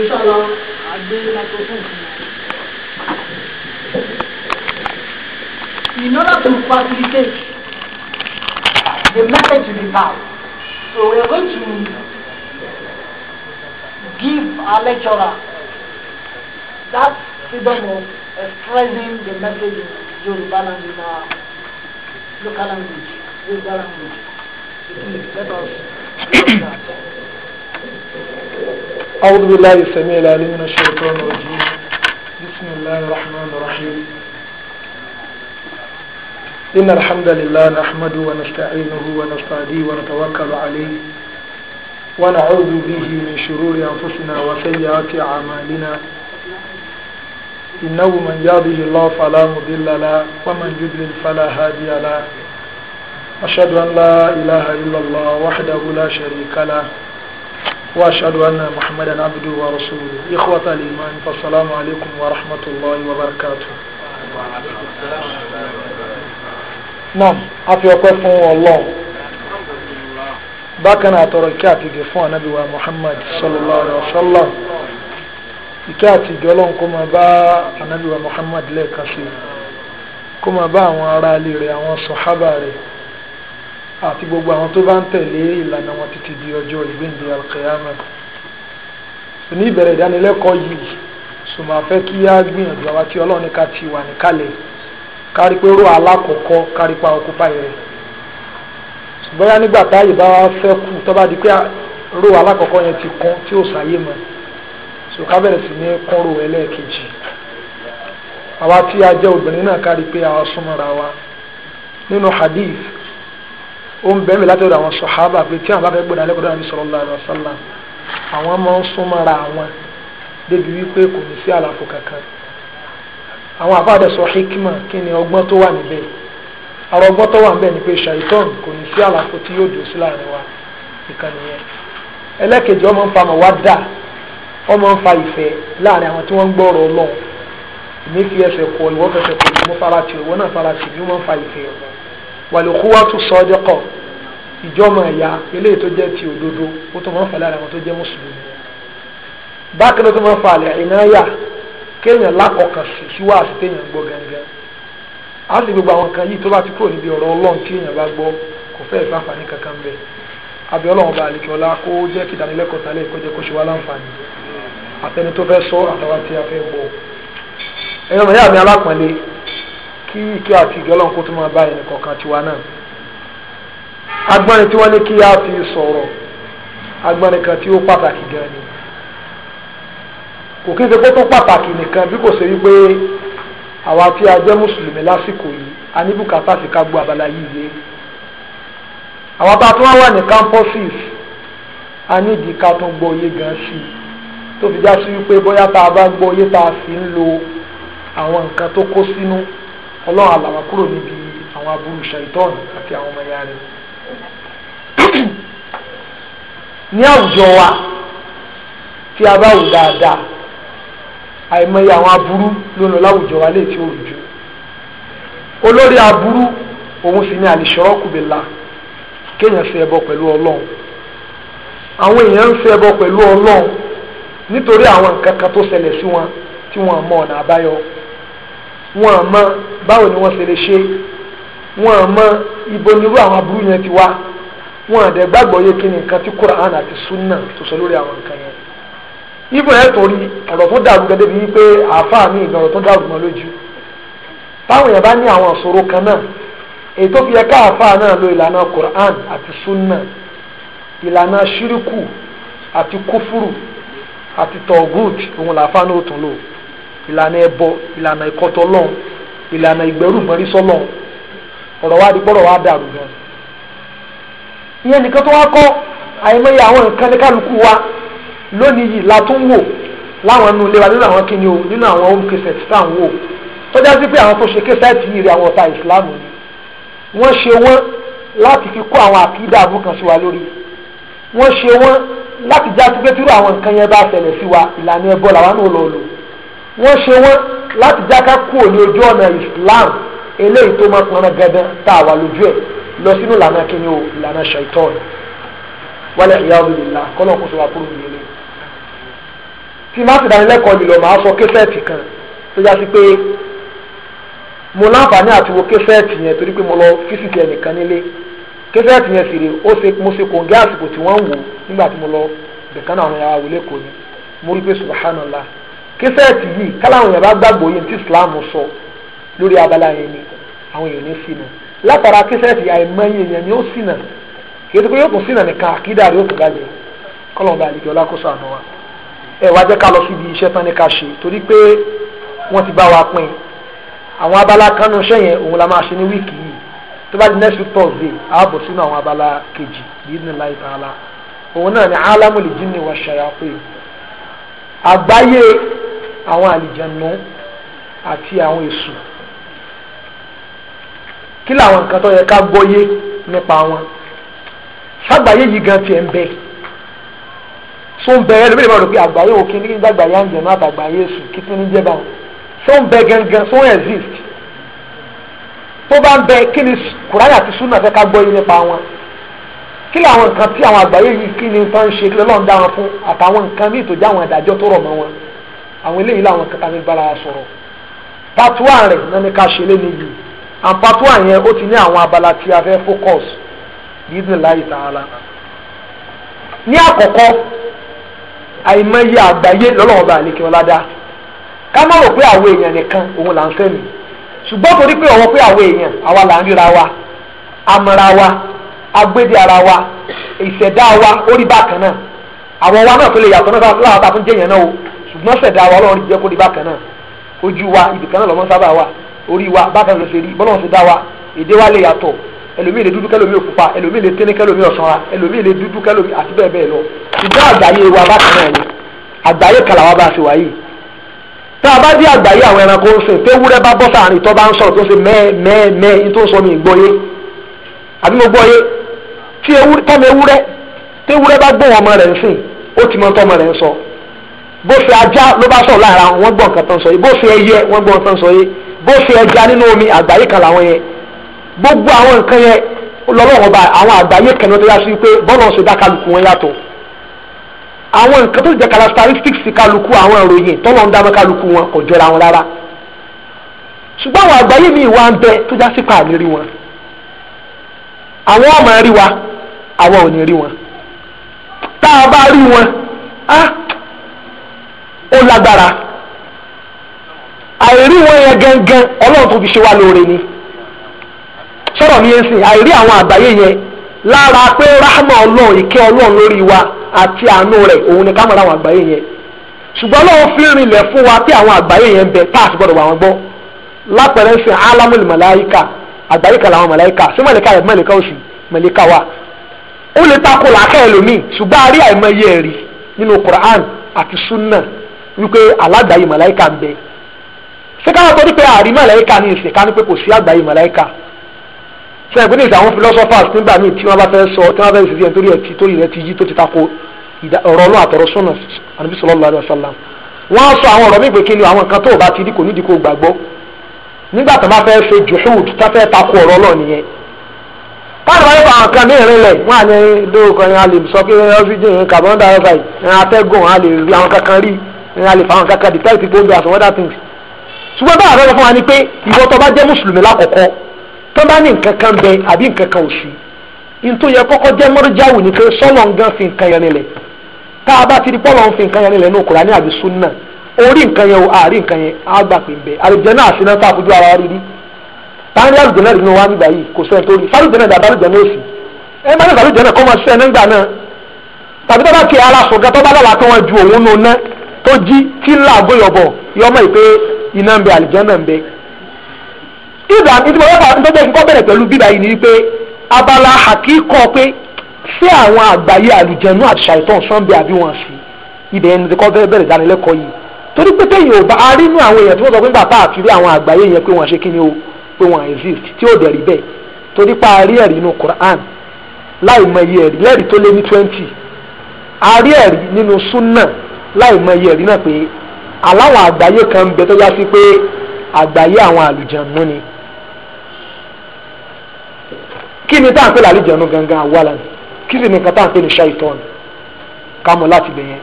In order to facilitate the message to be passed, so we are going to give our lecturer that freedom of expressing the message in Yoruba language, in our local language, Yoruba language. Please let us do that. أعوذ بالله السميع العليم من الشيطان الرجيم بسم الله الرحمن الرحيم إن الحمد لله نحمده ونستعينه ونستهديه ونتوكل عليه ونعوذ به من شرور أنفسنا وسيئات أعمالنا إنه من يهده الله فلا مضل له ومن يضلل فلا هادي له أشهد أن لا إله إلا الله وحده لا شريك له وأشهد أن محمدا عبده ورسوله إخوة الإيمان فالسلام عليكم ورحمة الله وبركاته نعم أفي أقفهم الله bákan náà àtọrọ ìkẹ́ àti ìgẹ̀ fún ànábì wa Muhammad sallallahu alayhi wa sallam ìkẹ́ àti ìgẹ̀ ọlọ́run kó máa bá ànábì Muhammad lẹ́ẹ̀kan sí kó máa bá àwọn ará ilé àwọn sọ̀hábà rẹ̀ àti gbogbo àwọn tó bá ń tẹ̀lé ìlànà wọn títí di ọjọ́ ìgbéǹde alqiyama ní ìbẹ̀rẹ̀ ìdánilẹ́kọ̀ọ́ yìí sùnmọ́ afẹ́ kí á gbìyànjú àwa tí ọlọ́run ní ká ti wà níkàlẹ̀ kárí pé ró alákọ̀ọ́kọ́ kárí pa ọkùpá rẹ̀ ṣùgbọ́n yá nígbà táyè bá wá fẹ́ kù tó bá di pé ró alákọ̀ọ́kọ́ yẹn ti kún tí ò sáyé mọ́ so ká bẹ̀rẹ̀ sí ní kún ró ẹlẹ́ẹ̀kejì àwa tí a jẹ́ obìnrin náà kárí pé àwa súnmọ́ra wa nínú hadith ó ń bẹ́ẹ̀ mi látọ̀dọ̀ àwọn sọ̀hábà pé tí àwọn bá fẹ́ gbọ́dọ̀ alẹ́kọ̀ọ́dọ̀ àbí sallallahu alaihi wasallam àwọn máa ń súnmọ́ra àwọn débi wípé kò ní sí àlàfo kankan àwọn àbáàdẹ sọ hikima kí ni ọgbọ́n tó wà níbẹ̀ àwọn ọgbọ́n tó wà níbẹ̀ ni pé shaitan kò ní sí àlàfo tí yóò dùn sí láàrin wa nìkan nìyẹn ẹlẹ́kejì ọmọ ń fa mọ̀wádà ọmọ ń fa ìfẹ́ láàrin àwọn tí wọ́n ń gbọ́rọ̀ ọlọ́run ìmí fi ẹsẹ̀ kọ ìwọ́ fẹsẹ̀ kọ ìwọ́ farati ìwọ́ náà farati ìwọ́ máa ń fa ìfẹ́ ọ̀rọ̀ wàlúkúwàtú sọ́dẹ́kọ̀ ìjọ́mọ̀ ẹ̀yà eléyìí tó jẹ́ ti òdodo ó tó máa ń fa lára àwọn tó na mùsùlùmí bákan tó máa ń fa àlẹ́ ìnáyà kéèyàn lákọ̀ọ́kàn sí síwá àti téèyàn gbọ́ gangan á sì gbogbo àwọn kan yìí tó bá ti kúrò níbi ọ̀rọ̀ ọlọ́run tí èèyàn bá gbọ́ kò kankan bá àlekè ọlá kó kí sọ àtàwọn tí a kí ìkẹ́ àti ìgẹ́ ọlọ́run tó máa bá ẹnì kọ̀ọ̀kan tiwa náà agbọ́nrin tí wọ́n ní kí a fi sọ̀rọ̀ agbọ́nrin kan tí ó pàtàkì gan ni kò kí n ṣe kó tó pàtàkì nìkan bí kò ṣe wípé àwa tí a jẹ́ mùsùlùmí lásìkò yìí a ní bùkátà sí ká gbọ́ abala yìí yé àwa tá a tún wá wà ní campuses a ní ìdí ká tún gbọ́ yé gan sí i tó fi já sí wípé bóyá tá a bá gbọ́ yé tá a sì ń lo àwọn nǹkan tó kó sínú. Si ọlọ́run àlàwà kúrò níbi àwọn aburú ṣàìtọ́n àti àwọn ọmọ ìyá rẹ̀. ní àwùjọ wa tí a bá wù dáadáa àìmọye àwọn aburú ló ń lọ láwùjọ wa léè tí ó rùjú olórí aburú òun sì ní àlìṣọ́rọ́ kùbìlà kéèyàn ṣe ẹbọ pẹ̀lú ọlọ́run àwọn èèyàn ń ṣe ẹbọ pẹ̀lú ọlọ́run nítorí àwọn nǹkan kan tó ṣẹlẹ̀ sí wọn tí wọ́n mọ ọ̀nà àbáyọ wọn àmọ́ báwo ni wọ́n ṣe lè ṣe wọn àmọ́ ibo nírú àwọn aburú yẹn ti wá wọn àdẹ gbàgbọ́ yé kí nǹkan tí Quran àti sunna tó sọ lórí àwọn nǹkan yẹn ibùn ẹ̀ torí ọ̀rọ̀ tó dàrú gẹ́gẹ́ bíi pé àáfàá mi ìgbà ọ̀rọ̀ tó dàrú mọ́ lójú táwọn yẹn bá ní àwọn ìṣòro kan náà èyí tó fi yẹ káàfáà náà lo ìlànà Quran àti sunna ìlànà ṣíríkù àti kufuru àti tọ̀gùt òun làáfáà náà tún lò ìlànà ẹbọ ìlànà ìkọtọ lọ́n ìlànà ìgbẹ́rù mọ́rí sọ́lọ́n ọ̀rọ̀ wa di gbọ́dọ̀ wa dàrú gan. ìyẹn nìkan tó wá kọ́ àìmọye àwọn nǹkan ní kálukú wa lónìí yìí la tún wò láwọn inú ilé wa nínú àwọn kíni o nínú àwọn home cassette tá à ń wò tọ́já sí pé àwọn tó ṣe cassette yìí rí àwọn ọ̀tá ìsìláàmù ni wọ́n ṣe wọ́n láti fi kó àwọn àkídà abúkan sí wa lórí wọ́n ṣe wọ́n láti já sí pé tírú àwọn nǹkan yẹn bá ṣẹlẹ̀ sí wa ìlànà ẹbọ làwọn náà lọ lò wọ́n ṣe wọ́n láti jáká kúrò ní ojú ọ̀nà Islam eléyìí tó máa pọn gẹ́gẹ́ tá a wà lójú ẹ̀ lọ sínú lànà kínní o lànà ṣaitan wọlé ìyá olùdílà kọ́nà kó sọ wá kúrò ní ilé tí má ti kan tó yá sí pé mo àti wo yẹn yẹn sì rè ó ṣe mo ṣe àsìkò tí wọ́n ń wò nígbà tí mo lọ kísẹ́ẹ̀tì yìí káláwọn yàrá gbàgbọ́ yẹn tí Islam sọ lórí abala yẹn ni àwọn èèyàn ní sínú látara kísẹ́ẹ̀tì àìmọye yẹn ni ó sínà kí ètò yóò kún sínà nìkan àkídà rẹ̀ ó tún bàjẹ́ kọ́lọ́mù bá àlejò ọlákóso àná wa ẹ wá jẹ́ ká lọ síbi iṣẹ́ tán ní ká ṣe torí pé wọ́n ti bá wa pín àwọn abala kanú iṣẹ́ yẹn òun la máa ṣe ní wíìkì yìí tó bá di next week Thursday àábọ̀ sínú àwọn abala kejì yìí ní wa ṣayàpé àgbáyé àwọn àlìjẹ̀nù àti àwọn èṣù kí làwọn nǹkan tó yẹ ká gbọ́yé nípa wọn ságbàáyé yìí gan tiẹ̀ ń bẹ tó ń bẹ ẹlòmíràn máa rò pé àgbáyé òkè ní gbàgbáyé àǹjẹ̀nù àtàgbáyé èṣù kí tí ní jẹ́ báwọn tó ń bẹ gangan tó ń exist tó bá ń bẹ kí ni kùránì àti súnà fẹ́ ká gbọ́yé nípa wọn kí làwọn nǹkan tí àwọn àgbáyé yìí kí ni tó ń ṣe kí lọ́n dá wọn fún àtàwọn nǹkan míì tó ìdájọ́ tó rọ̀ mọ́ wọn àwọn eléyìí làwọn kẹta ní bára sọ̀rọ̀ patuwa rẹ̀ náà ní ká ṣe lé níbi and patuwa yẹn ó ti ní àwọn abala tí a fẹ́ focus yídùn láyé tààlà ní àkọ́kọ́ àìmọye àgbáyé lọ́lọ́ọ̀bá àlekè ọ̀ládá ká má rò pé àwọn èèyàn nìkan òun là ń fẹ́ mi ṣùgbọ́n torí pé ọ̀wọ́ pé àwọn èèyàn àwa là ń ríra wa amọ̀ra wa agbédè ara wa ìṣẹ̀dá wa orí bákan náà àwọn wa náà tó lè yàtọ̀ náà láwọn tá a tún jẹ́ yẹn náà o ṣùgbọ́n ṣẹ̀dá wa ọlọ́run jẹ́ kó di bákan náà ojú wa ibìkan náà lọ́mọ sábà wà orí wa bákan ló ṣe rí bọ́lọ́run ṣe dá wa èdè wa lè yàtọ̀ ẹlòmíì lè dúdú kẹlòmíì òkúpa ẹlòmíì lè tẹ́ni kẹlòmíì ọ̀ṣọ́ra ẹlòmíì lè dúdú kẹlòmíì àti bẹ́ẹ̀ bẹ́ẹ̀ lọ ṣùgbọ́n àgbáyé wa bákan náà ni àgbáyé kàlà wa bá a ṣe wáyé tá a bá dé àgbáyé àwọn ẹranko ń sìn tewúrẹ́ bá bọ́ sáàrin tó bá ń sọ̀rọ̀ tó ṣe mẹ́ẹ̀ mẹ́ẹ̀ mẹ́ẹ̀ ní tó ń sọ mi gbọ́yé àbí mo gbọ́yé tí tọ́mọ ewúrẹ́ tewúrẹ́ bá gbọ́ ọmọ rẹ̀ ń sìn ó ti mọ tọ́mọ rẹ̀ ń sọ bó ṣe ajá ló bá sọ̀rọ̀ lára wọn gbọ́ nǹkan tó ń sọ yìí bó ṣe ẹyẹ wọn gbọ́ nǹkan tó ń sọ yìí bó ṣe ẹja nínú omi àgbáyé kan làwọn yẹn gbogbo àwọn nǹkan yẹn lọ́lọ́wọ́ bá àwọn àgbáyé kan tó yá sí pé bọ́ọ̀lù ọ̀sẹ̀ dá kálukú wọn yàtọ̀ àwọn nǹkan tó jẹ́ characteristics kálukú àwọn ìròyìn tọ́lọ̀ ń dáná kálukú wọn kò jọra wọn rárá ṣùgbọ́n àwọn àgbáyé mi wá ń bẹ tó já sí pààlì rí wọn àwọn ọmọ rí wa àwọn ò ní rí wọn tá a bá rí wọn á ó lágbára àìrí wọn yẹn gangan ọlọ́run tó fi ṣe wá lóore ni sọ̀rọ̀ mi yẹn sìn àìrí àwọn àgbáyé yẹn lára pé rahma ọlọ́run ìkẹ́ ọlọ́run lórí wa àti àánú rẹ̀ òun ni kámọ́ra àwọn àgbáyé yẹn ṣùgbọ́n ọlọ́run fi rinlẹ̀ fún wa pé àwọn àgbáyé yẹn ń bẹ páàsì gbọ́dọ̀ wà wọ́n gbọ́ lápẹ̀rẹ̀ ń sìn alámúlì màláyíkà àgbáyé kan làwọn màláyíkà sí màláyíkà rẹ̀ màláyíkà oṣù màláyíkà wa ó lè takò làákẹ́ ẹlòmíì ṣùgbọ́n a rí àìmọye ẹ̀rí nínú Qur'an àti sunnah wípé aládàáyé màláìka ń bẹ ṣé káwọn tó ní pé àrí màláìka ní ìsìn ká ní pé kò sí àgbáyé màláìka ṣe ìpínlẹ̀ ìsìn àwọn philosophers nígbà míì tí wọ́n bá fẹ́ sọ tí wọ́n fẹ́ ṣiṣẹ́ nítorí ẹtì torí rẹ ti yí tó ti tako ọ̀rọ̀ ọlọ́ àtọ̀rọ̀ sọ́nà àníbí sallallahu alaihi wasallam wọ́n á sọ àwọn ọ̀rọ̀ míì pé kí ni àwọn nǹkan tó o bá ti rí kò nídìí kó gbàgbọ́ nígbà tó bá fẹ́ ṣe juhud tó fẹ́ tako ọ̀rọ̀ ọlọ́ nìyẹn káàdì wáyé fún àwọn kan ní ìrìn lẹ̀ wọ́n á ní lóòkàn yẹn a lè sọ pé ọ́síjìn carbon dioxide atẹ́gùn a lè rí àwọn kankan rí ìrìn àlè fáwọn kankan the type people do as other things ṣùgbọ́n báyà fẹ́ fún wa ni pé ìwọ tó bá jẹ́ mùsùlùmí lákọ̀ọ́kọ́ tó bá ní nǹkan kan bẹ àbí nǹkan kan oṣù nítorí yẹ kọ́kọ́ jẹ́ mọ́rọ́jáwù ni pé sọ́lọ̀ gan fi nǹkan yẹn nílẹ̀ tá a bá ti di pọ́lọ̀ fi nǹkan yẹn nílẹ̀ ní Kùránì àbí súnà orí nǹkan yẹn o àárí nǹkan yẹn á gbà pé bẹ àlùjẹ náà àṣìná tá a ara rí rí táwọn àlùjẹ náà rí ní wa nígbà yìí kò sẹ́ni tó rí fàlùjẹ náà dàbí àlùjẹ náà èsì ẹ má ní àlùjẹ náà kọ́ máa ṣẹ́ nígbà náà tàbí tó bá kí ara sọ̀gá tó bá lọ́la tó ju òun nù náà tó jí tí ń làágùn yọ̀bọ̀ yọmọ ìpè iná ń bẹ àlìjánà ń bẹ. ìgbà ìdíbò yóò fà nǹkan bẹ̀rẹ̀ pẹ̀lú bíbá yìí ni wípé abala àkíkọ́ pé ṣé àwọn àgbáyé àlùjẹ̀nú àti ṣàìtàn sọ́ńbẹ́ àbí wọn sí ibẹ̀ ẹni kọ́ fẹ́ bẹ̀rẹ̀ dánilẹ́kọ̀ọ́ yìí torí pé téèyàn ò bá a rí inú àwọn èèyàn tí wọ́n sọ pé bàbá àfìrí àwọn àgbáyé yẹn pé wọ́n ṣe kí ni o pé wọ́n exist tí ò dẹ̀ rí bẹ́ẹ̀ torí pa àrí ẹ̀rí inú Quran láì mọ iye ẹ̀rí lẹ́rìí tó lé ní twenty àrí ẹ̀rí nínú sunnah láì mọ iye ẹ̀rí náà pé aláwọ̀ àgbáyé kan ń bẹ tó yá sí pé àgbáyé àwọn àlùjànnú ni kí ni tá à ń pè lálùjànnú gangan àwàlà ni kí sì ni nǹkan tá à ń pè ní ṣáìtọ́ọ̀nù ká mọ̀ láti bẹ̀ yẹn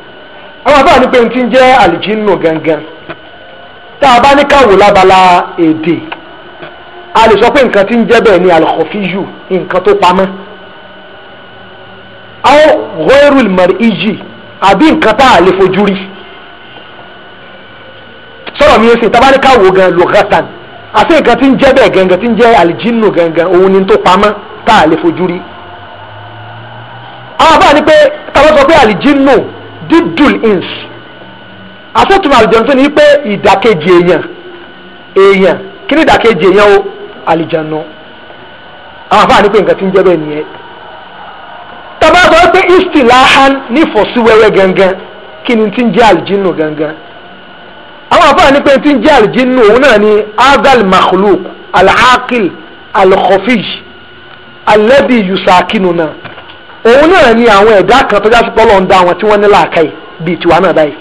àwọn àbá ní pé n ti ń jẹ́ àlùjínù gangan tá a bá ní ká wò lábala èdè a lè sọ pé nǹkan ti ń jẹ́ bẹ́ẹ̀ ni alkhofiyu nǹkan tó pamọ́ àwọn ghairul mar'iji àbí nǹkan tá a lè fojú rí sọ̀rọ̀ mi ẹsẹ̀ tabaríkà wo gan lùgàtàn àti nǹkan tí ń jẹ́ bẹ́ẹ̀ gangan tí ń jẹ́ àlìjínú gangan òun ni tó pamọ́ tá a lè fojú rí àwọn àbá pé tàbá sọ pé àlìjínú dídùn ins àfẹ́tùmọ̀ àlìjọ́nù tó ní pé ìdàkejì èèyàn èèyàn kí ni ìdàkejì èèyàn o àlìjọ́nù àwọn àbá ni pé nǹkan tí ń jẹ́ bẹ́ẹ̀ nìyẹn istilahan ní ìfọ̀síwẹ́wẹ́ gangan kí ni ti ń jẹ́ àlìjínú gangan àwọn àfáà ní pé ti ń jẹ́ àlìjínú òun náà ni agal makhluk alaqil alkhofiy alẹ́bí yusakinu náà òun náà ni àwọn ẹ̀dá kan tó jásí pọ́lọ́ ń da àwọn tí wọ́n ní làákàyè bíi tiwa náà báyìí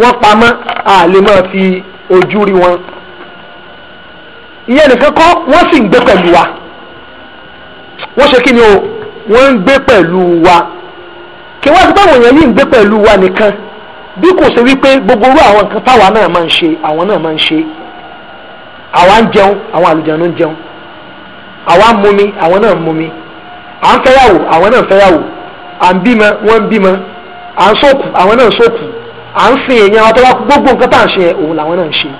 wọ́n pamọ́ àlè máa fi ojú rí wọn ìyẹn nìkan kọ́ wọ́n sì ń gbé wa wọ́n ṣe kí o wọ́n ń gbé pẹ̀lú wa kí wọ́n ti báwọn èèyàn yìí ń gbé pẹ̀lú wa nìkan bí kò ṣe wípé gbogbo orú àwọn nǹkan táwa náà máa ń ṣe àwọn náà máa ń ṣe àwa ń jẹun àwọn àlùjànnú ń jẹun àwa ń mumi àwọn náà ń mumi à ń fẹ́yàwó àwọn náà ń fẹ́yàwó à ń bímọ wọ́n ń bímọ à ń sókù àwọn náà ń sókù à ń sin èèyàn àwọn tó bá kú gbogbo nǹkan tá à ń ṣe òun làwọn náà ń ṣe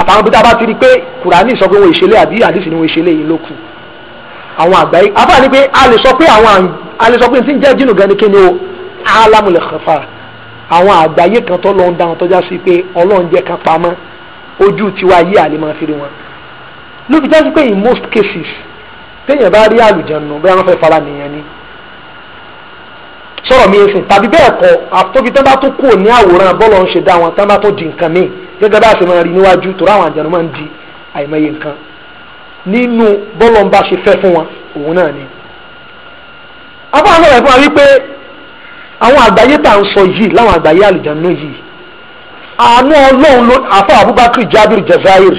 àtàwọn bí tá a bá ti rí pé kùránì sọ pé wọn ìṣẹ̀lẹ̀ àbí àdìsí ni wọn ìṣẹ̀lẹ̀ yìí ló àwọn àgbáyé afa ni pé a lè sọ pé àwọn a lè sọ pé ti ń jẹ́ jìnnù gan ni kíni o alámùlẹ̀ kẹfà àwọn àgbáyé kan tó lọ́n dáhùn tọ́já sí pé ọlọ́run jẹ́ kan pamọ́ ojú tiwa yí àlè máa fi rí wọn ló fi jásí pé in most cases téèyàn bá rí àlùjànnú bẹ́ẹ̀ wọ́n fẹ́ fara nìyẹn ni sọ̀rọ̀ mi ẹ̀sìn tàbí bẹ́ẹ̀ kọ́ àtọ́bi tán bá tó kúrò ní àwòrán bọ́ọ̀lù ń ṣe dá wọn tán bá tó di nǹkan míì gẹ́gẹ́ bá a ṣe máa rí níwájú torí àwọn àjànú máa ń di àìmọye nǹkan nínú bọ́lọ̀ ń bá ṣe fẹ́ fún wọn òun náà ni. afáàfẹ́ rẹ̀ fún wa wípé àwọn àgbáyé tá à ń sọ yìí láwọn àgbáyé àlùjáná yìí àánú ọlọ́run ló àfọ Abubakar Jabir Jazair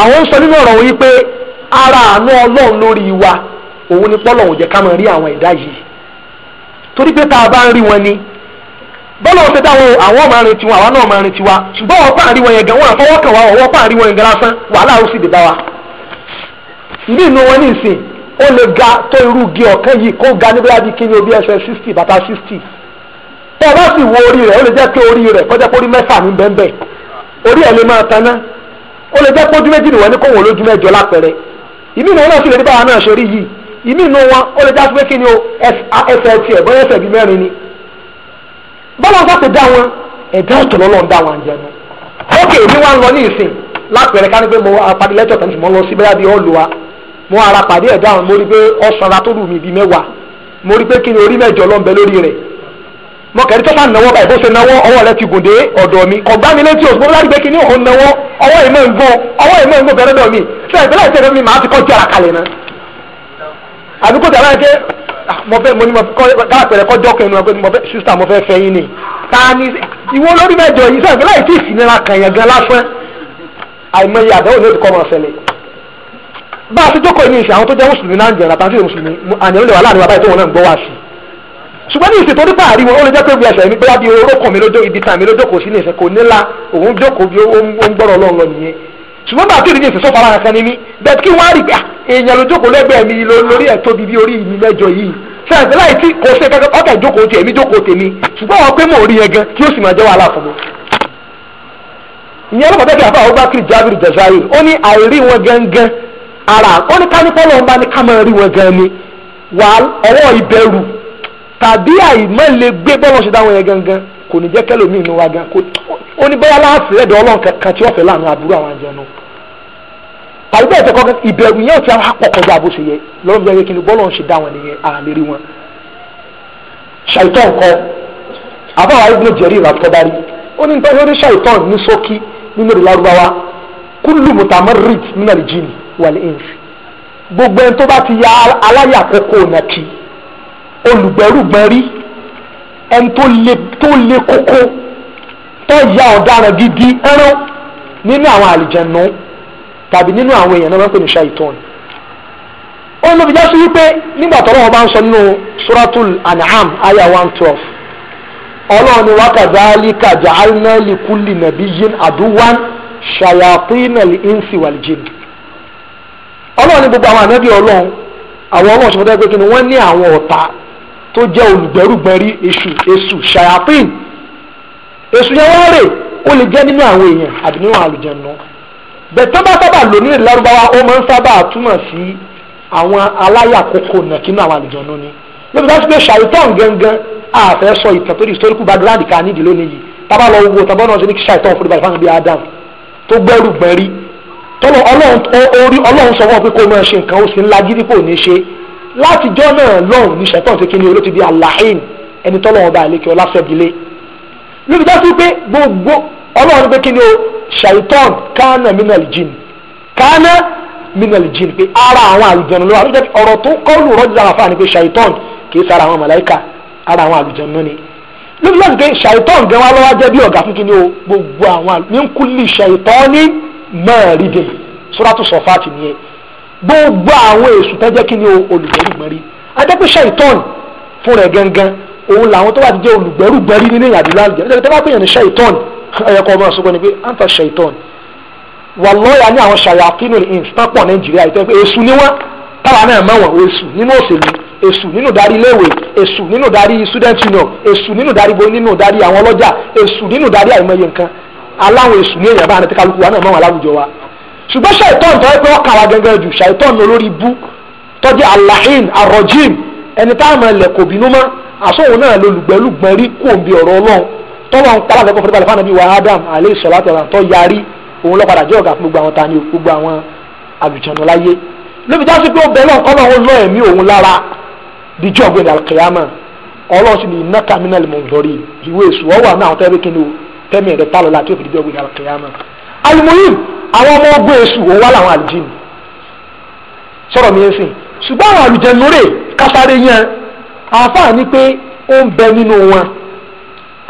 àwọn ń sọ nínú ọ̀rọ̀ wípé ara àánú ọlọ́run lórí wa òun ni pọ́lọ̀ òun jẹ́ ká máa rí àwọn ẹ̀dá yìí torí pé tá a bá ń rí wọn ni bọ́lá ọ̀sẹ̀ táwọn àwọn ọmọ arìn tiwọn àwa náà ọmọ arìn tiwa ṣùgbọ́n ọ̀pá àríwọ̀n yẹn gan wọn àfọwọ́kàn wa ọ̀wọ́pá àríwọ̀n yẹn gan lásán wàhálà ó sì dé bá wa ìlú ìlú wọn ní ìsìn ó lè ga tó irú igi ọ̀kẹ́ yìí kó ga níbi láti kí ni obi ẹsẹ̀ sixty bàtà sixty tẹ́ ẹ bá sì wo orí rẹ̀ ó lè jẹ́ pé orí rẹ̀ kọjá pé orí mẹ́fà ní bẹ́ńbẹ́ orí ẹ̀ lè máa taná ó lè jẹ́ pé ojú méjì nìwọ̀n ní kò wọ́n lójú mẹ́jọ lápẹ̀rẹ̀ ìmí ìnáwó náà sì lè rí báwa náà ṣe rí yìí ìmí ìnú wọn ó lè jásí pé kí ni o ẹsẹ̀ tiẹ̀ bọ́ ẹsẹ̀ bíi mẹ́rin ni bọ́lá ọ̀sán ti dá wọn ẹ̀dá ọ̀tọ̀ lọ́lọ́ ń dá wọn jẹ nu ókè èmi wá ń lọ ní ìsìn lápẹ̀rẹ̀ ká ní pé mo apàdé lẹ́tọ̀ kan tí mo lọ sí bẹ́ẹ̀ bí ó lù wa mo ara pàdé ẹ̀dá àwọn mo rí pé ọ̀sánra tó lù mí bíi mẹ́wàá mo rí pé kí ni orí mẹ́jọ ló ń bẹ lórí rẹ̀ mo kẹ́rì tó máa náwó báyìí bó ṣe náwó ọwọ́ rẹ ti gòdè ọ̀dọ̀ mi ọ̀gbá mi létí òṣùpọ̀ láti gbé kíní òun náwó ọwọ́ ìmọ̀ ń gbọ́ ọwọ́ ìmọ̀ ń gbọ́ bẹ̀rẹ̀ dọ̀ mi ṣe ìpínlẹ̀ ìṣẹ̀lẹ̀ mi màá ti kọ́ jára kalẹ̀ náà àbí kò tẹ̀lé ẹ̀kẹ́ mo fẹ́ mo ní mo fẹ́ kára pẹ̀lẹ́ kọ́ jọ́kẹ́ inú ẹgbẹ́ mo fẹ́ sísá mo fẹ́ fẹ́ yín ni ta ni ìwọ lórí mẹ́jọ yìí sẹ́yìn láì tí ìsinira kàn yẹn gan lásán àìmọye àdánwò ní òtún kọ́ máa ṣẹlẹ̀ bá a ti jókòó ní ìsìn àwọn tó jẹ́ mùsùlùmí náà ń jẹun àtàwọn tí ìlú mùsùlùmí àyàn lè wà láàrin wa báyìí tó wọn náà ń gbọ́ wá sí i ṣùgbọ́n ní ìsìn tó nípa àrí wọn ó lè jẹ́ pé bí ẹsẹ̀ mi bóyá bí orókàn mi lójó ibi tàn mi lójókòó sí ní ìsìn kò nílá òun jókòó bí ó ń gbọ́rọ̀ ọlọ́run lọ nìyẹn ṣùgbọ́n bàtí ìdíje ìsìn sọ́fà ara kan ní mí bẹ́ẹ̀ kí wọ́n á rí pé ah, èèyàn lójókòó lẹ́gbẹ̀ẹ́ mi lórí ẹ̀ tóbi bí orí mi lẹ́jọ yìí sẹ́yìn láì tí kò ṣe kankan ọkà ìjókòó tiẹ̀ mi jókòó tèmi ṣùgbọ́n àwọn pé mò ń rí yẹn gan kí ó sì máa jẹ́ wàhálà fún mi. ìyẹn lọ́pàá bẹ́ẹ̀ kí àbá àwọn bá kiri jábìrì jẹ̀sáyé ó ní àìrí wọn gangan ara ó ní ká ní pọ́lọ́ bá ní ká máa rí wọn gan ni wà ọwọ́ ìbẹ̀rù tàbí àìmọ́lẹ̀ gbé ṣe dáwọn yẹn gangan kò ní jẹ́ kẹlòmíì ní wa gan ó ní bọ́lá láti ẹ̀dọ̀ ọlọ́run kankan tí wọ́n fẹ́ láàánú àbúrò àwọn àjẹnu tàbí bẹ́ẹ̀ tẹ́kọ̀ ìbẹ̀rù yẹn ò ti àpọ̀ kọjá bó ṣe yẹ kí ni ṣe dáwọn àlè rí wọn. ṣàìtàn kọ wàlẹ̀ ẹ̀ǹsì gbogbo ẹni tó bá ti ya aláyàkókò nàkì olùgbẹ́rùgbẹ́rí ẹni tó le kókó tó ya ọ̀daràn gidi ẹran nínú àwọn àlìjẹ̀nù tàbí nínú àwọn èèyàn náà wọ́n pè ní ṣáìtọ́ọ̀nù ó ló fi já sí wípé nígbà tọ́lọ́ wọn bá ń sọ nínú suratul an'am aya one twelve ọlọ́run ni wakadhalika ja'alna likulli nabiyyin aduwan shayatina al-insi wal jinn ọlọ́run ní gbogbo àwọn ànábì ọlọ́run àwọn ọlọ́run ṣe fọ́tẹ́ pé kí ni wọ́n ní àwọn ọ̀tá tó jẹ́ olùgbẹ́rùgbẹ́rí èṣù èṣù ṣàyàpín èṣù yẹn wọ́n rè ó lè jẹ́ nínú àwọn èèyàn àbí nínú àlùjànnú bẹ̀tán bá sábà lò ní ìlárúbáwá ó máa ń sábà túmọ̀ sí àwọn aláyàkókò nàkínú àwọn àlùjànnú ni lóbi dá sí pé ṣàìtàn gangan àfẹ́ sọ ìtàn tó di historical background ká nídìí lónìí yìí tábà lọ wo tàbọ́nà ọ̀sẹ̀ ní ṣàìtàn fúnibàlẹ̀ fáwọn bíi Adam tó gbẹ́rù gbẹ́rí tọ́lọ̀ ọlọ́run ọlọ́run sọ wọ́n pé kó máa ṣe nǹkan ó sì ń lajú dípò ní ṣe látijọ́ náà lọ́run ní ṣẹ̀tàn ti kíni olóòtú di alahin ẹni tọ́lọ̀ ọba àlekè ọlásẹ̀dílé lórí dájú pé gbogbo ọlọ́run pé kíni o ṣàìtàn kánà minal jin kánà minal jin pé ara àwọn àlùjọ̀nù ló wà ló jẹ́ pé ọ̀rọ̀ tó kọ́lù rọ́jà àfa ni pé ṣàìtàn kì í sara àwọn màláìka ara àwọn àlùjọ̀nù ni lórí dájú pé ṣàìtàn gan wa lọ́wọ́ jẹ́ bí ọ̀gá fún kíni o gbogbo àwọn min kulli ṣàìtàn ní mọ́ọ̀rídé sọ́dọ̀tù sọ̀fáàtì nìyẹn gbogbo àwọn èṣù tó jẹ́ kí ni olùgbẹ́rùgbẹ́rí adẹ́pẹ́sẹ̀ ìtọ́n fún rẹ̀ gangan òun làwọn tó wà ti jẹ́ olùgbẹ́rùgbẹ́rí nínú ìyàdí láàlùjẹ́ ẹ̀dẹ́gbẹ́ tó bá pè yàn ní ṣẹ̀ìtọ́n ẹ̀yẹ̀kọ́ ọmọ ọ̀ṣọ́gbọ́n ni pé àǹtà ṣẹ̀ìtọ́n wàlọ́ọ̀yà ní àwọn ṣàyàfínú ins tán pọ̀ nàìjíríà ìtọ́ pé èṣù ni wọ́n táwa náà mọ̀wọ̀n èṣù nínú òṣèlú èṣù nínú darí iléèwé èṣù nínú darí student union èṣù nínú darí bo nínú darí àwọn ọlọ́jà èṣù nínú darí àìmọye nǹkan aláwọ̀ èṣù ní èèyàn bá àti kálukú wa náà máa wà láwùjọ wa ṣùgbọ́n ṣàìtọ́n tó yẹ pé ọkà wa gẹ́gẹ́ jù ṣàìtọ́n olórí bú tọ́jú alahin arojim ẹni táwọn ilẹ̀ kò bínú mọ́ àsóhun náà lolùgbẹ́lùgbọ́n rí kò ń bi ọ̀rọ̀ ọlọ́run tọ́lọ́ ń palá lẹ́kọ̀ọ́ fẹ́rẹ́fẹ́ ànábì wa adam alayhi salatu wa tó yarí òun lọ́padà jẹ́ ọ̀gá fún gbogbo àwọn tani gbogbo àwọn àlùjọ̀nù láyé lóbi já sí pé ó bẹ̀rẹ̀ ọ̀kọ́ náà ó lọ ẹ̀mí òun lára díjọ́ ọ̀gbìn alkiyama ọlọ́run sì ní innaka minal munzirin ìwé èsù ọ̀wà náà tẹ́lẹ̀ kí ni o tẹ́mi ẹ̀rẹ́ tá lọ́la tí ó fi dídọ́ gbéra kìyàmá alimuhim àwọn ọmọ ogun èṣù òun wà láwọn àlùjìnnì sọ̀rọ̀ mi ń ṣùgbọ́n àwọn àlùjẹnure kásáré yẹn àáfàá ni pé ó ń bẹ nínú wọn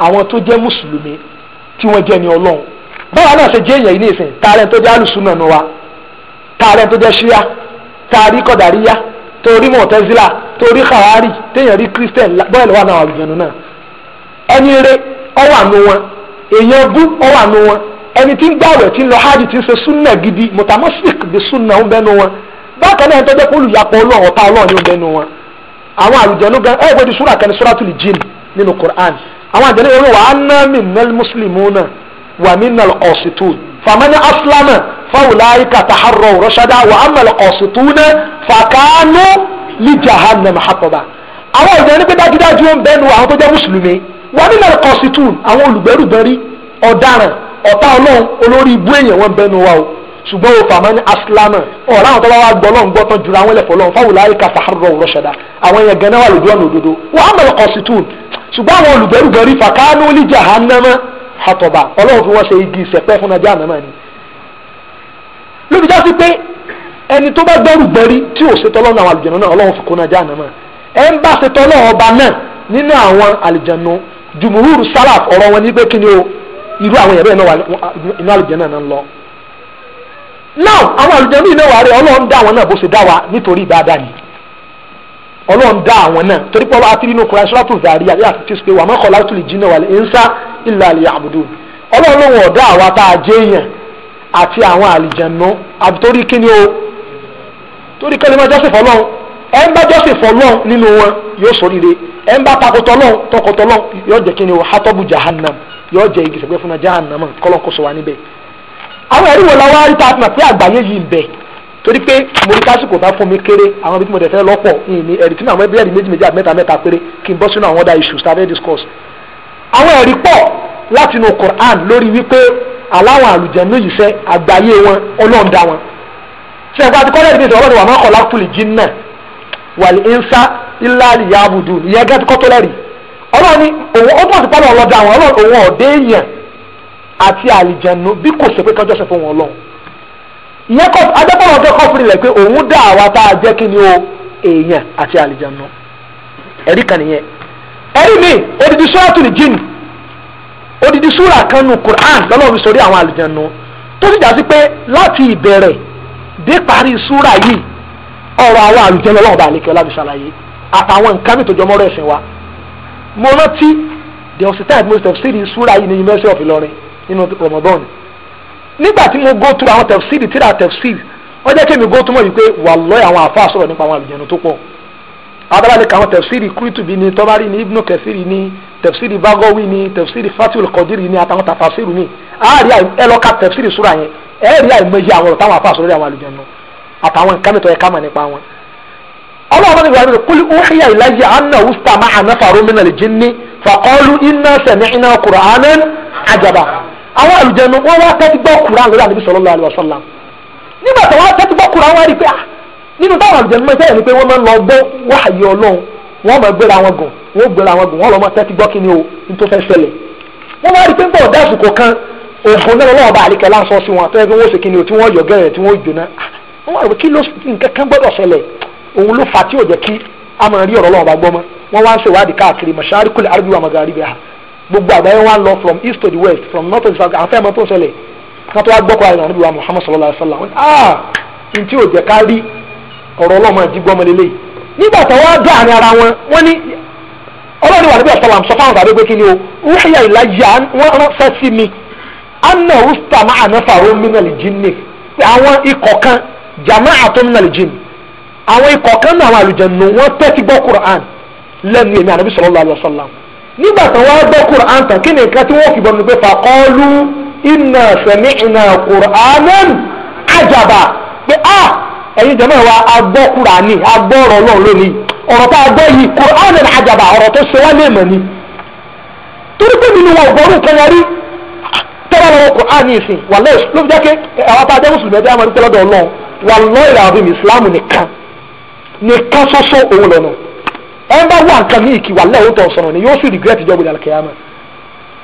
àwọn tó jẹ́ mùsùlùmí tí wọ́n jẹ́ ni ọlọ́run báwa náà ṣe jẹ́ èèyàn yìí ní ìsìn tààrẹ tó jẹ́ alùsùnà nu wa tààrẹ tó jẹ́ ṣíà tààrí kọ̀dàríyá torí mọ̀tẹ́sílà torí kàwárì téèyàn rí kírísítẹ̀n bọ́ọ̀lù wà náà àlùjẹnu náà ẹni eré ọwọ́ àánú wọn èèyàn bú ọwọ́ àánú wọn ẹni tí ń gbàwẹ̀ tí ń lọ hajj tí ń ṣe súnà gidi mutamọ́sík di súnà ń bẹ́nu wọn bákan náà ń tọ́jú pé olùyàpọ̀ ọlọ́run ọ̀tá ọlọ́run ń bẹ́nu wọn àwọn àlùjọ ló gan ẹ gbọ́dọ̀ súnà kan ní suratul jinn nínú Qur'an àwọn àjẹlẹ yẹn wà á ná mi nẹ́ẹ̀lì muslimuna wà mí nàl ọ̀sìtún fàmánà aslama fáwùláyíkà tàhárọ̀ rọ́ṣádà wà á màlẹ̀ ọ̀sìtún fàkánú lìjàhánà màhàtọ̀bà àwọn àjẹlẹ ní pé ń bẹ́nu àwọn tó jẹ́ mùsùlùmí wọ́n ní lẹ́rìí kọ́sítún àwọn olùgbẹ́rùgbẹ́rí ọ̀daràn ọ̀tá ọlọ́run olórí ibú èèyàn wọn bẹnu wa o ṣùgbọ́n o fàmọ́ ní asilamu ọ̀rọ̀ àwọn tó bá wà gbọ́ lọ́n gbọ́ tán jura àwọn ẹlẹ́fọ́ lọ́n fáwọn láyé ká fàárọ̀ ọ̀rọ̀ ṣẹ̀dá àwọn èèyàn gan náà wà lójú ọ̀nà òdodo wọ́n á mọ̀lẹ́ kọ́sítún ṣùgbọ́n àwọn olùgbẹ́rùgbẹ́rí fàkánú lí jahannama hatọba ọlọ́run fi wọ́n ṣe ẹ ń bá ṣe tọ́lọ́ ọba náà nínú àwọn àlìjẹnu jùmùhúrù sálàf ọ̀rọ̀ wọn ní pé kí ni o irú àwọn ẹ̀rọ inú àlìjẹnu náà ń lọ. now àwọn àlìjẹnu yìí náà wà rẹ ọlọ́run dá àwọn náà bó ṣe dá wa nítorí ìbáadá ni ọlọ́run dá àwọn náà torí pé ọlọ́run àti nínú kura ṣọ́lá tó zàrí àti àti tíṣe pé wà má kọ́ láti lè jí náà wà lè ń sá ìlà àlè àbùdù ọlọ́run lòun ọ̀dá ẹ ń nínú wọn yóò sọríire ẹ ń bá takotọlọ́ yóò jẹ́ kíni o hatabu jahannam yóò igi sẹ́gbẹ́ fúnna jahannam wa àwọn ta fún mi pé àgbáyé yìí ń bẹ torí pé mo rí tásìkò fún mi kéré àwọn ibi tí mo dẹ̀ fẹ́ lọ́pọ̀ ẹ̀rí tí ẹ̀rí méjì méjì àti mẹ́ta discuss. àwọn ẹ̀rí pọ̀ láti inú Quran lórí wípé yìí wọn ọlọ́ọ̀dá wọn. àti kọ́lẹ́ẹ̀dì wàlí ìnsá ìlàlì yaabudu ìyẹn gẹ́tù kọ́tọ́lẹ́rì ọlọ́run ní òun ó àti àwọn òun àti àlìjẹ̀nu bí kò sọ pé kájọ́ fún wọn lọ́hùn ìyẹn kọ́ pé òun dá àwa tá a kí ni o èèyàn àti kan odidi Qur'an àwọn tó sí pé láti ìbẹ̀rẹ̀ dé parí yìí ọ̀rọ̀ àwọn àlùjẹ́lẹ̀ ọlọ́run bá àlekẹ́ ọlábi ṣàlàyé àtàwọn nǹkan mi tó jọmọ́ rẹ̀ ẹ̀sìn wa mo rántí the occitane most tafsiri sura yìí ní University of Ilorin nínú Ramadan nígbà tí mo go through àwọn tafsiri tíra tafsiri wọ́n jẹ́ kí mi go through mọ̀ wípé wallahi àwọn àfa sọ̀rọ̀ nípa àwọn àlùjẹ̀nu tó pọ̀ adábàlẹ̀ kàwọn tafsiri kúrìtùbí ni tọ́mari ni ibnu kẹsìrì ni tafsiri bagawi ni tafsiri fatul kọdiri ni àtàwọn tafasiru ni àárí ẹ lọ ka tafsiri sura yẹn ẹ rí àìmọye àwọn ọ̀rọ̀ táwọn àfa sọ̀rọ̀ àwọn àlùjẹ̀nu àtàwọn nǹkan mi tó yẹ ká mọ̀ nípa wọn. ọlọ́run ní ibrahim kúlí uhiya ilayya anna ustama'a nafarun minal jinni faqalu inna sami'na qur'anan ajaba. àwọn àlùjẹnu wọn wá tẹ́tí gbọ́ kuran lórí àdébí sallallahu alaihi wasallam nígbà tó wá tẹ́tí gbọ́ kuran wọn rí pé ah, nínú táwọn àlùjẹnu mọ̀ sẹ́yìn ni pé wọ́n máa ń lọ gbọ́ wáyé ọlọ́run wọ́n máa gbéra wọ́n wá rò kí ló nǹkan kan gbọ́dọ̀ ṣẹlẹ̀ òun ló fà tí ò jẹ́ kí a máa rí ọ̀rọ̀ lọ́wọ́ bá gbọ́ mọ́ wọ́n wá ń ṣèwádìí káàkiri mọ̀ṣárìkùlẹ̀ àrùbí wa magaribi ha gbogbo àgbáyé wá ń lọ from east to the west from north to the south àwọn fẹ́ẹ́ tó ń ṣẹlẹ̀ wọ́n tó wá gbọ́ kọ́ra àrùbí wa Muhammad sallallahu alayhi wa sallam ah n tí ò jẹ́ ká rí ọ̀rọ̀ ọlọ́mọ ẹ̀dí gbọ́mọ lélẹ̀ nígbà tó wá dá àárín ara wọn wọ́n ní ọlọ́run wà níbi ọ̀sán sọ fáwọn àgbẹ̀ pé kí ni o wúhìyà ìlàjà wọ́n ránṣẹ́ sí mi anna ustama anafa omi náà lè jí ní àwọn ikọ̀ kan jama'a tó ń nà lè jìn àwọn ikọ̀ kan náà àwọn àlùjànnú wọ́n tẹ́tí gbọ́ Qur'an lẹ́nu èmi ànábì sallallahu alaihi wasallam nígbà tó wọ́n gbọ́ Qur'an tán kí ni nǹkan tí wọ́n fi bọ̀ nígbà faqalu inna sami'na Qur'anan ajaba pé ah, a ẹ̀yin jama'a wa agbọ́ Qur'ani agbọ́ ọ̀rọ̀ náà lónìí ọ̀rọ̀ tá a gbọ́ yìí Qur'anan ajaba ọ̀rọ̀ tó ṣe wá lè mọ̀ ni torí pé nínú wọn ọ̀gbọ́rún kan yarí tọ́lá lọ́wọ́ Qur'ani ìsìn wàlẹ́ ló fi jẹ́ pé àwọn tá a mùsùlùmí ẹ̀dá àwọn wallahi alazim ìsìláàmù nìkan nìkan ṣoṣo òun lọ́nà ẹ bá wà nǹkan ní ìkí wallahi ó tọ̀ sọ̀rọ̀ ni yóò sì regret ìjọba ìdàlẹ̀ kẹyàmà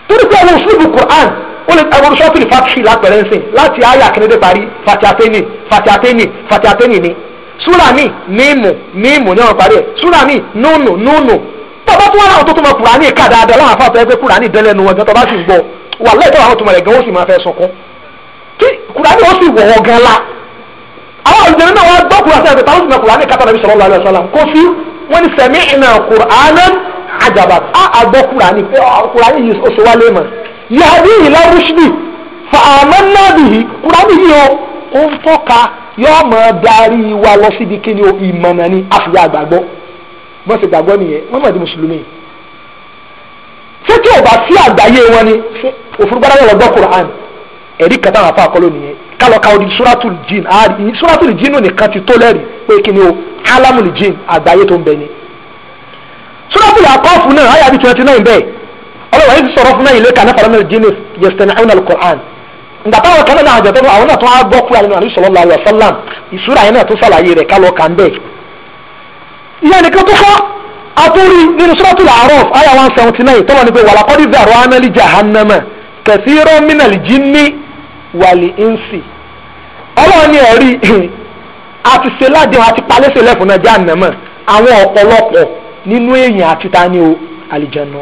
torí pé àwọn òṣèlú Quran ó lè àwọn ṣọ́ọ̀tì fàtírì lápẹ̀rẹ̀ ń sìn láti àyà kẹ́nẹ́dẹ́ parí fatiateni fatiateni fatiateni ni súrà mi mímu mímu ní ọ̀rọ̀ parí ẹ̀ súrà mi nùnù nùnù tọ́ba tó wà láwọn tó tó mọ Kùránì kà dáadáa láwọn afáfẹ́ pé Kùránì dẹ́lẹ̀ nu wọn gan tọ́ba sì gbọ́ wà lẹ́yìn tó àwọn tó mọ rẹ̀ gan ó sì máa fẹ́ sọkún kí Kùránì ó sì wọ̀ wọ́ gan la àwọn àlùjẹ̀rẹ̀ náà wá gbọ́ kura sí ẹ̀sẹ̀ táwọn sì mọ̀ kura ní kátà nàbí sọlọ́lá alẹ́ sọlá kó sí wọ́n ní sẹ̀mí ìnà kùránà àjàbà á àgbọ̀ kura ní kura ní yìí oṣù wa léèmọ̀ yàrá yìí lárúṣìbì fa àmọ́ náà bìí kura ní yìí o ó ń tọ́ka yóò máa darí wa lọ síbi kí ni o ìmọ̀nà ni àfìyà àgbàgbọ́ wọ́n ti gbàgbọ́ nìyẹn wọ́n mọ̀ di mùsùlùmí ṣé tí ò bá sí àgbáyé wọn ni òfurufú kálọ̀ ka odi suratul jin àárí suratul jin nìkan ti tó lẹ́rìí pé kí ni o alamul jin àgbáyé tó ń bẹ ni. suratul akọ́fù náà àyà bíi twenty nine bẹ́ẹ̀ ọlọ́wọ́ yìí ti sọ̀rọ̀ fún náà ilé kan náà faramẹ́ jin yastami'una al-Qur'an nga táwọn kan náà àjọ̀dọ́ àwọn náà tó á gbọ́ kúrò àyìnbó àdúgbò sallallahu alaihi wasallam ìṣúra yẹn náà tó sàlàyé rẹ̀ kálọ̀ kan bẹ́ẹ̀. ìyá nìkan tó kọ́ atúrí ínsì ọlọ́run ní ẹ̀rí àti ṣe ládìhun àti palẹ́sẹ̀ lẹ́fún náà jẹ́ ànámọ̀ àwọn ọ̀pọ̀lọpọ̀ nínú èèyàn àti tani o àlìjẹnu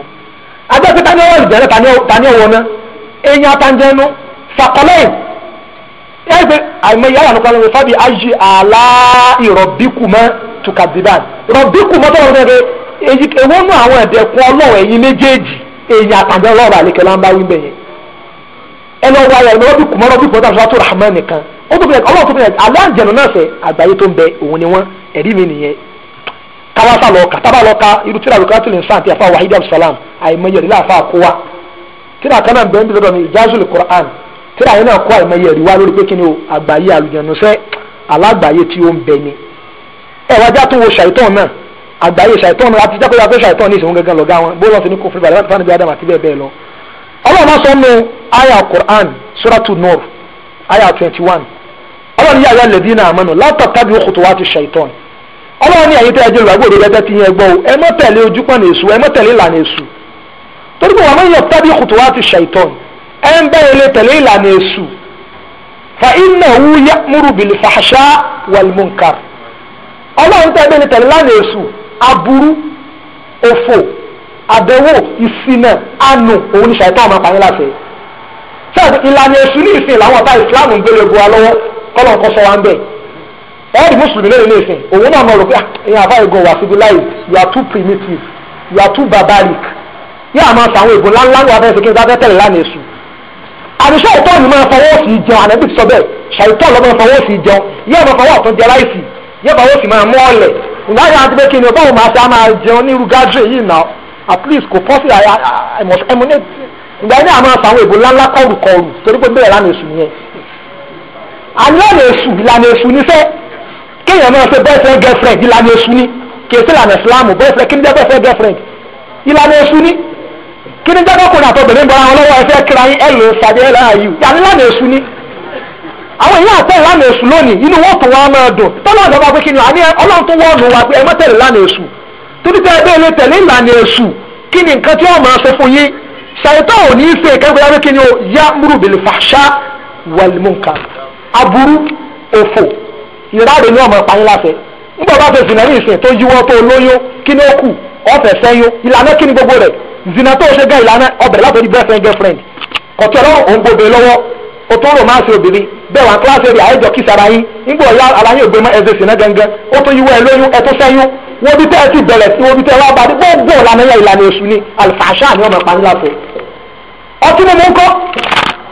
agbẹ́sẹ̀ tani ọwọ́ àlìjẹnu tani ọwọ́ náà èèyàn àtàǹjẹnu fàkọlẹ́yìn ẹgbẹ́ àìmọye àyànnú kan lórí fábí ayé àlá ìrọ̀bíkùmọ́ tukadiban ìrọ̀bíkùmọ́ tó wọ́n fẹ́ èwo nù àwọn ẹ̀dẹ̀kùn ọlọ́wọ̀ ẹ̀yin méjèèjì èèyàn àtàǹjẹnu ọlọ́wọ̀ àlìkẹ́ láńbáwí bẹ̀yẹn ẹ lọ́wọ́ ayọ̀ ìrọ̀bíkùmọ́ ìrọ̀bíkùmọ́ tàbí sọ́tò rahman nìkan o tó bẹ̀rẹ̀ ọlọ́run tó bẹ̀rẹ̀ na náà sẹ̀ àgbáyé tó ń bẹ òun ni wọ́n ẹ̀rí mi nìyẹn lọ kàtàbà lọ ka irú tíra rẹ̀ kátó lè sàn àìmọye tíra kan náà bẹ́ẹ̀ ń dọ̀dọ̀ ní Qur'an tíra yẹn náà kó àìmọye wá lórí pé kí ni o àgbáyé àlùjẹ̀nù sẹ́ tí ó ń bẹ ni ẹ wá já tó wo náà àgbáyé náà ní ìṣòwò gángan lọ́gá wọn ní kófin ọlọ́run yà yà lẹ́bí náà mọ́nà látọ̀ tábí òkùtù wá ti ṣàìtàn ọlọ́run ní àyè tí ẹjọ́ ìgbàgbọ́ òdodo ẹgbẹ́ ti yẹn gbọ́ o ẹ mọ́ tẹ̀lé ojúpọ̀nà èṣù ẹ mọ́ tẹ̀lé ìlànà èṣù torí pé wà mọ́ yọ tábí òkùtù wá ti ṣàìtàn ẹ ń bẹ́ẹ̀ lé tẹ̀lé ìlànà èṣù fa iná wú yá múrù bìlì fàṣà wàlmùnkàr ọlọ́run tẹ̀lé ìlànà èṣù aburú òfò kọ́lọ̀ nǹkan sọ wa ń bẹ̀ ẹ́ẹ̀dì mùsùlùmí lónìí ní ìsìn òun náà mọ̀ rò ìyẹn àbá ìgò wà síbi láì you are too primitive you are too barbaric yóò àmọ́ sọ àwọn ìbò ńláńlá wà fẹ́ẹ́ sèkéńtà fẹ́ẹ́ tẹ̀lé lánàá èṣù àdìsọ ìtọ́ ni máa fọwọ́ sí jẹun ànábì sọ bẹ́ẹ̀ ṣàìtọ́ lọ́ máa fọwọ́ sí jẹun yóò máa fọwọ́ ọ̀tún jẹ láìsí yóò fọwọ́ sí máa mú ọ̀lẹ̀ ìdájọ́ ìgbà yẹn àmọ́ bẹ́ẹ̀ lánàá àní ọ̀nà èṣù ìlànà èṣù ní sẹ́ kéèyàn máa ṣe boyfriend girlfriend ìlànà èṣù ni kìí sí ìlànà ìsìlámù boyfriend kí ni jẹ́ boyfriend girlfriend ìlànà èṣù ni kí ni jẹ́ kọ́kùnrin àtọ́bìnrin bọ́ra wọn lọ́wọ́ ẹ̀fẹ́ kíra yín ẹ̀lò ṣàdé ẹ̀là ayù yàrá ìlànà èṣù ni àwọn èèyàn àtẹ ìlànà èṣù lónìí inú wọn tó wọn máa dùn tọ́lá ọ̀dọ́ máa pé kí ni àní ọlọ́run tó wọ́ọ̀nù wa pé ẹ má tẹ̀lé ìlànà èṣù torí pé ẹgbẹ́ ilé tẹ̀lé ìlànà èṣù kí ni nǹkan tí wọ́n máa sọ fún yín ṣàyẹ̀tọ̀ ò ní í ṣe ìkẹ́gbẹ́ yàrá kí ni ó yá múrùbìlì fàṣà wàlímùnkà aburú òfò ìráre ní ọmọ ìpàyín láfẹ nígbà bá fẹ́ zìnà ní ìsìn tó yíwọ́ tó lóyún kí ni ó kù ọ̀fẹ́ sẹ́yún ìlànà kí ni gbogbo rẹ̀ zìnà tó ṣe gan ìlànà ọbẹ̀ látòrí boyfriend girlfriend ọ̀tí ọlọ́run òun gbòbe lọ́wọ́ o tó ń rò máa ṣe obìnrin bẹ́ẹ̀ wà kíláàsì èrè àìjọ kí sara yín nígbà ọ̀yá ara yín ògbémọ ẹ̀ṣẹ̀ sìnà gangan ó tó yíwọ́ ẹ lóyún ẹ tó sẹ́yún wo bí tẹ́ ẹ ti bẹ̀rẹ̀ sí wo bí tẹ́ ẹ wá bá dé gbogbo ìlànà ìlànà èṣù ni àlùfàṣà ni ọmọ ìpàdé láfẹ́ ọtí mímu ń kọ́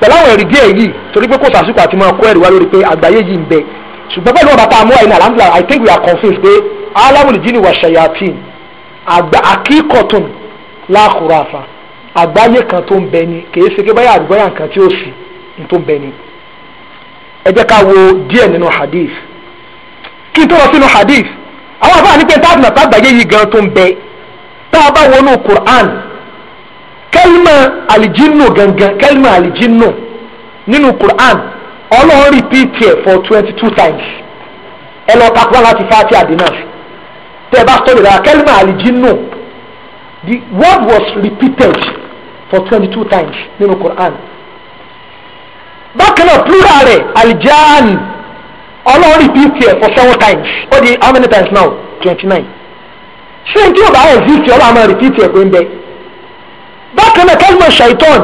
pẹ̀lú àwọn ẹ̀rí díẹ̀ yìí torí pé kò sàṣùkò àti máa kó ẹ̀rí wá lórí pé àgbáyé yìí ń bẹ ṣùgbọ́n pẹ̀lú I think we are convinced pé alamul jini wa shayatin àgbà akíkọ̀tún la kan tó ń bẹ ni kìí ṣe pé báyà nǹkan tí ó sì ń tó ń bẹ ni. ẹ jẹ́ ká wo hadith kí n tó hadith àwọn kẹ́límà alijinu, gangan kẹ́límà àlìjínù nínú Quran ọlọ́run repeat ẹ̀ for twenty two times ẹ lọ kakura láti fàtí àdínà tẹ ẹ bá sọ ìdára kẹ́límà àlìjínù the word was repeated for twenty two times nínú Quran bákan náà plural rẹ̀ àlìjáàni ọlọ́run repeat ẹ̀ for seven times ó di how many times now twenty nine ṣé n tí yóò bá ẹ̀ zi ti ọlọ́run repeat ẹ̀ pé bákan náà kẹ́lìmọ̀ ṣàìtọ́n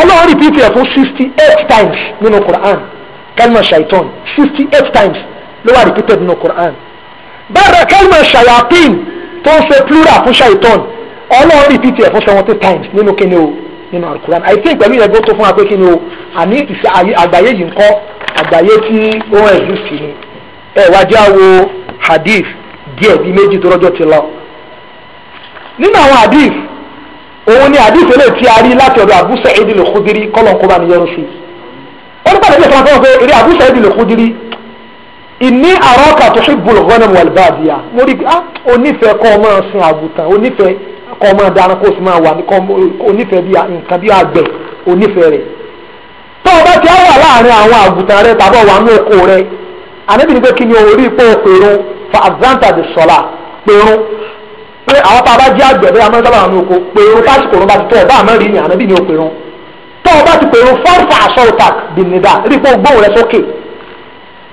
ọlọ́run rìpítì ẹ̀ fún sixty eight times nínú Quran kẹ́lìmọ̀ ṣàìtọ́n sixty eight times ló wà rìpítì nínú Quran bẹ́ẹ̀ kẹ́lìmọ̀ ṣàyàpín tó ń ṣe plural fún ṣàìtọ́n ọlọ́run rìpítì ẹ̀ fún seventy times nínú kíni o nínú alukuran i think pẹ̀lú ìyẹn tó fún wa pé kíni o àní àgbáyé yìí ń kọ́ àgbáyé tí ó ń exist ni ẹ wá jẹ́ àwo hadith díẹ̀ bíi méjì tó rọ́jọ́ ti lọ nínú àwọn hadith òun ni àdìsẹ́ lè ti arí láti ọ̀dọ̀ Abu Sa'id al-Khudri kọ́lọ̀ kó bá mi yọrù sí i ó ní pàdé bí ìfọwọ́n fẹ́ràn pé eré Abu Sa'id al-Khudri inni araka tuhibbul ghanam wal badiya mo rí i ah onífẹ̀ẹ́ kọ́ ọmọ sin àgùntàn onífẹ̀ẹ́ kọ́ ọmọ dáná kó o sì máa wà ní onífẹ̀ẹ́ bí nǹkan bí àgbẹ̀ onífẹ̀ẹ́ rẹ̀ tó o bá ti wà láàrin àwọn àgùntàn rẹ tàbí ọ̀wà ní oko rẹ àníbi ni pé kí ni orí pé o pèrún fa azanta de sọlá pèrún pé àwọn tá a bá jẹ́ àgbẹ̀ bẹ́ẹ̀ amọ́ sábà àwọn oko pèrún tásìkò òun bá ti tọ́ ẹ̀ bá àmọ́ rí ìyànà bí ni o pèrún tọ́ ọ bá ti pèrún fọ́nfà assaultak bìnnìdà rí pé o gbóhùn rẹ sókè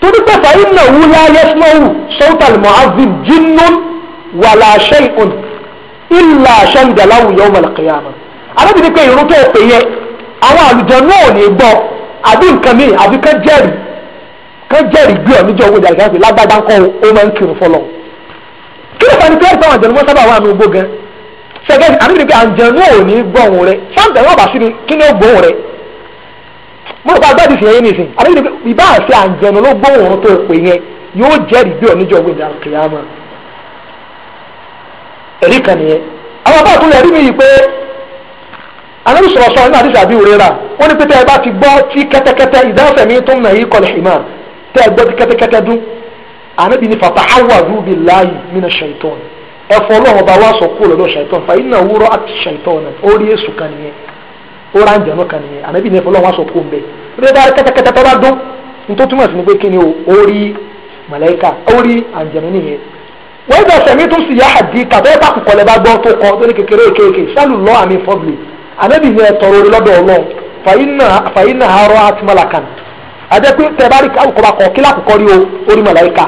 torí pé fàyè nà wú láyé snowu sọ́tàl mu'azzin jinnun wàlà shay'un illa ṣẹ́ǹdàláwù yawm al-qiyamah alábìnrin pé irun tó pè yẹ àwọn àlùjọ náà ò ní gbọ́ àbí nǹkan mi àbí kán jẹ́rìí kán jẹ́rìí gbé ọ̀ níjọ́ owó ìdàgbàsókè lágbàdá ńkọ́ ó máa ń kírun fọlọ́ọ̀ kí ló fani pé ẹ̀sán àjẹnú wọn sábà wà ní ogbó gan sẹ́gẹ́ àbí níbi àjẹnú ò ní gbọ̀hún rẹ sáǹtẹ̀ wọn bá sí ni kí ni ó gbọ̀hún rẹ mo rò pé agbáàdì sì yẹn nìsín àbí níbi ìbá àṣẹ àjẹnú ló gbọ̀hún tó pè yẹn yóò jẹ́rìí bí oníjọ́ gbé kìyàmá èrí kan nìyẹn àwọn bá àtúnlẹ̀ rí mi yìí pé anábì sọ̀rọ̀ sọ̀rọ̀ nínú àdìsí àbí òrera wọ́n ní pété ẹ bá ti gbọ́ tí kẹ́tẹ́kẹ́tẹ́ ìdáhùn sẹ̀mí tó ń nà yí kọlẹ̀ ìmọ̀ tẹ́ ẹ gbọ́ tí kẹ́tẹ́kẹ́tẹ́ anabi ni fata awadu bilayi mina shaitan ẹfọ Ọlọ́run ọba wa sọ kúrò lọ́dọ̀ shaitan fa iná wúrọ àti shaitan náà ó rí èṣù kan nìyẹn ó rà ń jẹun kan nìyẹn anabi ni ẹfọ Ọlọ́run wa sọ kúrò nbẹ rí dáa kẹtẹkẹtẹ tó bá dún nítorí túmọ̀ sí ni pé kí ni ó rí màláíkà ó rí àǹjẹ̀nu nìyẹn wọ́n gbà sẹ̀mí tó sì yá àdí tàbí ẹ̀bá kùkọ̀lẹ̀ bá gbọ́ tó kọ́ lórí kékeré kéèké sálù lọ́ àmì fọ́bìlì anabi ni ẹ tọrọ lọ́dọ̀ Ọlọ́run fàyínà àárọ̀ àti mọ́làkàn àjẹpẹ́ tẹ̀ bá rí kọ́ kí lákòókò rí o ó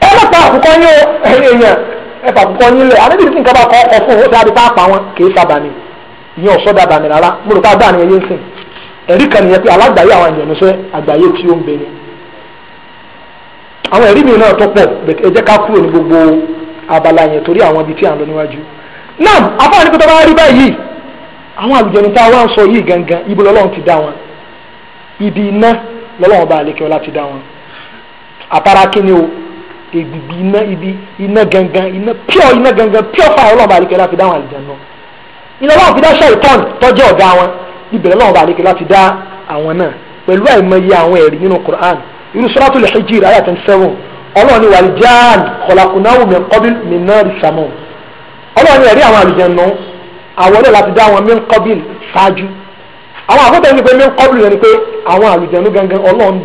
ẹ bá pa àkùkọ yín o ẹ̀yin èèyàn ẹ bá àkùkọ yín lẹ àníbi tí bá kọ ọkọ fún wọn ṣáàbí bá pa wọn sábà ní ìyẹn rárá mo rò ni ẹ sìn ẹ̀rí kan nìyẹn pé alágbàáyé àwọn àgbáyé tí ó ń bẹ ni àwọn ẹ̀rí mi náà tó pọ̀ ẹ jẹ́ ká kúrò ní gbogbo abala yẹn torí àwọn ibi tí à ń lọ níwájú afáàní tó bá rí báyìí àwọn àlùjẹni tá a wá ń sọ yìí gangan ibi lọ́lọ́run ti dá wọn ibi iná lọ́lọ́run bá àlekẹ́ ọlá ti dá egbigbi iná ibi iná gangan iná pure iná gangan pure fire ọlọ́run bá àlekẹ́ láti dá àwọn àlùjànnú iná wọn àfi dá ṣàìtàn tọ́jú ọ̀gá wọn ìbẹ̀rẹ̀ ọlọ́run bá àlekẹ́ láti dá àwọn náà pẹ̀lú àìmọye àwọn ẹ̀rí nínú Qur'an irú suratul Hijr ayat twenty seven ọlọ́run ni wàlìjáàn kọ̀làkùnáwó min qabil min nari samum ọlọ́run ni ẹ̀rí àwọn àlùjànnú àwọn náà láti dá àwọn min qabil ṣáájú ọlọ́run dá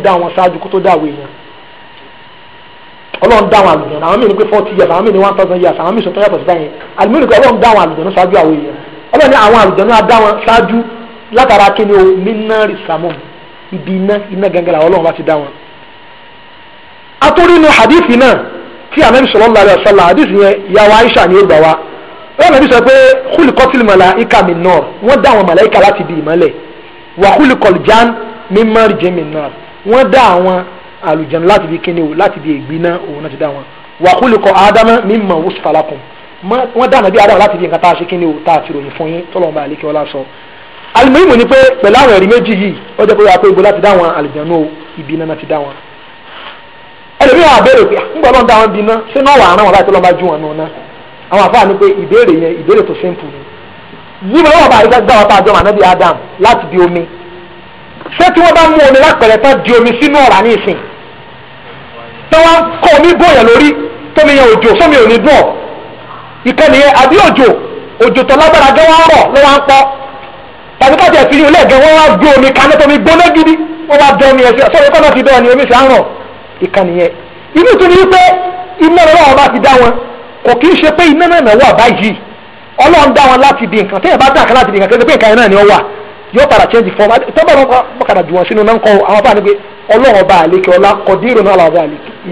dá àwọn èèyàn ọlọ́run dáhùn àlùjẹ̀nu àwọn mìíràn pé forty years àwọn mìíràn one thousand years àwọn mìíràn tó yàtọ̀ sí báyìí àlùmíràn pé ọlọ́run dáhùn àlùjẹ̀nu ṣáájú àwọn èèyàn ọlọ́run ní àwọn àlùjẹ̀nu adáwọn ṣáájú látara kíni o nínà rìsàmù ibi iná iná gangan làwọn ọlọ́run bá ti dá wọn. atórínú hadithi náà tí anabi sallallahu alaihi wasallam hadithi yẹn ìyàwó aisha ni ó gbà wá wọ́n nàbí sọ pé khuliqatil malaika min nar wọ́n dá àwọn màláìka láti di ìmọ́lẹ̀ wà khuliqal jan min marjin min nar wọ́n dá àwọn àlùjànnú láti bí kíni o láti bí ègbín náà òun náà ti dá wọn wa khuliqa ádámà mimma wusfa lakum wọ́n dá nàbí ádámà láti bí nǹkan tá a ṣe kíni o tá a ti ròyìn fún yín tọ́lọ́mọba àlékè ọlá sọ alimimu ni pé pẹ̀lú àwọn ẹ̀rí méjì yìí ó jẹ́ pé wàá pé ibo láti dá wọn àlùjànnú o ibi náà ti dá wọn ẹlẹ́mi àwọn abẹ́rẹ́ pé ńgbà ah, ọlọ́run dá wọn bí iná ṣé náà wà á rán wọn láti lọ́ba ju wọn náà àwọn àfáà ni pé ìbéèrè Adam láti di omi ṣé tí wọn bá mú omi lápẹrẹ tán tó wá ń kọ́ omi bóyàn lórí tómi yẹn òjò sómi ò ní dùn ọ́ ìkànnì yẹn àbí òjò òjò tó lágbára gẹ́ wọ́n rọ̀ ló wá ń pọ́ tàbí káàtì ẹ̀sìn yìí lẹ́ẹ̀gẹ́ wọ́n wá gbé omi kaná tómi gbóná gidi wọ́n wá bẹ́ẹ̀ ni ẹ̀sìn sọ́dọ̀ kọ́nà ti bẹ́ẹ̀ ni omi sì ń rọ̀ ìkànnì yẹn inú tó ní wípé iná ọlọ́run bá ti dá wọn kò kí ń ṣe pé iná náà wà báyìí ọlọ́run dá wọn láti di nǹkan téèyàn bá dá kan láti di nǹkan kéde pé nǹkan yẹn náà ni ó wà yóò padà change form tọ́gbà wọn kọ́kàdà jù wọn sínú náà ń kọ́ àwọn bá nígbè ọlọ́wọ́n bá àlékè ọlá kọ̀dírò náà làwọn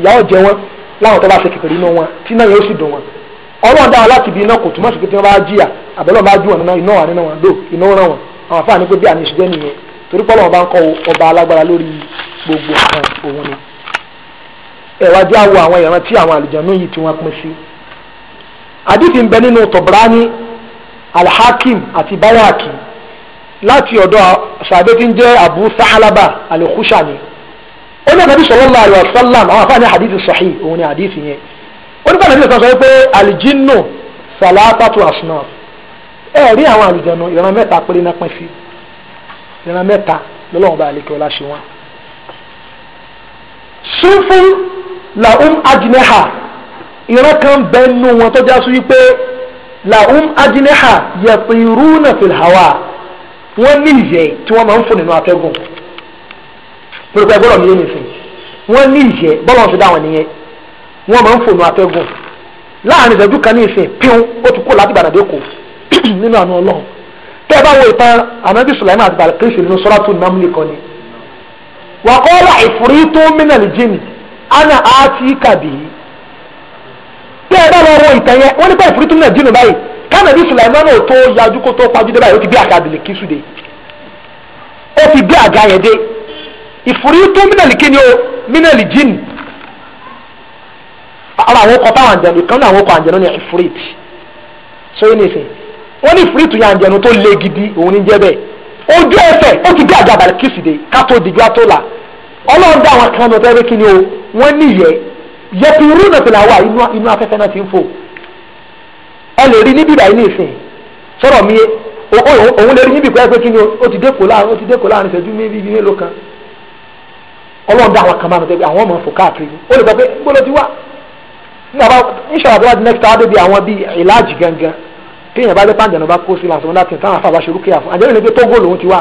bá àlékè jẹ wọn láwọn tó bá ṣe wọn tí náà yóò sì dùn wọn ọlọ́wọ́n láti bí iná kò túmọ̀ sí pé tí wọ́n bá jìyà àbẹ̀lọ́ bá jù wọn nínú iná wà nínú wọn iná wọn àwọn afáàní pé bí nìyẹn torí bá ń gbogbo òun ni ẹ̀wájú àwọn ìran tí àwọn yìí tí wọ́n pín sí àdìsí ń bẹ nínú alhakim ó ní ànábì sallallahu alaihi wasallam àwọn àfáàní hadith sahih òun ni hadith yẹn ó ní fàlàbí ìsọ̀sọ̀ wípé àlìjínù sàlátàtù asnaf ẹ rí àwọn àlìjẹnu ìran mẹ́ta péré náà pín sí ìran mẹ́ta lọ́lọ́run bá àlekè ọlá ṣe wọn. sunfún làum ajineha ìran kan bẹnu wọn tó já sí wípé làum ajineha yẹtìrúnà fìlhàwà wọn ní ìyẹ́ tí wọ́n máa ń fò nínú atẹ́gùn pèrèpè gbọ́dọ̀ mi yé mi sìn wọ́n ní ìyẹ́ bọ́lọ̀ ṣe dá wọn nìyẹn wọ́n máa ń fònú atẹ́gùn láàrin ìṣẹ́jú kan ní ìsìn pín ó ti kó láti gbàdàdé kù nínú àánú ọlọ́run tẹ́ ẹ bá wo ìtàn ànábì sùlẹ́mà àti bàlẹ́kìrìsì nínú sọ́ràtù nàmúlì kan ni. wà á kọ́ ọ́lá ìfúrí tó mìnà lè jìnnì ana àti kàbí. tẹ́ ẹ bá lọ wo ìtàn yẹn wọ́n ní bá ìfúrí tó mìnà jìnnì báyìí kánàbì sùlẹ́mà náà tó yajú kó tó pajú dé báyìí ó ti bí àga àdìlẹ̀ kí sùdé ó ti bí àga yẹn dé. ìfòrító mínàlì kíni o mínàlì jìn ara àwọn ọkọ táwọn àjẹnú ìkan náà àwọn ọkọ ni ìfòrítì sóyún ní ìsìn wọn ní ìfòrítù yẹn àjẹnú tó le gidi òun ní jẹ bẹ́ẹ̀ ojú ẹsẹ̀ ó ti dé àjàbàlẹ kìsìdè kátó dá àwọn o wọn níyẹ yẹpìrú nàpìlà wà inú afẹ́fẹ́ náà ti ń fò ẹ lè rí níbí ìdáyé ní ìsìn ọlọ́run dá àwọn kan máa mi tẹ́gbẹ́ àwọn ọmọ fò káàkiri ó lè sọ pé gbọ́dọ̀ ti wá nígbà inṣọ́ra tó bá di next hour débi àwọn bíi ìlàjì gangan kéèyàn bá lé pàǹdànù bá kó sí làǹsọ̀mọ́ láti táwọn afáàbá ṣe rúkìá fún àjẹ́rìí ni pé Tógò lòun ti wá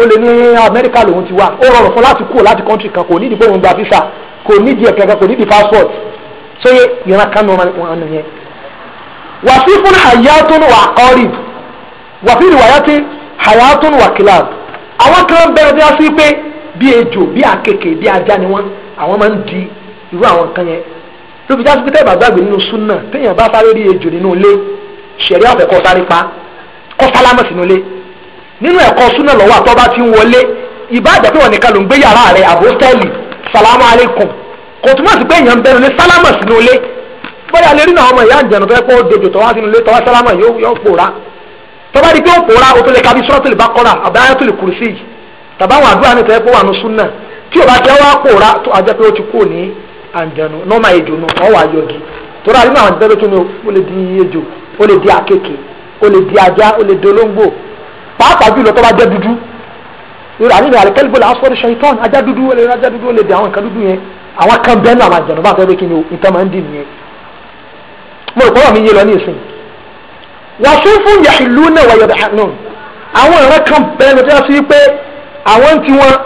ó lè ní Amẹ́ríkà lòun ti wá ó rọrùn fún láti kúrò láti kọ́ńtì kan kò nídìí pé òun gba visa kò nídìí ẹ̀kẹ́ kan kò nídìí passport sóyè ìran kánú wọn nìyẹn. wàfí fún hayatun wà qarib wàfí ìwàyàtì hayatun wà kilab àwọn kan bẹ̀rẹ̀ bí wọ́n sí pé bí ejò bí àkekèé bí ajá ni wọ́n àwọn máa ń di irú àwọn kan yẹn lóbi jáde pété ìbàgbàgbé nínú súnà téèyàn bá sáré rí ejò nínú ilé ṣẹ̀rí àfẹ́ kọ́ sáré pa kọ́ sálámà sínú ilé nínú ẹ̀kọ́ súnà lọ́wọ́ àtọ́ bá ti ń wọlé ìbáàjẹ́ pé wọ́n nìkan ló ń gbé yàrá rẹ̀ àbótẹ́ẹ̀lì sàlámù alẹ́kùn kò túmọ̀ sí pé èèyàn ń bẹnu ní sálámà sínú ilé bóyá lè rí náà ọmọ ìyá ìjẹun tó yẹ kó dejò tọ́wá sínú ilé tọ́wá sálámà yóò pòórá tọ́ba di pé ó pòórá o tó lè ka bí suratul baqara àbáyá tó yìí tàbáwọn àdúrà ní tẹ́lẹ̀ pé wà ní súnà tí o bá jẹ́ wá pòórá tó ajẹ́ pé ó ti kúrò ní àǹjẹ̀nu nọ́mà ejò nu ọ̀ wà yọgi torí àdúrà àwọn ìbẹ́lẹ̀ tó ní o lè di ejò o lè di àkekèé o lè di ajá o lè di olóńgbò pàápàá jùlọ tó bá jẹ́ dúdú yorùbá nínú àlẹ́kẹ́lẹ́bó la sọ́ọ́rì ṣaitan ajá dúdú o lè ajá dúdú o lè di àwọn nǹkan dúdú yẹn àwọn kan bẹ́ẹ̀ náà àwọn àjẹ̀nu ni ìtàn mo rò pọ́nrọ̀ mi yé lọ ní ìsìn wàá fún fún yàhìlú náà àwọn ìran kan bẹ́ẹ̀ lọ́tọ́ yà sí pé àwọn tí wọn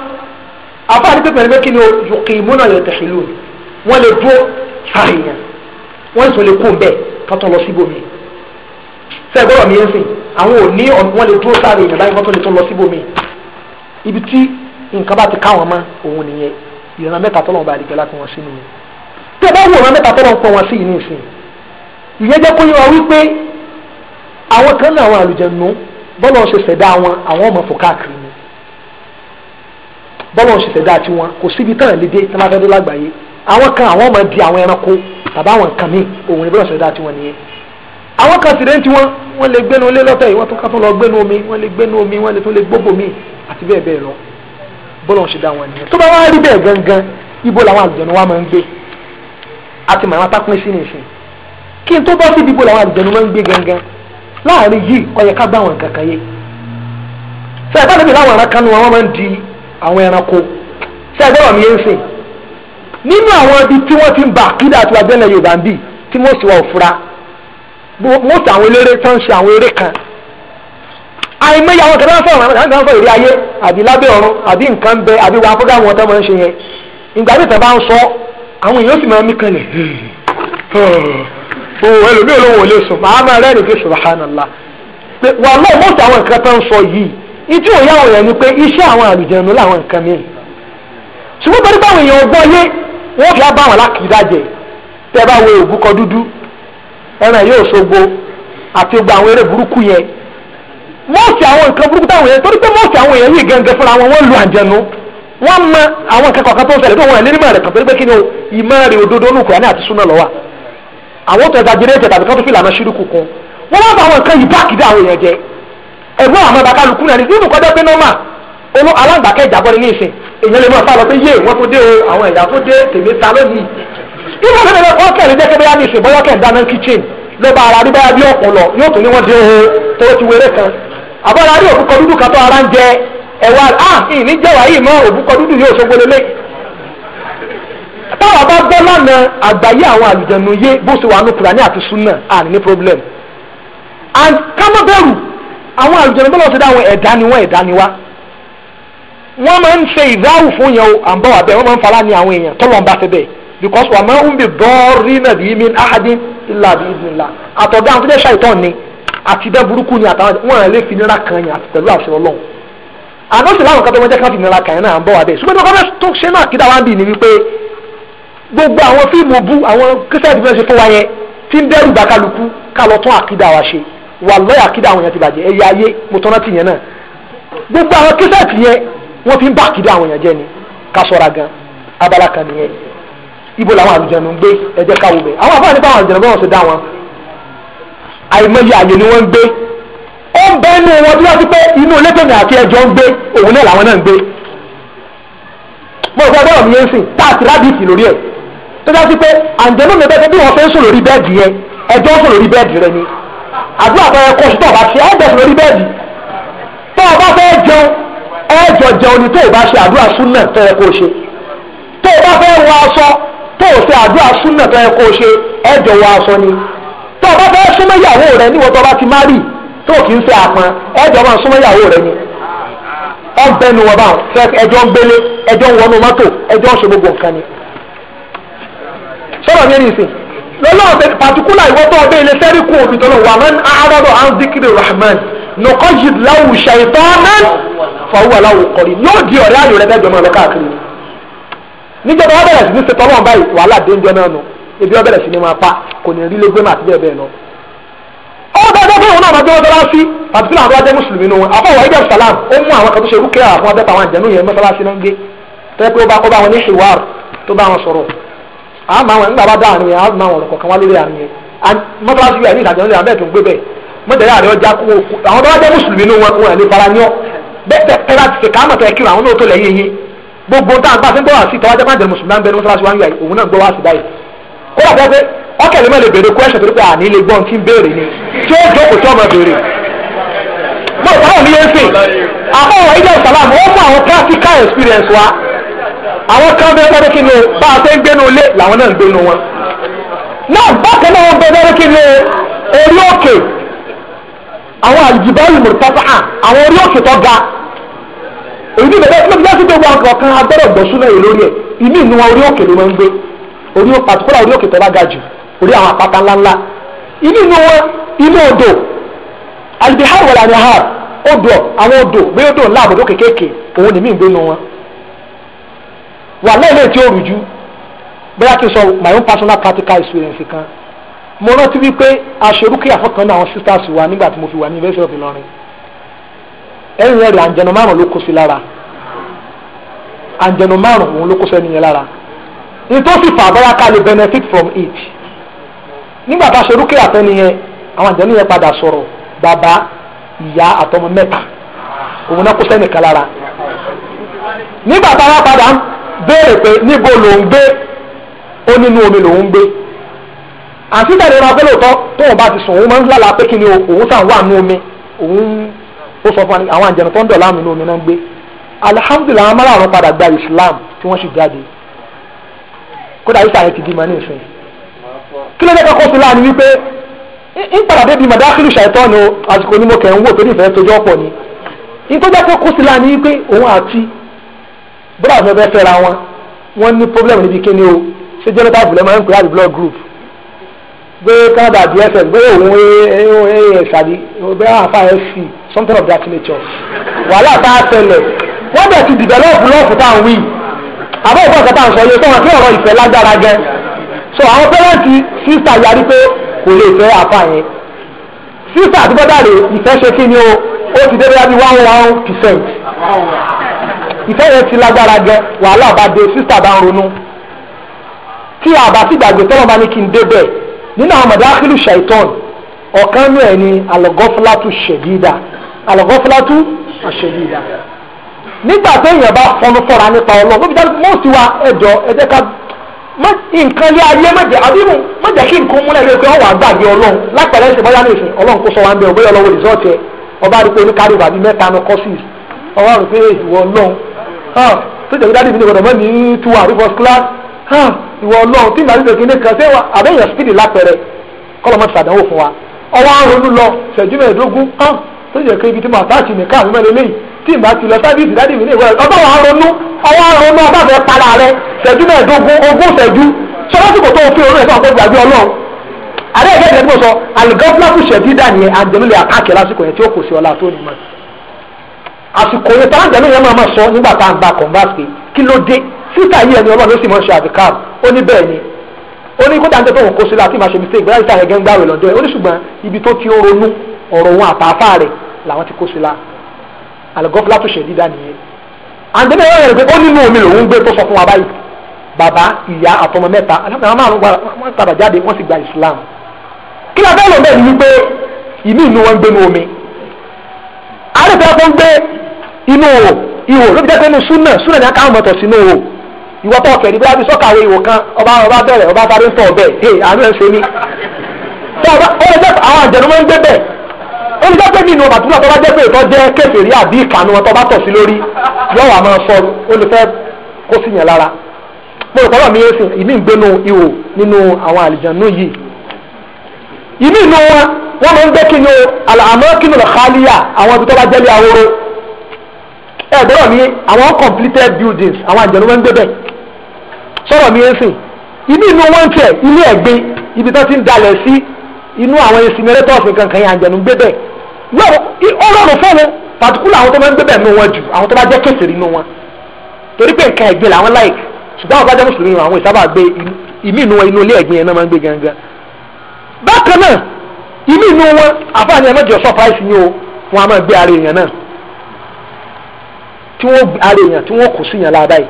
afáàdé pépè ní kékeré yòókè múnà yòókè ìlú wọn lè dúró fàáyàn wọn sọ lè kó bẹ kátó lọ síbòmí sẹgbọrọ mi ń sìn àwọn ò ní wọn lè dúró sáré èèyàn báyìí kátó lè tó lọ síbòmí ibi tí nǹkan bá ti káwọn mọ òun nìyẹn ìran mẹ́ta tọlọmọba àdìgbẹlá fún wọn sínú yẹn tẹ bá wò ìran mẹ́ta tọlọmọ fún wọn sí yìí ní ìsìn ìyẹn jẹ́ kó yẹ wa wípé àwọn kan ní àwọn àlùjànnú bọ́lá ọ̀sẹ̀ ṣẹ̀dá wọn àwọn ọmọ fò káàkiri bọ́lọ̀ ṣẹ̀ṣẹ̀ dáa tí wọn kò síbi tán lédè tí wọ́n fẹ́ dé lágbàáyé àwọn kan àwọn máa di àwọn ẹranko tàbí àwọn nǹkan míì òun ni bọ́lọ̀ ṣẹ̀ṣẹ̀ dáa ti wọn nìyẹn. àwọn kan sì rẹ́ tí wọ́n wọ́n lè gbénu ilé lọ́tọ̀ yìí wọ́n tún ká tún lọ gbénu omi wọ́n lè gbénu omi wọ́n lè tún lè gbógbó mi àti bẹ́ẹ̀ bẹ́ẹ̀ lọ bọ́lọ̀ ṣe dá wọn nìyẹn. tó bá wá rí bẹ́ẹ̀ gangan ibo làwọn àlùjọ̀nù wa máa ń gbé àti màmá tápín sí nìsín kí n tó bọ́ síbi ibo làwọn àlùjọ̀nù máa ń gbé gangan láàrin yìí ó yẹ ká gbá àwọn kankan yé. sẹ́yìn bá níbi láwọn ará kanú wọn máa ń di àwọn ẹranko ṣẹ́gbọ́n mi ń nínú àwọn ibi tí ti ń abẹ́lẹ̀ Yorùbá mo sì wà òfura mo sì àwọn eléré tó ń ṣe àwọn eré kan àìmọye àwọn àwọn ayé àbí lábẹ́ ọ̀run àbí nǹkan bẹ àbí wà fúgà wọn tó máa ń ṣe yẹn ìgbà tí ìtàn bá ń sọ àwọn èèyàn sì máa ń mí kanlẹ̀ òwò ẹlòmíì ò lè sùn màá máa rẹ́rìn-ín pé wà lọ́ọ̀ àwọn nǹkan tó ń sọ yìí ìtú òyàwó rẹ̀ ni pé iṣẹ́ àwọn àlùjẹ̀nu làwọn nǹkan mi ṣùgbọ́n torí báwọn èèyàn ọgbọ́n yé wọ́n fi bá wọn lákìdá jẹ tẹ́ bá wo òbúkọ dúdú ẹran yóò ṣogbo àti gbogbo àwọn eré burúkú yẹn mọ́ọ̀sì àwọn nǹkan burúkú táwọn èèyàn torí pé mọ́ọ̀sì àwọn èèyàn yìí gẹ́gẹ́ fúnra wọn wọ́n lu àjẹnu wọ́n mọ àwọn nǹkan kọ̀ọ̀kan tó ń ṣẹlẹ̀ tó wọ́n ẹ̀lẹ́ni mọ̀ọ́rẹ̀ kàpẹ́ pé kí ni ìmọ̀ rẹ̀ òdodo ní Kùránì àti súnà lọ́wọ́ àwọn tó ẹja jẹrẹ jẹ tàbí kán tó fi lànà ṣírùkù kún wọ́n wá bá àwọn nǹkan yìí báàkì dá àwọn ẹ̀gbọ́n àwọn ọba kálukú náà ni nínú kọjá pé nọ́mà olú aláǹgbá kẹjàbọ ni níìsín èèyàn lè mọ ọ̀sán lọ pé yé wọ́n tó dé o àwọn ẹ̀yà tó dé tèmi ta lónìí. irú ọ̀sán náà wọ́n kẹ̀lé jẹ́ kébé yáni ìṣèbọ́yọ́ kẹ̀ dáná kíchìn ló bá ara rí bí ọ̀pọ̀ yóò tún ní wọ́n dé o tó ti wéré kan. àbọ̀lá rí òbúkọ dúdú kan ara ń jẹ ẹ̀wà ah ìní jẹ́ wàyí mọ́ òbúkọ dúdú yóò ṣogbó lélẹ̀. táwa bá gbọ́ lánàá àgbáyé àwọn àlùjẹ̀nu yé bó ṣe wà problem. and kámọ́ bẹ̀rù àwọn àlùjẹ̀nu bọ́lá ti dá àwọn ẹ̀dá ni wọ́n ẹ̀dá ni wá wọ́n máa ń ṣe ìdáhùn fún yẹn o à ń bọ̀ wá bẹ́ẹ̀ wọ́n máa ń fara ní àwọn èèyàn tọ́lọ̀ ń bá ti bẹ́ẹ̀ because wà máa ń bè bọ́ọ̀rì náà bí mi ahadi ilà bí ìdìlá àtọ̀dá àwọn tó jẹ́ ṣàìtàn ni àti bẹ́ẹ̀ burúkú ni àtàwọn wọn lè fi nira kan yẹn àti pẹ̀lú àṣẹ ọlọ́run àná sì láwọn à gbogbo àwọn fíìmù bú àwọn kírísítẹ́ẹ̀tì bí ṣe fún wa yẹn ti ń dẹ́rù bá kálukú ká lọ tún àkídà wa ṣe wà lọ́yà kídà àwọn yẹn ti bàjẹ́ ẹ̀yà ayé mo tọ́ná tì yẹn náà gbogbo àwọn kíṣẹ́ẹ̀tì yẹn wọ́n fi ń bá kídà àwọn yẹn jẹ́ ni ká gan abala kan nìyẹn ibo làwọn àlùjẹ̀nu ń gbé ẹ̀jẹ̀ káwọ́ bẹ̀ àwọn àfáà nípa àwọn àlùjẹ̀nu bọ́ọ̀ ṣe dá wọn àìmọye àyè ni wọ́n ń gbé ó ń bẹ inú wọn bí wọ́n ti pé inú ilé tèmi àti ẹjọ́ ń gbé òun náà làwọn náà ń gbé mo fẹ́ bọ́ọ̀ mi yẹn sìn táàtì rádìsì lórí ẹ̀ tó dá sí pé àdúrà tó yẹ kó sùn tó ọba ṣe ẹ̀ẹ́dẹ̀sùn lórí bẹ́ẹ̀dì tó ọba fẹ́ jẹun ẹ̀ẹ́jọ jẹun ni tó o bá ṣe àdúrà súnà tó yẹ kó ṣe tó o bá fẹ́ wọ aṣọ tó o ṣe àdúrà súnà tó yẹ kó ṣe ẹ̀ẹ́jọ wọ aṣọ ni tó o bá fẹ́ súnmọ́yàwó rẹ níwọ̀n tó o bá ti má rì tó o kì í ṣe àpọn ẹ̀ẹ́jọ máa súnmọ́yàwó rẹ ni ọ̀ bẹ́nu wọn báwọn ẹjọ́ ń gbélé ẹjọ́ ń wọnú mọ́tò ẹjọ́ ń ṣe gbogbo nǹkan ni sọ̀rọ̀ mi lọ́lọ́run bẹ pàtíkúlà ìwọ́ tó ọdẹ ilé sẹ́rí kù òbí tó lọ wà mẹ́ni àárọ̀dọ̀ à ń zikiri rahman nùkọ́ yìí láwù ṣàìtọ́nán fàwùwà láwù kọ́rí yóò di ọ̀rẹ́ ayò rẹ bẹ́ẹ̀ lọ káàkiri níjọba wọn bẹ̀rẹ̀ sí ní ṣètò ọlọ́run báyìí wàhálà déńjọ náà nù ebi wọn bẹ̀rẹ̀ sí ní máa pa kò ní rí lógbé màtí bẹ́ẹ̀ bẹ́ẹ̀ lọ. ó dájọ́ pé òun náà máa jẹ́ mọ́sálásí pàtíkúlà àwọn ajẹ́ wọn náà bá wọn wọn sọ̀rọ̀ a máa wọn nígbà bá dá àárín yẹn a máa wọn kọ̀ọ̀kan wá lórí àárín yẹn mọ́tàlásí a ní ìdájọ́ nílẹ̀ abẹ́ẹ̀ tó ń gbé bẹ́ẹ̀ mọ́tàlá rẹ̀ ọjà kú àwọn bá jẹ́ mùsùlùmí ní wọn ẹ̀ ní ọ bẹ́ẹ̀ tẹ́ tó ẹ gbogbo tá a gbà sí gbọ́ wá sí jẹ́ mùsùlùmí náà àwọn kan bẹ bẹ́ẹ̀ kí ni bá a ṣe ń gbénu ilé làwọn náà ń gbénu wọn. náà bákan náà wọn bẹ bẹ́ẹ̀ kí ni orí òkè àwọn àjìbáyìí mùtàfà àwọn orí òkè tó ga èyí ni bẹ̀rẹ̀ ló fi dási na àgbọ̀ kan agbọ́dọ̀ gbọ̀súnà lórí ẹ̀ ìmí ìnú wa orí òkè ló máa ń gbé orí pàtíkọ́lá orí òkè tó bá ga jù orí àwọn àpáta ńláńlá ìnú wọn inú odò ni odò àwọn odò odò wà lẹ́ẹ̀lẹ́ tí ó rújú bóyá kí n sọ my own personal practical experience kan mo rántí wípé aṣerúkẹ́ àfọkànnà àwọn sisters wa nígbà tí mo fi wà ní University of Ilorin ẹ̀yìn rẹ̀ àǹjẹ̀nù márùn ló kó sí lára àǹjẹ̀nù márùn òun ló kó sẹ́ni yẹn lára nítòsí fàbọ́yá ká lè benefit from it nígbà tá a ṣe rúkìá tẹ́ni yẹn àwọn àǹjẹ̀nù yẹn padà sọ̀rọ̀ bàbá ìyá àtọmọ mẹ́ta òun náà kó sẹ́ni kan lára nígbà tá a wá padà béèrè pé níbo ló ń gbé ó nínú omi ló ń gbé àti ìtàn ìrora pẹ́lú òótọ́ tóun bá ti sùn òun máa ń lálàá pé kí ni òun sàn wà nínú omi òun ó sọ fún àwọn àjẹnù tó ń dọ̀ láàmú inú omi náà ń gbé alihamudulilayi amara àwọn padà gba Islam tí wọ́n sì jáde kódà yìí sàyẹn ti di mọ́ ní ìsìn kí ló dé kọ́kọ́ sí láàánú wípé ń padà débi mọ̀dákìlì ṣàìtọ́ ni àsìkò onímọ̀kẹ́ ń wò tó nífẹ̀ẹ́ tójọ́ pọ̀ ni ìtọ́jà tó kó sí láàánú wípé òun àti bóra àwọn ọbẹ̀ fẹ́ra wọn wọ́n ní problem níbi kíni o ṣé jẹ́nẹ́tà fúlẹ̀ máa ń pè àbí blood group gbé Canada dss gbé òun as àbí ọbẹ̀ àfa sc something of that nature wàhálà tá a tẹlẹ̀ wọ́n bẹ̀ ti develop lọ́ọ̀fù tá à ń wí àbọ̀ ìfọ̀ ìfọ̀ tá à ń sọ yẹ sọ wọn pé ọ̀rọ̀ ìfẹ́ lágbára gẹ́ so àwọn pẹ́rẹ́ǹtì sísà yarí pé kò lè fẹ́ àfa yẹn sísà àti bọ́dà rè ìfẹ́ ṣe kí ni o ó ti dé bí wáhùn wáhùn percent ìfẹ́ yẹn ti lágbára gan wàhálà bá dé sísà bá ń ronú tí àbá ti gbàgbé tọ́lọ́ bá ní kí n débẹ̀ nínú àwọn mọ̀dáhìlù ṣàìtọ́n ọ̀kan ní ẹ̀ ní alọ́gọ́fúlátù ṣẹ̀dídà alọ́gọ́fúlátù ṣẹ̀dídà nígbà tó èèyàn bá fọnú fọ́ra nípa ọlọ́run ló fi dáhùn mọ́ sí wa ẹ̀jọ̀ ẹ̀jẹ̀ ká nǹkan lé ayé mọ̀jẹ̀ àbímú mọ̀jẹ̀ kí nǹkan múlẹ̀ lé pé wọ́n wà gbàgbé ọlọ́run lápẹ̀lẹ́ ṣe bọ́yá nìṣẹ́ ọlọ́run kó sọ wa ń bẹ ọgbẹ́ ọlọ́wọ́ rìsọ́ọ̀tì ọba rí pé ní kárí mẹ́ta nu kọ́sìs ọwọ́ rò pé ìwọ ọlọ́run tó jẹ́ pé dáàdi mi ní gbọ́dọ̀ mọ́ ní two and first class ìwọ ọlọ́run tí màá nílò kíní kan ṣé àbẹ̀yẹ speed lápẹ̀rẹ̀ kọ́lọ́mọ́ ti ṣàdánwò fún wa ọwọ́ àrònú lọ ṣẹ̀jú mẹ́ẹ̀ẹ́dógún hàn tó jẹ́ pé ibi tí màá táàkì nìkan àmì mẹ́rin léyìí tí ìgbà ti lọ sábìsì dáàdì mi ní ìwé ọgbọ́n wa ronú ọwọ́ ronú ọba fẹ́ para rẹ ṣẹ́jú mẹ́ẹ̀ẹ́dógún ogún ṣẹ́jú sọlásìkò tó fi orí rẹ̀ fún àkókò àbí ọlọ́run àrẹ ẹ̀gẹ́ ìdẹ́gbẹ́ sọ àlùgọ́fúnlá kù ṣẹ́jú dà ní àjẹmílẹ̀ àkáàkì lásìkò yẹn tí ó kò sí ọlá tó nìmọ̀ àsìkò yẹn tọ́lá jẹ́ lóyún ẹ̀ máa ma sọ nígbà tá à ń gba convert pé kí ló dé síta yìí ẹni ọlọ́run ló sì máa ń ṣe àbíkà ó ní bẹ́ẹ̀ ni ó ní kódà ń tẹ́tọ̀ òun kó sílẹ̀ àti màṣẹ mistake bẹ́ẹ̀ ìta ẹ̀gẹ́ ń gbàwé lọ́dọ̀ ẹ̀ ó ní ṣùgbọ́n ibi tó ti ronú ọ̀rọ̀ òun àtàfà rẹ̀ làwọn ti kó sílẹ̀ àlùgọ́fúlà tó dídá nìyẹn àǹdẹ́nà wọ́n Islam kí ni abẹ́rẹ́ lọ́mọ ẹ̀ ní wípé ìmí ìnú yẹ inú o ihò ló fi jẹ́ pé inú súnà súnà ní akáwọn mọ̀tọ̀ sínú o ìwọ tó ọkẹ́ níbi láti sọ́kàwé ìwò kan ọba ọba bẹ̀rẹ̀ ọba sáré ń tọ̀ bẹ́ẹ̀ hey àánú ẹ̀ ń ṣe mí. ó lè jẹ́ àwọn àjẹ̀nu máa ń gbé bẹ́ẹ̀ ó lè jẹ́ pé nínú ọba túnbà tó bá jẹ́ pé ìtọ́ jẹ́ kèfèrí àbí ìkànnì wọn tó bá tọ̀ sí lórí yóò wà máa sọ ó lè fẹ́ kó sì yẹn lára. mo rò pọ́nrọ́ mi yóò sìn ìmí ń gbénu ihò nínú àwọn àlìjànú yìí ìmí inú wọn o àmọ́ kí ni lọ́ọ́ xaaliya àwọn ibi ẹ gbọ́dọ̀ ní àwọn completed buildings àwọn àjẹnú wọn ń gbé bẹ́ẹ̀ sọ̀rọ̀ mi ẹ̀sìn inú inú wọn tiẹ̀ inú ẹ̀gbin ibi tó ti ń dalẹ̀ sí inú àwọn incinerators nǹkan kan yẹn àjẹnú gbé bẹ́ẹ̀ ó rọrùn fún wọn pàtíkùlà àwọn tó máa ń gbé bẹ́ẹ̀ nù wọn jù àwọn tó bá jẹ́ kẹsìrì nù wọn torí pé nǹkan ẹ̀gbin làwọn like ṣùgbọ́n àwọn bá jẹ́ mùsùlùmí àwọn ìsábà gbé ìmí inú wọn inú ilé ẹ̀gbin yẹn náà máa ń gbé gangan bákan náà ìmí inú wọn àfààní ẹ̀ mọ́jọ surprise ni o wọn a máa gbé ara èèyàn náà tí wọ́n ara èèyàn tí wọ́n kò sí yàn lára yìí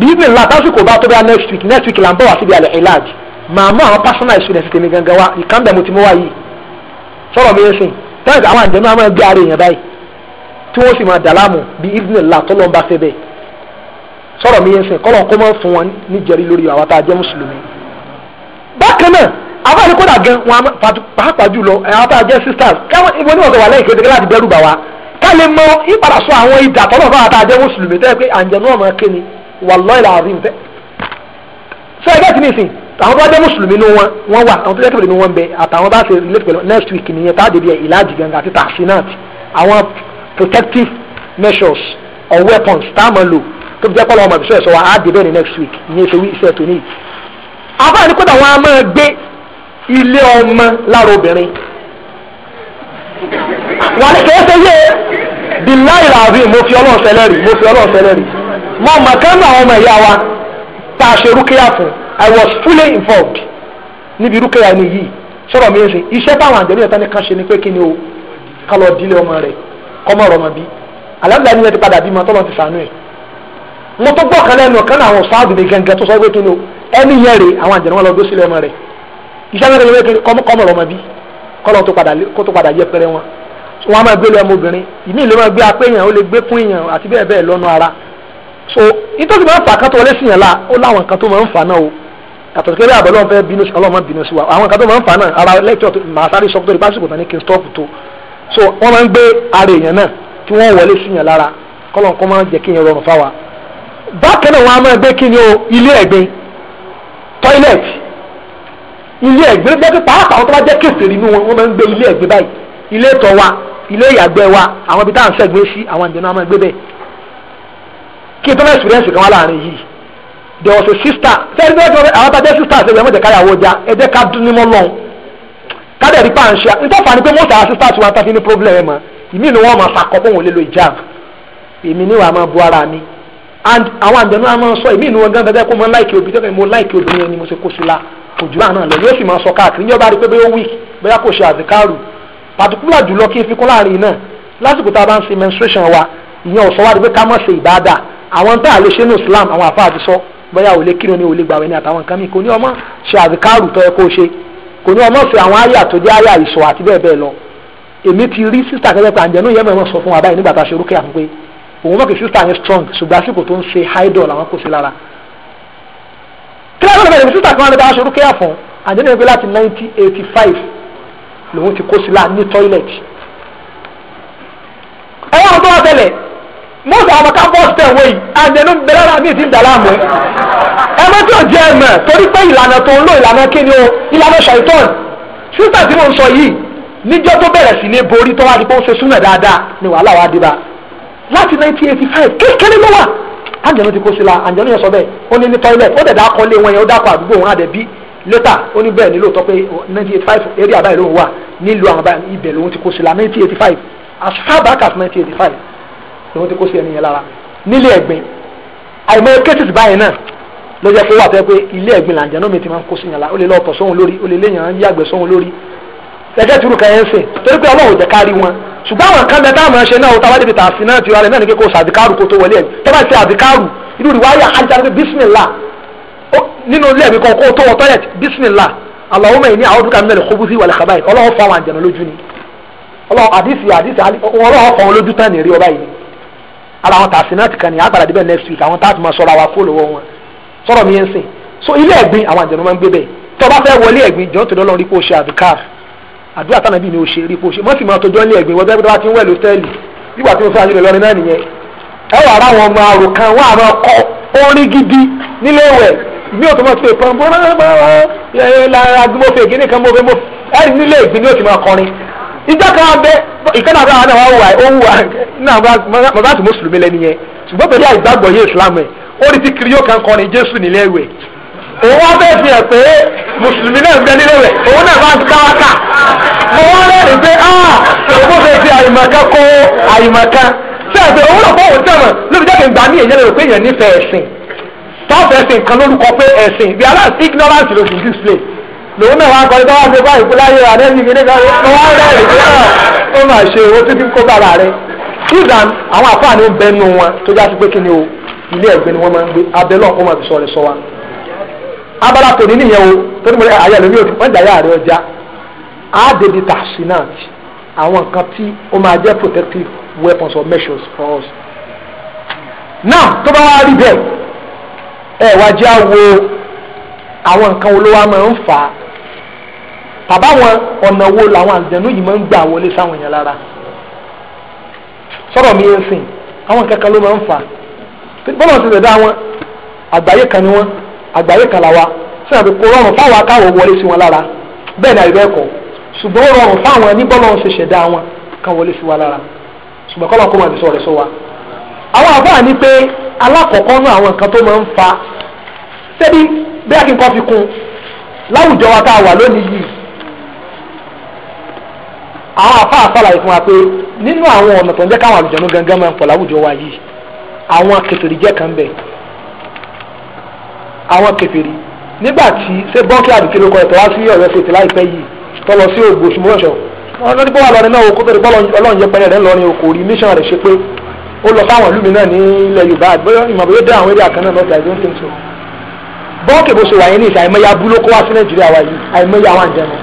bíbí ńlá tásìkò bá tó bá next week next week là ń bọ̀ wá síbi àlẹ́ ìlàjì màá mú àwọn personal experience tèmi gangan wá ìkànnì mo ti mú wá yìí sọ̀rọ̀ mi yẹn sìn tẹ́lẹ̀ àwọn àjẹmí àwọn ẹgbẹ́ ara èèyàn báyìí tí wọ́n sì máa dà láàmú bí evening ńlá tó lọ́n bá fẹ́ bẹ́ẹ̀ sọ̀rọ̀ mi yẹn sìn kọ́lọ̀ kó mọ́ fún wọn níjẹ̀rí lórí àwọn tá a jẹ́ mùsùlùmí. bákan náà àwọn àlekọ́dà gan wọn pàápàá jùlọ àwọn tá a jẹ́ sisters ìwọ ni wọn sọ wà lẹ́yìn kékeré láti dẹ́rù bà wá a lè mọ ìpadà sọ àwọn ìdà tọ́lọ̀ náà tá a jẹ́ mùsùlùmí tẹ́ pé àǹjẹ̀nú ọmọ kéne wàlọ́ ìlà àrí nfẹ́. sọ ẹgbẹ́ ti nìsín àwọn tó bá jẹ́ mùsùlùmí ní wọn wọn wà àwọn tó jẹ́ kébìlì ní wọn bẹ àtàwọn bá ṣe relate pẹ̀lú next week nìyẹn tá a dèbí ìlàjì gangan àti tàṣínàt àwọn protective measures or weapons tá a máa lò tó jẹ́ pọ́lọ́ ọmọ ìbísọ̀ ẹ̀sọ́ wa á dèbẹ̀ next week ìyẹn ṣe wí iṣẹ́ tó ní. àbáyé ni wàlẹ̀ kẹ́ẹ́ sẹ́yẹ́ billahi alazim mo fi ọlọ́run sẹlẹ́rì mo fi ọlọ́run sẹlẹ́rì mo mọ̀ kánú àwọn ọmọ ìyá wa tá a ṣe rúkẹ́yà fún i was fully involved níbi rúkẹ́yà ni yìí sọ̀rọ̀ mi ń sìn iṣẹ́ táwọn àjẹmí ẹ̀tọ́ ní kan ṣe ni pé kí ni o ká lọ dílé ọmọ rẹ̀ kọ́mọ ọ̀rọ̀ ọmọ bí alábìlá ni ẹ ti padà bímọ tọ́lọ́ ti sànú ẹ̀ mo tó gbọ́ kan lẹ́nu kan àwọn sáàdù ní gẹ́gẹ́ tó sọ pé kí ni o ẹni yẹn rè àwọn àjẹmí wọn lọ dó sílẹ̀ ọmọ rẹ̀ iṣẹ́ mẹ́rin ló wé kọ́mọ ọ̀rọ̀ ọmọ bí kọ́lọ́ tó padà yẹpẹrẹ wọn so wọ́n á máa gbé lọ ọmọbìnrin ìmí ló máa gbé apé èèyàn ó lè gbé fún èèyàn àti bẹ́ẹ̀ bẹ́ẹ̀ lọ́nu ara so nítorí máa ń fà kátó wọlé sí yàn la ó láwọn nǹkan tó máa ń fà náà o yàtọ̀ sí kébé àbẹ̀lọ́ fẹ́ bínú sí ọlọ́mọ bínú sí wa àwọn nǹkan tó máa ń fà náà ara lẹ́kítọ̀ màá sáré sọ pé pásítọ̀ tán ní kí n stọ́ọ̀pù tó so wọ́n máa ń gbé ara èèyàn náà tí wọ́n wọlé sí yàn lára kọ́lọ́n kọ́ máa ni o ilé ẹ̀gbin toilet ilé ẹ̀gbin bẹ́ẹ̀ pàápàá wọn tó bá jẹ́ kéfèrè inú wọn wọ́n máa ń gbé ilé ẹ̀gbin báyìí ilé ìtọ̀ wa ilé ìyàgbẹ́ wa àwọn ibi tá à ń sẹ́gbẹ́ sí àwọn ìdènà àmọ́ ẹgbẹ́ bẹ́ẹ̀ kí n tó fẹ́ experience kan wá láàrin yìí there was a sister sẹ́ni bẹ́ẹ̀ tó àwọn abájẹ́ sister ṣe wẹ́n mọ̀jẹ̀ káyàwó ọjà ẹ̀jẹ̀ ká dún ní mọ́ lọ́n kádẹ̀ rí pa à ń ṣe nítorí fani pé most our sisters wọn tafi ní problem ẹ̀ mọ́ ìmí ni wọ́n máa sakọ pé òun lè lo èmi ni wàá máa bu ara mi and àwọn àǹdẹ̀nu á máa sọ èmi ni wọ́n gan gẹ́gẹ́ kó mo láìkì obì mo láìkì obì yẹn ni mo ṣe kó sí la kò jù láàánú lọ yóò pàtíkúlà jùlọ kí n fi kún láàrin náà lásìkò tá a bá ń ṣe menstruation wa ìyẹn ọ̀sọ́ wa di pé ká má ṣe ìbáadà àwọn tá a lè ṣe ní Islam àwọn àfa àti sọ bóyá ò lè kírun ní òlé gbàwé ní àtàwọn nǹkan mi kò ní ọmọ ṣe àzìkárù tó yẹ kó ṣe kò ní ọmọ ṣe àwọn àyà tó jẹ́ àyà ìṣọ̀ àti bẹ́ẹ̀ bẹ́ẹ̀ lọ èmi ti rí sísà kẹ́kẹ́ pé àǹjẹ̀nú yẹn mọ̀ sọ fún wa báyìí nígbà tá a ṣe orúkẹ́ àfún pé òun mọ̀ kì sísà yẹn strong ṣùgbọ́n àsìkò tó ń ṣe haidol àwọn kò sí lára kíláàsì ọ̀dọ̀ bẹ̀rẹ̀ sísà kan wà nígbà tá a ṣe orúkẹ́ àfún àǹjẹ̀nú yẹn pé láti nineteen eighty five lòun ti kó sí la ní tọ́ílẹ̀tì. ẹ̀rọ àwọn tó wá tẹ̀lẹ̀ mọ́tò àwọn campus tẹ̀ wọ́n yìí àjẹnú bẹ̀rẹ̀ àmì ìdí ìdàlámù ẹ má tó jẹ́ ẹ̀mọ̀ torí pé ìlànà tó ń lo ìlànà kíni o ìlànà ṣàìtọ́n sísà tí mo ń sọ yìí níjọ́ tó bẹ̀rẹ̀ sí ní borí tó wá di pé ó ṣe súnmọ̀ dáadáa ni wàhálà wa dé bá láti 1985 kékeré ló wà àjẹnú ti kó sí la àjẹnú yẹn sọ bẹ́ẹ̀ ó ní ní tọ́ílẹ̀ ó dẹ̀ dákọ̀ lé wọn lẹ́tà ó ní bẹ́ẹ̀ ni lóòótọ́ pé nineteen eighty five eré àbáyé lòun wà nílùú àwọn àbáyé ibẹ̀ lòun ti kó sí la nineteen eighty five as far back as nineteen eighty five lòun ti kó sí ẹni yẹn lára nílé ẹ̀gbìn àìmọye cases báyìí náà ló jẹ́ pé wà tó yẹ pé ilé ẹ̀gbìn làǹjẹ́ náà mi ti máa ń kó sí yẹn la ó lè lọ́ọ̀tọ̀ sóhun lórí ó lè léyàn yàgbẹ́ sóhun lórí ẹgẹ́ tìrú kan yẹn ń sìn torí pé ọlọ́run ò jẹ́ ká rí wọn ṣùgbọ́n àwọn nǹkan bẹ́ẹ̀ táwọn ṣe náà ó táwọn débi tààfin náà ti rárẹ̀ náà ní kíkó sàdíkàrù kó tó wọlé ẹ̀ tẹ́lá ti àdíkàrù irú ìwáyà ajá ní bísímìlá nínú ilé ẹ̀mí kan kó tó wọ tọ́lẹ̀tì bísímìlá Allahumma inni a'udhu bika minal khubuthi wal khaba'ith ọlọ́wọ́ fọ àwọn àjẹnà lójú ni ọlọ́wọ́ àdìsí àdìsí ọlọ́wọ́ fọ àwọn lójú tán nìrí ọba yìí ara àwọn tààsí náà ti kàn ní agbára débẹ̀ next week àwọn táàtì máa sọ̀rọ̀ àwa kó lọ́wọ́ wọn sọ̀rọ̀ mi yẹn sìn so ilé ẹ̀gbin àwọn àjẹnà máa ń gbé bẹ́ẹ̀ tó bá fẹ́ wọlé ẹ̀gbin jọ́ tó lọ́lọ́ rí kó ṣe àdùkár àdúrà tánà bí ni ó ṣe rí kó ṣe mọ́tì máa tọjọ́ ilé ẹ̀gbin wọ́n bẹ́ẹ̀ bí wọ́n ti ń wẹ̀ lọ́tẹ́ẹ̀lì bí tí wọ́n fẹ́ àjẹlẹ̀ lọ́rin náà nìyẹn ẹ wà ara àwọn ọmọ àròkàn wọn àrọ ọkọ orin gidi nílé ìwẹ̀ bí o tó máa tún lè pọn bọ́n lára gbọ́fẹ́ gíní kan mọ́fẹ́ mọ́fẹ́ ẹ̀rí nílé ìgbín ní oṣù máa kọrin ìjọ kan abẹ ìkànnì àbúrò àwọn àwọn wà ó wà náà bàbá àti mùsùlùmí lẹni yẹn ṣùgbọ́n pẹ̀lú àìgbàgbọ́ yé Islam ẹ̀ ó rí ti kiri yóò kan kọrin Jésù nílé ìwé òun wá fi hàn pé mùsùlùmí náà ń bẹ nílé rẹ̀ òun náà máa ń káwáká mo wá lẹ́rìí pé ah òun fẹ́ fi àyùmọ̀kan kó àyùmọ̀kan ṣé àgbẹ̀ òun náà fọwọ́ tẹ̀wọ̀n lóbi jáde ìgbà ní èèyàn rẹ̀ pé èèyàn táwọn ẹ̀sìn kan lórúkọ pé ẹ̀sìn bí aláàsì ignorance ló ti display lòun náà wàá kọrin tọ́wọ́ àgbẹ̀kọ́ àìkú láyé àdẹ́sì ìgbélé kan lọ́wọ́ rẹ̀ rẹ̀ náà ó mà ṣe owó títí kó bàbá rẹ̀ sudan àwọn àfáàní ń bẹnu wọn tó já sí pé kíni o ilé ẹ̀gbẹ́ ni wọ́n máa ń gbé abẹ́lọ́ kó máa fi sọ rẹ̀ sọ wa abala tòní nìyẹn o tó ní mo rẹ àyà lórí òfin wọ́n dà yà rẹ̀ ọjà àádébi tàṣínàt àwọn nǹkan tí ó máa jẹ́ protective weapons or measures for us now tó bá wá rí bẹ́ẹ̀ ẹ wá jẹ́ àwo àwọn nǹkan olówó a máa ń fà á bàbá wọn ọ̀nà wo làwọn àjẹnú yìí máa ń gbà wọlé sáwọn yẹn lára sọ̀rọ̀ mi yẹn sìn àwọn kankan ló máa ń fà á bọ́lá ti dẹ̀dá wọn àgbáyé kan ni wọn àgbáyé kan làwa sí àbí kó rọrùn fáwọn akáwọ̀ wọlé sí wọn lára bẹ́ẹ̀ ni kọ̀ ṣùgbọ́n rọrùn fáwọn ẹni bọ́lá ṣẹ̀dá wọn kan wọlé sí lára ṣùgbọ́n àwọn àbá ni pé alákọ̀ọ́kọ́ nú àwọn nǹkan tó máa ń fa ṣebí bí a kì í kọ́ fi kún láwùjọ wa tá a wà lónìí yìí àwọn àfa àfàlàyé fún wa pé nínú àwọn ọ̀nà tó ń jẹ́ káwọn àlùjọ̀nú gangan máa ń pọ̀ láwùjọ wa yìí àwọn kèfèrí jẹ́ kan bẹ̀ àwọn kèfèrí nígbà tí ṣé bọ́ńkì àdùkí ló kọ ẹ̀tọ́ wá sí ọ̀rẹ́ ṣètì láìpẹ́ yìí tó lọ sí ògbó òṣùmọ̀ṣọ́ wọn lọ́dún bọ́wà lọ́rin náà okó tó rí bọ́ọ̀lọ́ ọlọ́run yẹpẹrẹ rẹ̀ ńlọrin okòrí mission rẹ̀ ṣe pé ó lọ fáwọn ìlú mi náà ní ilẹ̀ Yorùbá àgbẹ̀rẹ̀ ìmọ̀ bóyá dá àwọn eré àkànnà náà ọ̀dà ìdóńtì tó bọ́ọ̀kì bó ṣe wà yẹn ní ìsìn àìmọye abúlé kó wá sí Nàìjíríà wa yìí àìmọye àwọn àjẹmọ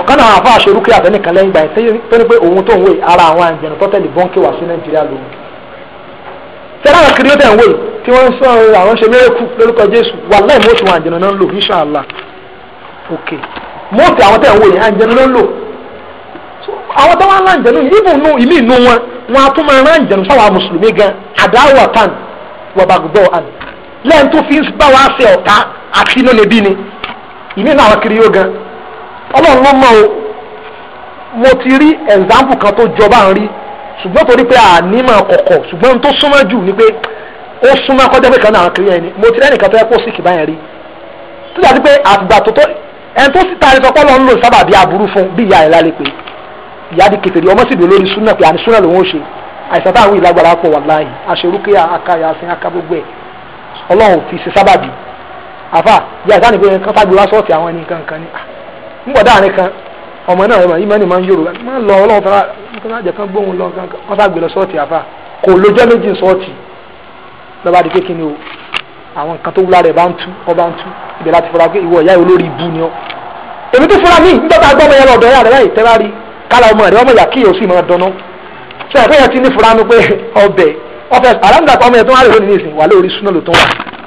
ọ̀kan náà àfa àṣerúkú àtẹnìkan lẹ́yìn gbà yẹn tó ní pé òun tó ń wé ara àwọn àjẹmọ tó tẹ̀lé bọ́ǹkì wá sí Nàìjíríà lóhun tẹ́lá àwọn kiri tẹ̀ ń wé tí wọ́n ń sọ àwọn ṣe mérekù lórúkọ Jésù wàláì mọ́tò àwọn àjẹmọ náà ń lò inṣàlá ok mọ́tò àwọn tẹ̀ ń wé àjẹmọ náà ń lò àwọn tó wá ń ránjẹ̀nu ibùn nù ìmí ìnú wọn wọn a tún máa ránjẹ̀nu sáwà mùsùlùmí gan àdáwà tán wàbàgbọ́ àná lẹ́yìn tó fi ń bá wa ṣe ọ̀tá àti inú lebi ni ìmí náà wà kiri yóò gan ọlọ́run ló mọ̀ o mo ti rí ẹ̀ǹzámpù kan tó jọba ń rí ṣùgbọ́n torí pé ànímọ̀ kọ̀kọ̀ ṣùgbọ́n tó súnmọ́ jù ni pé ó súnmọ́ kọjá pé kan náà kiri ẹni mo ti rẹ́nìkan tó yẹ kó síkì báyẹn rí tó dàbí pé àtìgbà tó tó ẹni tó sì tari sọpọ́ lọ́n lò sábàbí aburú fún bí ìyá ẹ̀ lálẹ́ pé ìyá di kètèrè ọmọ sì dò lórí súnà pé àní súnà lòun ò ṣe àìsàn táwọn ìlágbára pọ̀ wàláhì àṣerúkẹ́ àkàyà àṣẹ aká gbogbo ẹ̀ ọlọ́run fi ṣe sábàbí àfà ìyá ìsáni pé nǹkan fagbe wá sọ́ọ̀tì àwọn ẹni kankan ni nbọ̀ ah, dáàrin kan ọmọ náà ẹ̀mọ̀ ìmọ̀ ni máa ń yòrò máa lọ ọlọ́run fara nǹkan àjẹ kan gbóhùn lọ kankan wọ́n fagbe lọ sọ́ọ̀tì àfà kò lójọ́ méjì sọ́ọ̀tì lọ́ba di kékeré o àwọn nǹkan tó wúlá rẹ̀ bá ń tú ọba ń tú ibẹ̀ láti fura pé ìwọ ìyá olórí ibu ni ọ èmi tó fura mí nígbà tá a gbọ́ ọmọ yẹn lọ́dọ̀ ẹ̀yà rẹ̀ báyìí tẹ́lá rí kala ọmọ rẹ ọmọ yà kí yóò sì máa dùnnú ṣe àpé yẹn ti ní furanu pé ọbẹ̀ ọbẹ̀ àràǹdà pa ọmọ yẹn tó wà lè lónìí nísìnyí wà lórí súnà ló tó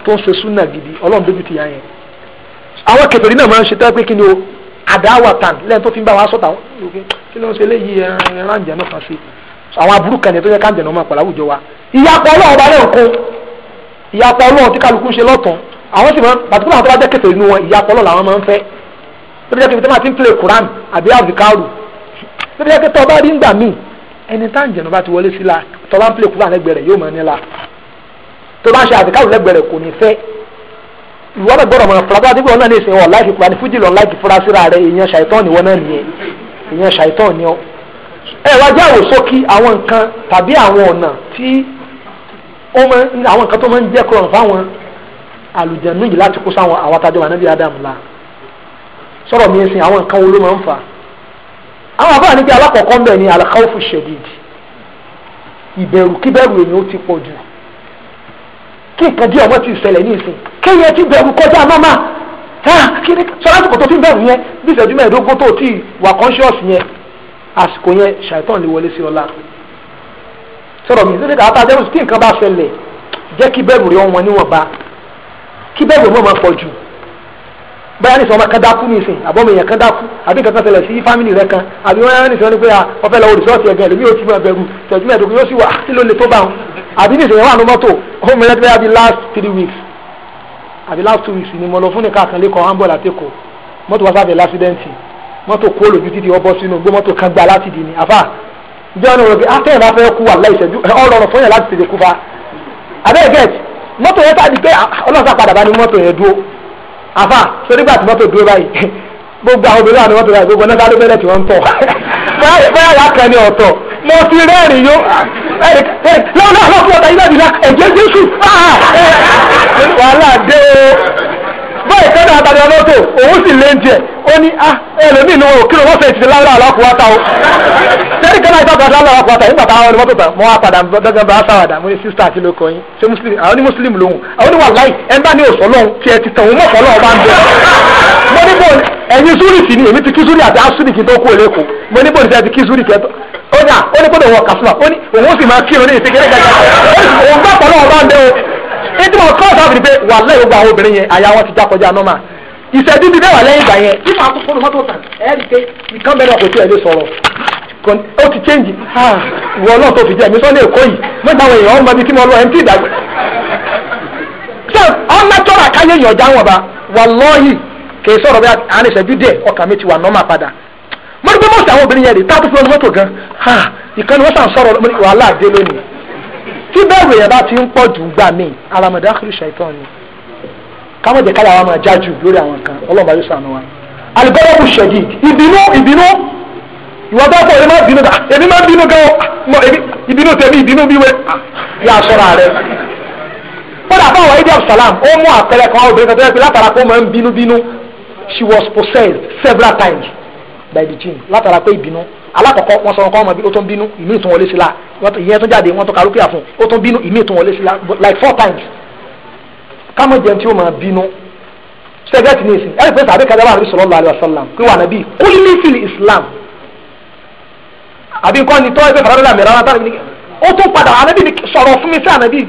tó ń ṣe súnà gidi ọlọ́run dójú ti yá yẹn àwọn kẹfẹ́rí náà máa ń ṣe tẹ́ pé kí ni o àdáwàtàn lẹ́yìn tó fi ń bá wa sọ̀tà kí ló ń ṣe léyìí ẹran ìjẹ́ náà kan sí àwọn aburú kan ní tó yẹ ká ń jẹ̀nà ọmọ àpàlà àwùjọ wa ìyapọ̀ ọlọ́run ọba náà kún ìyapọ̀ ọlọ́run tí kálukú Quran àbí àzìkárù lórí ẹgbẹ́ tó bá rí ń gbà míì ẹni tá à ń jẹ̀nà bá ti wọlé sí la tó bá ń pèlè kúrò lẹ́gbẹ̀ẹ́ rẹ̀ yóò mọ̀ ní la tó bá ń ṣe àdìkáwò lẹ́gbẹ̀ẹ́ rẹ̀ kò ní fẹ́ ìwọ náà gbọ́dọ̀ mọ̀ fúlàbọ́ àti gbọ́dọ̀ ní ìsìn wọn láìfi kúrò ní fújì lọ láìfi fúra síra rẹ̀ èèyàn ṣàìtàn ni wọn náà nìyẹn èèyàn ṣàìtàn ni ọ. ẹ wá jẹ́ àwòsókí àwọn nǹkan tàbí àwọn ọ̀nà tí àwọn nǹkan tó máa ń jẹ́ kúrò fáwọn àlùjẹ̀nú yìí láti kó sáwọn àwọn àtàjọ ànábì Ádámù la sọ̀rọ̀ mi ń sin àwọn nǹkan wo ló máa ń fà á àwọn àbáwọn níbi alákọ̀ọ́kọ́ mbẹ̀ ni alakawufu shadid ìbẹ̀rù kíbẹ̀rù èmi ó ti pọ̀ jù kí nǹkan díẹ̀ ọmọ ti ṣẹlẹ̀ ní ìsìn kéèyàn ti bẹ̀rù kọjá mọ́mọ́ sọlá àsìkò tó ti ń bẹ̀rù yẹn bí ìṣẹ́jú mẹ́ẹ̀ẹ́dógún tó ti wà conscious yẹn àsìkò yẹn ṣàìtàn lè wọlé sí ọlá sọ̀rọ̀ mi nígbà tá a jẹ́ kí nǹkan bá ṣẹlẹ̀ jẹ́ kí bẹ̀rù rẹ̀ wọn níwọ̀nba kí bẹ̀rù mọ́ máa pọ̀ jù báyà ní sọmọ kan dákú ní ìsìn àbọ̀mọ̀ èèyàn kan dákú àbí nǹkan kan ṣẹlẹ̀ sí fámìlì rẹ kan àbí wọn yára ní sọ ní pé ọfẹ́ lọ olùsọ́ọ̀sì ẹ̀gbẹ́ ẹ̀lòmíì ó ti máa bẹ̀rù tẹ̀jú mẹ́ẹ̀ẹ́dógún yóò sì wà kí ló le tó bá wọn àbí ní ìsìn yẹn wà ní mọ́tò home minute bẹ́ẹ̀ àbí last three weeks àbí last two weeks ni mo lọ fún ní káàkan lẹ́kọ̀ọ́ ambol àtẹ́kọ̀ọ́ mọ́tò wá sábẹ̀ lásídẹ́ǹtì mọ́tò kó lójú títí ọbọ̀ sínú gbé mọ́tò kan gbà láti dì ní àfà ìjọba náà rẹ̀ pé àtẹ̀yìn bá fẹ́ kú wà láìsẹ̀jú ọlọ́run fún yẹn láti tètè kú fa abẹ́ẹ̀ gẹ̀ẹ́tì mọ́tò yẹn tàbí pé ọlọ́sà padà bá ní àfà sórí gbà tí mọ́tò dúró báyìí gbogbo àwọn obìnrin àti mọ́tò báyìí gbogbo náà sáré bẹ́lẹ̀ tí wọ́n ń tọ̀ bóyá yà kàn ní ọ̀tọ̀ mo ti rẹ́rìn yó lọ́wọ́ náà lọ́kùnrin ọ̀tá yìí náà bọ́ ìkẹ́dà àtàrí ọlọ́tò òun sì lé jẹ ó ní a ah, ẹlòmí inú wọn òkìrò wọ́n fẹ́ ti lára alákùúwátà o sẹ́ni kẹ́lá ìta padà lára alákùúwátà nígbà táwọn ọdún mọ́tòtà mọ́ apàdà dọ́gbọ́n bá sáwàdà mo ní sísítà àti lóko yín ṣé muslim àwọn ní muslim lòun àwọn ní wàláì ẹ bá ní òsọ lọ́hùn tí ẹ ti tàn òun mọ̀kọ́ lọ́wọ́ bá ń bẹ̀ mo ní bò ẹ̀yin zúrì sí ni èmi ti kí zúrì àti asúrì kí n tó kú èléko mo ní bò ní sẹ́ ti kí zúrì kẹ́ tó ó dà ah, ó ní kó lè wọ kàfúlà ó ní òun sì máa kírun ní ìsìnkú ẹ̀ẹ́dẹ́gbẹ̀rún òun gbà pọ̀ lọ́wọ́ bá ń bẹ̀ o ètò wọn kọ́ sábà ní wà lẹ́yìn gbogbo àwọn obìnrin yẹn àyà wọn ti já kọjá nọ́mà ìṣẹ́jú bíi mẹ́wàá lẹ́yìn ìgbà yẹn nípa àkókò ní mọ́tò tàn ẹ́ rí ìkan bẹ́ẹ̀ náà kò tí ẹ̀ lè sọ̀rọ̀ ó ti change wọ náà tó fi jẹ́ èkó yìí mẹ́ta ibi mo lọ ẹ̀ ń tí ìdàgbẹ́. wọn bá kì í sọ̀rọ̀ bí tí bẹ́ẹ̀rù èèyàn bá fi ń pọ̀ jù gbà mí alamọ̀dá kiri ṣàìtàn ni káwọn jẹ káyà wa máa já jù lórí àwọn kan ọlọ́mọba yóò sànù wa alùpàdé kù ṣẹ̀dí ìbínú ìbínú ìwọ bá tọ̀ ẹ má bínú èmi má bínú gan ah, mọ ìbínú tèmi ìbínú bí wẹ ah, yà sọ́ra rẹ kódà fún àwọn idiom salam ó mú àpẹẹrẹ kan obìnrin kan tó yẹ pé látara pé ó máa ń bínú bínú she was possessed several times by the jinn látara pé ìbínú alákọ̀ọ́kọ́ wọ́n sọ nǹkan ọmọ bí ó tún bínú ìmí ìtún wọlé sí la ìyẹn tún jáde wọ́n tún karú pìyà fún tún bínú ìmí ìtún wọlé sí la like four times kámọ̀ jẹun tí ó máa bínú sẹ́gẹ́tì ní ìsìn ẹ̀rí pé tàbí kájà wà ní sallallahu alaihi wasallam pé wà nàbí kúlí fìlì islam àbí nǹkan ni tó ẹgbẹ́ faradọ́lá mẹ́ra wọn tàbí ó tún padà wà ànábì sọ̀rọ̀ fún mi sí ànábì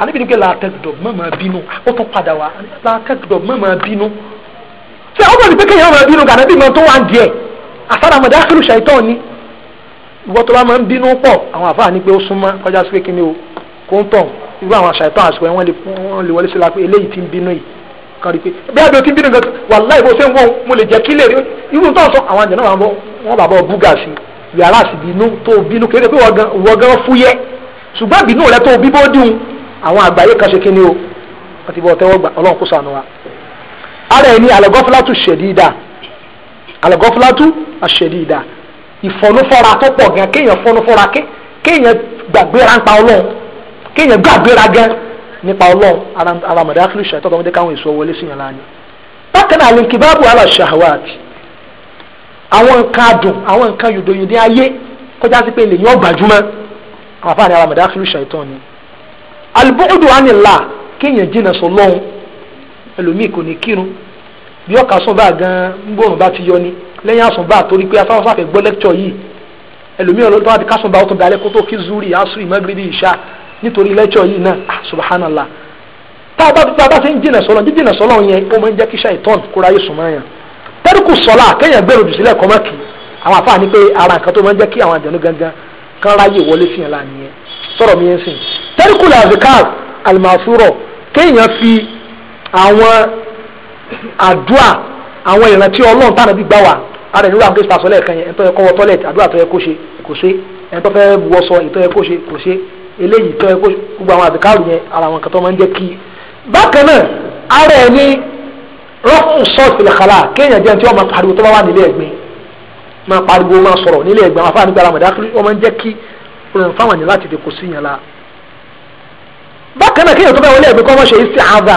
ànábì ní pé làákẹ́gùdọ̀ mọ́ máa bínú ó tún padà wà làákẹ́gùdọ̀ mọ́ máa bínú ṣé ó bọ̀ ní pé kéèyàn máa bínú kànábì máa tó wà ń díẹ̀ àfàrà mọ̀dákìlù ṣàìtọ́ ni ìwọ tó bá máa ń bínú pọ̀ àwọn àfàrà ni pé ó súnmọ́ kọjá sí pé kí ni o kò ń tàn irú àwọn ṣàìtọ́ àsìkò yẹn wọ́n lè wọlé sí la pé eléyìí ti ń bínú yìí kan rí pé bí abẹ́ ti ń bínú gan wàláì bó ṣe ń wọ́n mo lè jẹ́ kí lè rí irú tó ń sọ àwọn àjẹ́ náà wọ́n bàbá búgà sí yàrá sì bínú tó bínú kéde pé wọ́n gan fúyẹ́ ṣùgbọ́n bínú rẹ tó bíbó dùn àwọn àgbáyé kan ṣe kí ni o àti bọ̀ tẹ́wọ́ gbà ọlọ́run kó ṣàánú wa. ara ẹni àlọ́gọ́fúlátù ṣẹ̀dí dáa alagọ́fúlátú àṣẹdíìdá ìfọ̀nufọ́ra tó pọ̀ gan kéèyàn fọ́nufọ́ra kéèyàn gbàgbéra nípa ọlọ́run kéèyàn gbàgbéra gan nípa ọlọ́run ara mọ̀dáfílù ṣàtọ́ ọmọdé káwọn èso wọlé sí yàn lánàá bákan náà alinkibabu alashahawat àwọn nǹkan adùn àwọn nǹkan yòdòyòdè ayé kọjá sí pé lèyìn ọgbàjúmọ́ àwọn afáàní ara mọ̀dáfílù ṣàtọ́ ni albuudu anilá kéèyàn jìnnà sọ lọ́hùn ẹlòmíì kò ní kírun bí ọkà sùnbà gan ngbòrùn bá ti yọ ni lẹ́yìn àsùnbà torí pé afáfáfá fẹ́ gbọ́ lẹ́kítọ̀ yìí ẹlòmíràn ló tọ́wá ti kásùnbà ó tún dalẹ́ kó tó kí zuri asuri magrebi isha nítorí lẹ́kítọ̀ yìí náà ah subhanallah tá a bá tá a bá ti ń jìnà sọlọ jíjìnà sọlọ yẹn ó máa ń jẹ́ kíṣà ìtọ́n kóra yé sùnmọ́ yẹn tẹ́ríkù sọlá kéèyàn gbèrò jùsílẹ̀ kọ́mọ́kì àwọn afáà ní pé ara nǹkan tó máa ń jẹ́ kí àwọn àjẹnú gangan kan ráyè wọlé sí yẹn láàyè yẹn sọ̀rọ̀ mi yẹn sìn tẹ́ríkù làzikar alimafuro kéèyàn fi àwọn àdúà àwọn ìrántí ọlọ́run tánà bí gbá wa ara ìnura àwọn kéṣìpà sọlẹ̀ kan yẹn ẹ̀ńtọ́ yẹ kọ́ wọ tọ́lẹ̀tì àdúà tó yẹ kó ṣe kò ṣe ẹ̀ńtọ́ fẹ́ wọṣọ ìtọ́ yẹ kó ṣe kò ṣe eléyìí tó yẹ kó gbogbo àwọn àbíkárù yẹn ara àwọn kan tó máa ń jẹ́ kí. bákan náà ara ẹ̀ ní rọ́pù sọ́ọ̀tì lẹ́kàlà kéèyàn jẹ́ tí wọ́n máa pariwo tó bá wà nílé ẹ̀gbin máa pariwo máa sọ̀rọ̀ nílé ẹ̀gbin àwọn afáàní gbára mọ̀dá wọ́n máa ń jẹ́ kí òun fáwọn yẹn láti dèkò sí yẹn la. bákan náà kéèyàn tó bá wọlé ẹ̀gbin kọ́ mọ́ ṣe é sí àádá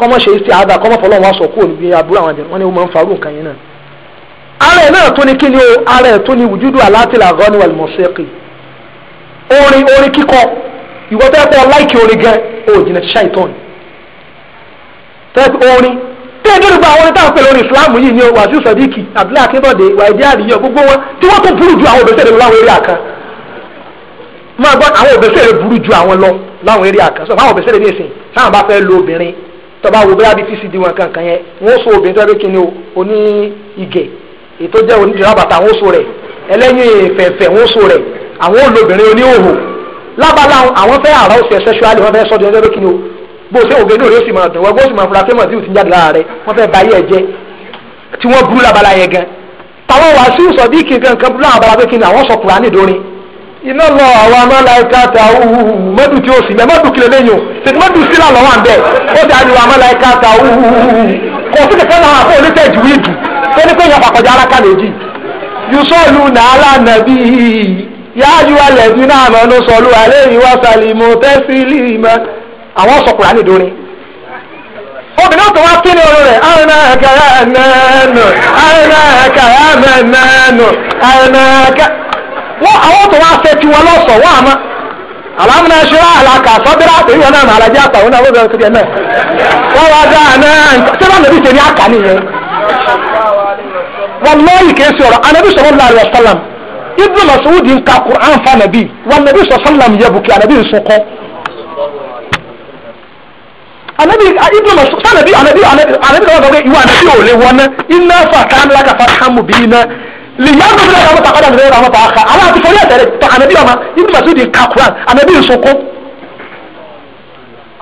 kọ́mọ ṣe iṣẹ́ àdá kọ́mọ fọlọ́n wa sọ kúrò níbi àbúrò àwọn àjẹmọ́ ni wọ́n máa ń farú nǹkan yẹn náà. ara ẹ̀ náà tó ní kí ni o ara ẹ̀ tó ní wùjúdù alátìlá gọ́ni wal mọ̀sẹ́kì orin orin kíkọ ìwọ tẹ́ pọ̀ láìkí orin gan o jìnà ti ṣàìtàn tẹ́pẹ́ orin tí ẹ dúró gba àwọn táwọn pẹ̀lú orin ìsìláàmù yìí ni o wàásù sadiq abdullahi akínbọ̀dé wàìdí àríyọ gbogbo wọn tí wọ́n tó burú ju àwọn òbẹ̀sẹ̀ lọ láwọn eré àká máa gbọ́ àwọn òbẹ̀sẹ̀ burú ju àwọn lọ láwọn eré àká sọ fún àwọn òbẹ̀sẹ̀ lè ní ìsìn táwọn bá fẹ́ lo obìnrin tọba wo bóyá bí títí di wọn kankan yẹn wọn so obìnrin tó yẹ kí ni o ní ìgè ètò jẹ onídìrí àbàtà wọn so rẹ ẹlẹ́yìn fẹ̀fẹ̀ wọn so rẹ àwọn olóbìnrin oníhòhò lábala àwọn fẹ́ àrà òsè sẹ́ṣuálì wọn fẹ́ sọ́dún ẹgbẹ́ kí ni o bó o ṣe ògbé náà yóò sì máa dùn wọ́n gbọ́dọ̀ máa fura pé màtí òsì jáde lára rẹ wọ́n fẹ́ ba ayé ẹ jẹ́ tí wọ́n burú lábala yẹn gan tàwọn wàásù sọ̀dí kìkan kan burú láwọn abala pé kí ni àwọn sọ Kùránì dórin iná lọ àwọn amáláìka tàwùhù mọ́dù tí ó sì kìlẹ̀ lẹ́yìn o tètè mọ́dù sílà lọ́wọ́ à ń bẹ̀ ó ti àyè amáláìka tàwùhù kò sí kẹ̀kẹ́ náà àpò oníṣẹ́ ìdìwé ìdù tó ní pé ìyá na aláka lè jì nàálà nàbí yáájú alẹ́bí náà mọ̀ ló sọ̀lù àléyìn wá tẹ́sílì àwọn obìnrin tó wá kí ni wọ́n àwọn tó wá fẹ́ tiwọn lọ́sọ̀ wọ́n àmọ́ alamuna ṣíra alaka sọ́bírà àtẹ̀yìn wọn náà alájẹ́ àtàwọn náà wọ́n bẹ̀rẹ̀ kiri ẹ̀ náà wọ́n wá dáa náà sẹ́wọ́n nàbí ṣe ní àkà nìyẹn wọ́n lọ́ọ̀yì kìí ṣe ọ̀rọ̀ anabi sọ̀rọ̀ láàrin ọ̀sálàm ibùdó masoudi ń ka Qur'an fa nàbí wọn nàbí sọ̀sálàm yẹ bùkì anabi nsọkọ anabi ibùdó masoudi sanabi anabi anabi lọ́wọ́ gbàgbé ìwọ anabi ò lè wọ́n ná iná fa kàn lákàfà hàmù bíi náà lìyàwó mi lọ́wọ́ ta kọ́dà lọ́wọ́ àwọn tàwọn kan àwọn àti fọlẹ́ ẹ̀tẹ̀rẹ̀ tọ́ àmẹ́bí ọmọ ibi màtí di kakuran, Quran àmẹ́bí ìsunkún.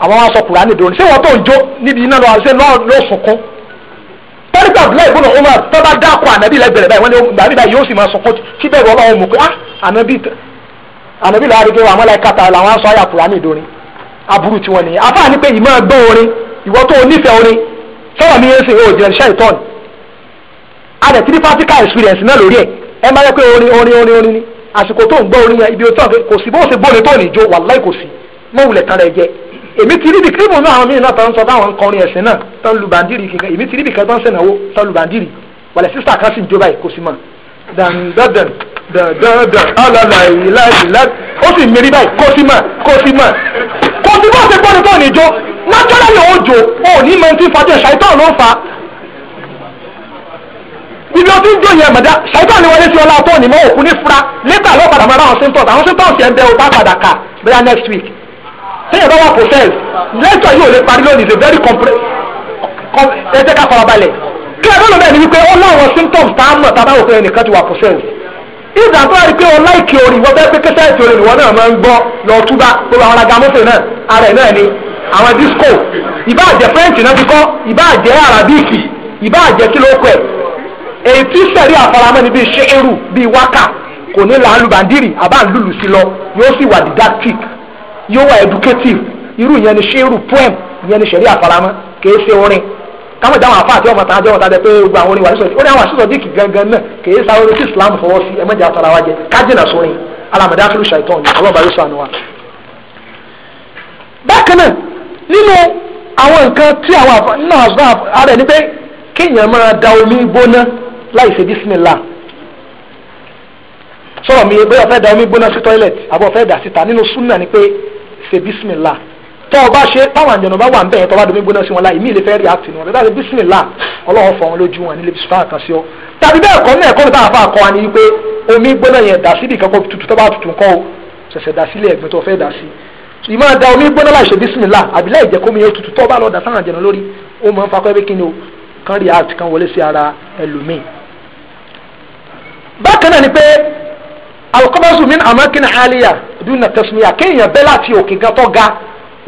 àwọn wa sọ Quran ní dòní ṣé wọn tó ń jó níbi iná lọ ṣe lọ sunkún. pẹ́ẹ́lí Abdullahi ibn Umar tó bá dákọ̀ àmẹ́bí lẹ́gbẹ̀rẹ̀ báyìí wọ́n ní gbàmí báyìí yóò sì máa sunkún kí bẹ́ẹ̀ wọ́n bá wọn mú pé àmẹ́bí lọ́wọ́ adigun àwọn ẹlẹ́kàtà làwọn sọ àyà Quran ní dòní aburú tiwọn nìyẹn afáàní pé ìmọ̀ ẹgbẹ́ orin a dẹ̀ ti ní practical experience náà lórí ẹ̀ ẹ máa yẹ pé orin orin orin orin ni àsìkò tó ń gbọ́ orin yẹn ibi òtún kò sí bó ṣe bóni tó ní jó wàláì kò sí mọ́ wulẹ̀ tán rẹ̀ jẹ èmi ti ríbi kírímù náà àwọn míì náà tán sọ táwọn kọrin ẹ̀sìn náà tán lu bàndìrì kíkan èmi ti ríbi kan tán sẹ̀nàwó tán lu bàndìrì wàlẹ̀ sísà kan sì ń jó báyìí kò sí mọ́ dandadan Alala alalayi láìlá ó sì mérí báyìí kò sí mọ́ kò sí mọ́ kò sí bó ṣe bóni tó ní jó nájọ́lá ni ó jó òní mọ́ ti fàjọ ṣàìtàn ló fà ibi o ti ń jó yẹn mọ̀dá ṣàìtàn ni wọlé sí ọlá ọtọ́ òní mọ́ òkú ní fura nígbà ló padà mọ́ra àwọn symptoms àwọn symptoms yẹn bẹ o bá padà kà bẹ́ẹ̀ next week sẹ́yìn bá wà process lẹ́tọ̀ yóò lè parí lónìí the very complex ẹ jẹ́ ká farabalẹ̀ kí ẹ lọ́nà bẹ́ẹ̀ ni wípé ó láwọn symptoms tá a mọ̀ tá a bá wò pé ẹnìkan ti wà process ìdá tó rí pé ọlá ìkè orin wọ́n bẹ́ẹ̀ pé kẹsẹ̀ ìtì orin ìwọ́n náà máa ń gbọ́ lọ túbá gbogbo àwọn agamọ́sẹ̀ náà ara ẹ̀ náà ni àwọn disco ìbáàjẹ́ french náà ti kọ́ ìbáàjẹ́ arabic ìbáàjẹ́ kí ló kọ́ èyí tí sẹ̀rí àfaramọ́ ni bíi ṣéérù bíi wákà kò ní là alubandiri àbá sí lọ yóò sì wà didactic yóò wà educative irú ìyẹn ni ṣéérù poem ìyẹn ni sẹ̀rí àfaramọ́ kìí ṣe orin káwọn ìdáhùn àfa àti ọmọ tàn ájọ́ ọ̀tá jẹ pé gbogbo àwọn orin sísọ àwọn díìkì gangan náà Islam fọwọ́ sí wa jẹ kájìnà sórin ṣàìtàn ní yóò wa. bákan náà nínú àwọn nǹkan tí àwọn àfa náà àṣọ àrẹ ni pé kéèyàn da omi gbóná láì ṣe bísímìlà sọ̀rọ̀ mi bóyá fẹ́ da omi gbóná sí toilet àbọ̀ fẹ́ dà síta nínú súnà ni pé ṣe bísímìlà tọ́ ọ bá ṣe táwọn àjẹnù bá wà ń bẹ̀yẹn tọ́ bá domi gbóná sí wọn láì mí ilé fẹ́ rí àtìnú wọn dáadáa bísímìlà ọlọ́wọ́ fọ wọn lójú wọn nílé bísímìlà kan sí ọ tàbí bẹ́ẹ̀ kọ́ náà ẹ̀kọ́ mi táwọn afa kọ́ wa ni wípé omi gbóná yẹn dà síbi kankan tutù tó bá tutù nǹkan o ṣẹ̀ṣẹ̀ dà sílé ẹ̀gbin tó fẹ́ dà sí ìmọ̀ da omi gbóná láì ṣe bísímìlà àbí láì jẹ́ kómi yẹn tutù tó bá lọ dà sáwọn àjẹnù lórí ó máa ń fakọ́ ẹbí kí ni o kan react kan wọlé sí ara ẹlòmíì bákan náà ni pé alukọ́bọ̀sù mi àmọ́ kí ni aliya dúnà tẹ̀sùmíyà kéèyàn bẹ́ láti òkè gan tó ga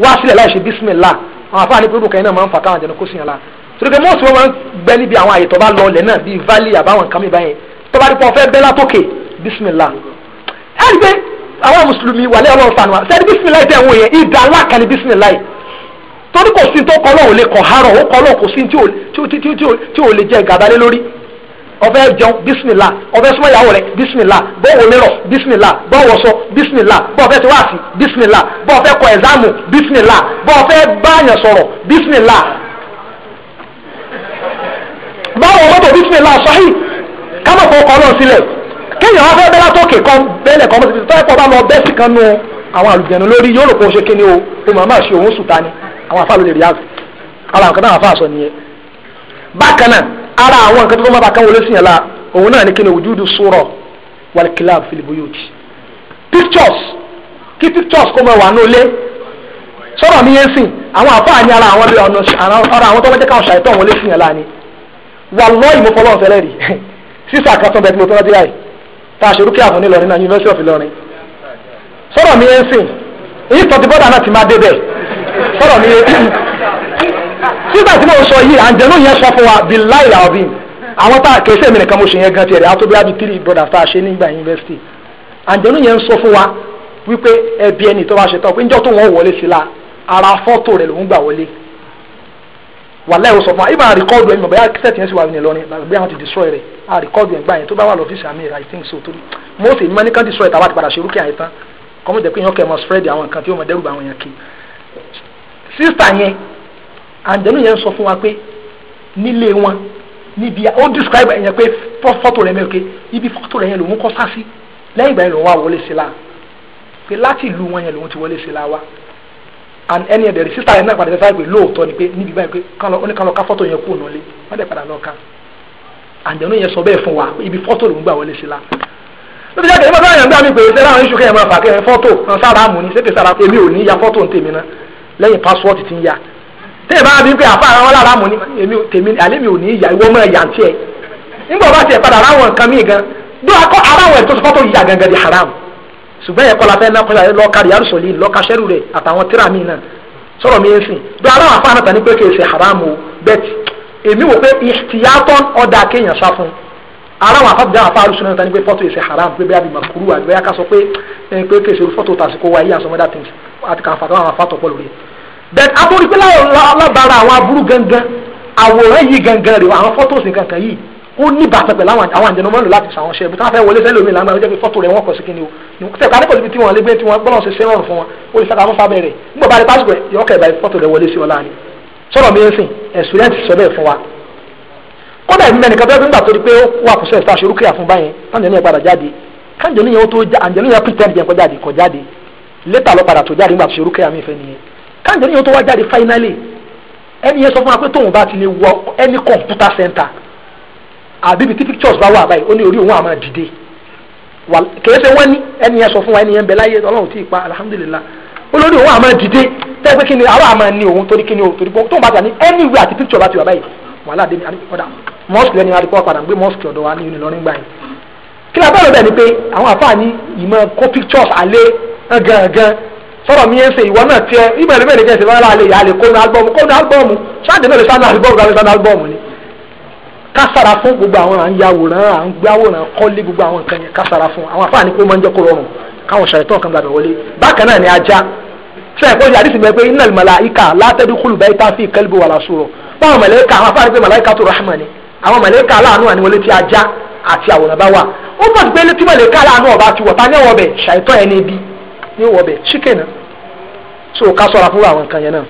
wá sílẹ̀ láì bísímìlá àwọn afáà ní pẹ́ẹ́bù kan náà máa ń fà káwọn jẹun kó sì yàn la torípé mọ́ọ̀sì wọn máa ń gbẹ níbi àwọn àyè tó bá lọlẹ̀ náà bíi valley àbáwọn nǹkan mi báyẹn tó bá rí pọ́n fẹ́ bẹ́ látòkè bísímìlá ẹni pé àwọn mùsùlùmí wàlẹ́ ọlọ́run sànù wa sẹ́ni bísímìlá tẹ̀ wọ́n yẹn ìdá aláàkà ni bísímìlá yìí torí kò sí tó kọ́ lọ́wọ́ kọ̀ hárọ̀ ó kọ́ lọ́wọ́ kò sí tí ò lè jẹ́ gàdálé lórí ọfẹ jẹun bisimila ọfẹ súnmọyàwó rẹ bisimila bọwọ lérò bisimila bọwọ sọ bisimila bọfẹ tiwaasi bisimila bọfẹ kọ ẹzámù bisimila bọfẹ báyàn sọ̀rọ̀ bisimila báwo mọtò bisimila sọhí kámọ kọ ọkọ náà sílẹ̀ kéèyàn wá fẹ́ bẹlẹ tókè kan bẹlẹ kan mọtò tọ́ ẹ̀kọ́ bá lọ bẹ́ẹ̀ sì kan nu àwọn àlùjẹ̀nu lórí yóò rò pé o ṣe kíni o o màmá ṣe òun sùn ta ni àwọn afáàlú lè rí àgbẹ̀ ara nǹkan náà àfáà sọ nìyẹn bákan náà ara àwọn nǹkan tó máa bá káwọn olóṣèlú la òun náà ní kí ni wujudu sura wal kilab fil pictures kí pictures kó máa wà ní ilé sọ̀rọ̀ mi yẹn sìn àwọn àfáà ní ara àwọn ọ̀nà ara àwọn tó bá jẹ́ káwọn ṣàìtọ́ àwọn olóṣèlú yẹn la ni wallahi mo fọlọ́ ọ̀fẹ́ lẹ́rìí sísà kan tó bẹ tí mo fẹ́ rántí láì tá a ṣe rúkìá fún nílọrin náà University of Ìlọrin sọ̀rọ̀ mi yẹn sìn èyí tọ́tí bọ́dà náà ti máa dé bẹ́ẹ̀ sọ̀rọ̀ mi yẹn nígbà tí mo sọ yìí àǹjẹ̀nú yẹn sọ fún wa bí láì làwọn bí àwọn tá a kè sèmi nìkan mo ṣe yẹn gan tiẹ̀ rẹ̀ àtúbí àbí three brothers tá a ṣe nígbà yunifásitì àǹjẹ̀nú yẹn sọ fún wa wípé ẹbí ẹni tó bá ṣe tán pé níjọ́ tó wọ́n wọlé sí la ara fọ́tò rẹ̀ lòún gbà wọlé wàlẹ́ o sọ fún wa ibà rìkọ́dù ẹ̀yìn bàbá kẹsẹ̀tì yẹn sì wà ní Ìlọrin bí àwọn ti destroy rẹ̀ a rìkọ́dù ẹ̀ gbà yẹn tó bá wà lọ́fíìsì I think so torí most èmi máa destroy tàbá ti padà ṣe rúkìá yẹn tán kọ́mọ̀jẹ̀ pé yẹn kẹ́ ẹ̀ mọ́ spread àwọn nǹkan tí ó mọ̀ dẹ́rù bá àwọn yẹn kí. sísà yẹn àǹdẹ̀lù yẹn sọ fún wa pé nílé wọn níbi ó describe ẹ̀yẹn pé fọ́tò rẹ̀ mẹ́rin pé ibi fọ́tò rẹ̀ yẹn lòun kọ́ sásí lẹ́yìn ìgbà yẹn lòun wá wọlé sí la pé láti ìlú wọn yẹn lòun ti wọlé sí la wa and ẹni ẹ̀dẹ̀rẹ̀ sísá yẹn náà padà dẹ́sá pé lóòótọ́ ni pé níbi báyìí pé ó ní kálọ̀ ká fọ́tò yẹn kú ònà lé wọ́n dẹ̀ padà lọ ká àǹdẹ̀lù yẹn sọ bẹ́ẹ̀ fún wa ibi fọ́tò lòun gbà wọlé sí la lóbi jáde ìmọ̀ sáyẹn gbà mí pé ṣé láwọn iṣu kẹ́yìn máa fà kẹ́yìn fọ́tò sára mú ni ṣé kì í sára èmi ò ní ya fọ́tò ń tèmi ná lẹ́yìn pásíwọ́ọ̀tì ti ń ya tẹ́lẹ̀ bá bí pé àfa àwọn lára mu ni tèmi àlẹ́ ò ní ìyá ìwọ́n mọ́ ẹ̀yà tiẹ̀ nígbà bá tiẹ̀ padà ráwọn nǹkan míì gan bí wàá kọ́ aráwọ̀ ẹ̀ sọ́kọ́ tó yíyà gangan di haram ṣùgbọ́n ẹ̀kọ́ la fẹ́ náà kọjá lọ́ọ́ka rẹ̀ yàrá sọ̀lì lọ́ọ́ka sẹ́rù rẹ̀ àtàwọn tíra míì náà sọ̀rọ̀ mi ń sìn bí aráwọ̀ àfa náà pé kì haram o bẹ́ẹ̀tì èmi wò pé ìtìyàtọ̀ ọ̀dà kéèyàn sá fún aráwọ̀ àfa bìjà àfa àrùsùn náà tani pé fọ́tò ìṣe haram pé bẹ́ẹ̀ àbìmọ̀ kúrú àgbẹ̀yà ká sọ pé pé fọ́tò tàṣíkò wáyé àsọmọ́dá tìǹtì àti kàǹfà tó àwọn afá tọ̀pọ̀ lórí then amúnipẹ́ lábàárà àwọn aburú gangan àwòrán yìí gangan rè àwọn fọ́tò sí kankan yìí ó ní ìbátan pẹ̀lú àwọn àjẹnú mọ́nù láti sàwọn ṣẹ́ ibi tí wọ́n fẹ́ wọlé sẹ́lẹ̀ omi làwọn máa jẹ́ pé fọ́tò rẹ̀ wọ́n kọ̀ sí kíni o tẹ̀ ká nípòsí tí wọ́n lé gbé tí wọ́n gbọ́dọ̀ ṣe ṣe rọrùn fún wọn ó lè sàkàmú fábẹ́ rẹ̀ nígbà bá rí pásítọ̀ rẹ̀ yọ ọkẹ́ ìbá fọ́tò rẹ̀ wọlé sí ọlá ni sọ̀rọ̀ mi ń sìn ẹ̀sùrẹ́ǹtì sọ bẹ́ẹ̀ fún wa kódà ìmúlẹ̀ nìkan bẹ́ẹ̀ nígbà tó di pé ó wà kó sẹ́ẹ̀sì aṣọ orúkẹ́ àfún báyẹn táǹjẹ̀ níyẹn padà jáde káǹjẹ̀ níyẹn ó tó àǹjẹ̀ níyẹn pìtẹ́ẹ̀dì jẹ́ kọjáde kọjáde létà lọ padà tó jáde nígbà tó ṣe orúkẹ́ àmì ìfẹ́ nìyẹn káńtì yẹn tó wá jáde finally ẹni yẹn sọ fún wa pé tóun bá ti lè wọ ẹni computer center àbíbi tí pictures bá wà báyìí ó ní orí òun àmọ́ dìde kìí ṣe wọ́n ní ẹni yẹn sọ fún wa ẹni yẹn bẹ láyé ọlọ́run tí ì pa alhamdulillah olórí òun àmọ́ dìde tẹ́ pé kí ni àwọn àmọ́ ni òun torí kí ni òun torí pé tóun bá ti wà ní anywhere àti picture bá ti wà báyìí wàhálà dé ní ọ̀dà mosque lẹ́ni adìpọ̀ padà gbé mosque ọ̀dọ̀ wa ní Ìlọrin gbà yẹn kí ni abẹ́rẹ́ bẹ́ẹ̀ ni pé àwọn àfáà ní ìmọ̀ kó pictures alẹ́ sọ̀rọ̀ mi yẹn ṣe ìwọ náà tiẹ̀ ibẹ̀ níbẹ̀ nìkan ṣe lọ́la alẹ́ ìyá alẹ́ kónú albọ́ọ̀mù kónú albọ́ọ̀mù sáàdì náà lè sánú albọ́ọ̀mù láti sánú albọ́ọ̀mù ni. kásara fún gbogbo àwọn à ń yàwòrán à ń gbáwòrán kọ́lé gbogbo àwọn nǹkan yẹn kásara fún àwọn afáàní pé ó máa ń jẹ́ kó rọrùn káwọn ṣàìtàn kan gbàgbé wọlé bákan náà ni ajá ṣe ẹ̀kọ́ ìyá àdìsí mẹ́pẹ́ iná màláìka látẹ́dú kúlù bẹ́ẹ̀ tá a fi ìkẹ́lẹ́ bí wà lásùrọ̀ báwọn màláìka àwọn afáàní pé màláìka tó rahman ni àwọn màláìka aláàánú àníwọlé ti ajá àti àwòrán bá wà ó bọ̀ sí pé létí màláìka aláàánú ọba ti wọ̀ yóò wọ bẹ̀ chicken so ká sọ̀rọ̀ fún àwọn nǹkan yẹn náà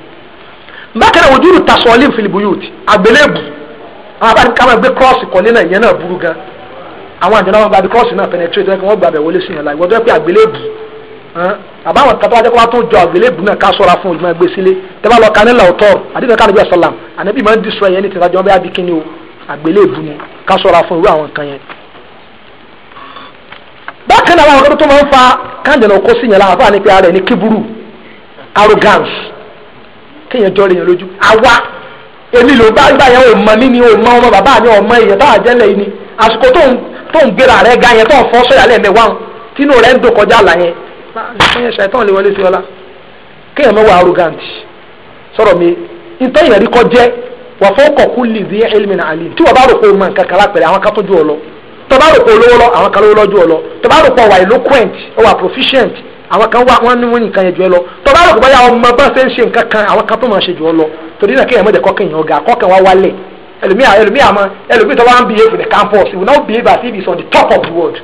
bákan náà ojú tasọ́ọ́lì filibuyut àgbélébù àwọn abáni ká máa gbé cross kọ́lé náà ìyẹn náà burú gan àwọn àjọ náà wọn gba bí cross náà penetrate wọn kí wọn gba bẹ̀ wọlé sí yẹn láì wọ́n tó yẹ pé àgbélébù àbáwọn kan tó wá jẹ́ kó wá tó jọ àgbélébù náà ká sọ̀rọ̀ fún ojúmọ́ ẹgbẹ́ sílé tẹ́lá lọ kanilá ọ̀tọ́ àdínà ká nàbí ọ̀sálàm ànábì máa ń dísọ ẹ̀yẹ́ ní tìǹtàjọ́ bẹ́ẹ̀ abikin ni o àgbélébù ni ká sọ̀rọ̀ fún irú àwọn kan yẹn bákan náà àwọn ọ̀dọ́ tó máa ń fa káńdẹ̀ náà kó sí yẹn láwọn fáwọn nípa ara ẹ̀ ní kíburú arrogance kéèyàn jọ lèèyàn lójú èmi ló bá gbà yẹn ò ni ò mọ ọmọ bàbá mi ò mọ èèyàn yìí ni àsìkò tó ń gbéra rẹ̀ ga yẹn tó ń fọ́ sọ́yà lẹ́ẹ̀mẹ́wàá tínú rẹ̀ ń dò kọjá là yẹn ṣẹ́yìn ṣàìtàn lè wọlé sí ọlá kéèyàn mọ́ wà arrogant sọ̀rọ̀ mi ìtọ́ ìyẹ̀rí kọjẹ́ wà fọ́kọ̀kú lè di ẹ̀lmìnà tí wọ́n bá lọ tọba rò pé olówó lọ àwọn kan lówó lọ́jọ́ lọ tọba rò eloquent ọwà proficient àwọn kan wá wọn ní wọn nìkan yẹn jù ẹ lọ tọba rò pé báyà ọmọ bá ṣe ń ṣe nǹkan kan àwọn kan tó máa ṣe jù ọ lọ torí náà kéèyàn mọ̀dẹ̀ kọ́kàn yẹn ọ̀gá kọ́kàn wá wálẹ̀ ẹlòmíà ẹlòmíà mọ ẹlòmíà tọba ń behave in the campus he now behave as if he is on the top of the world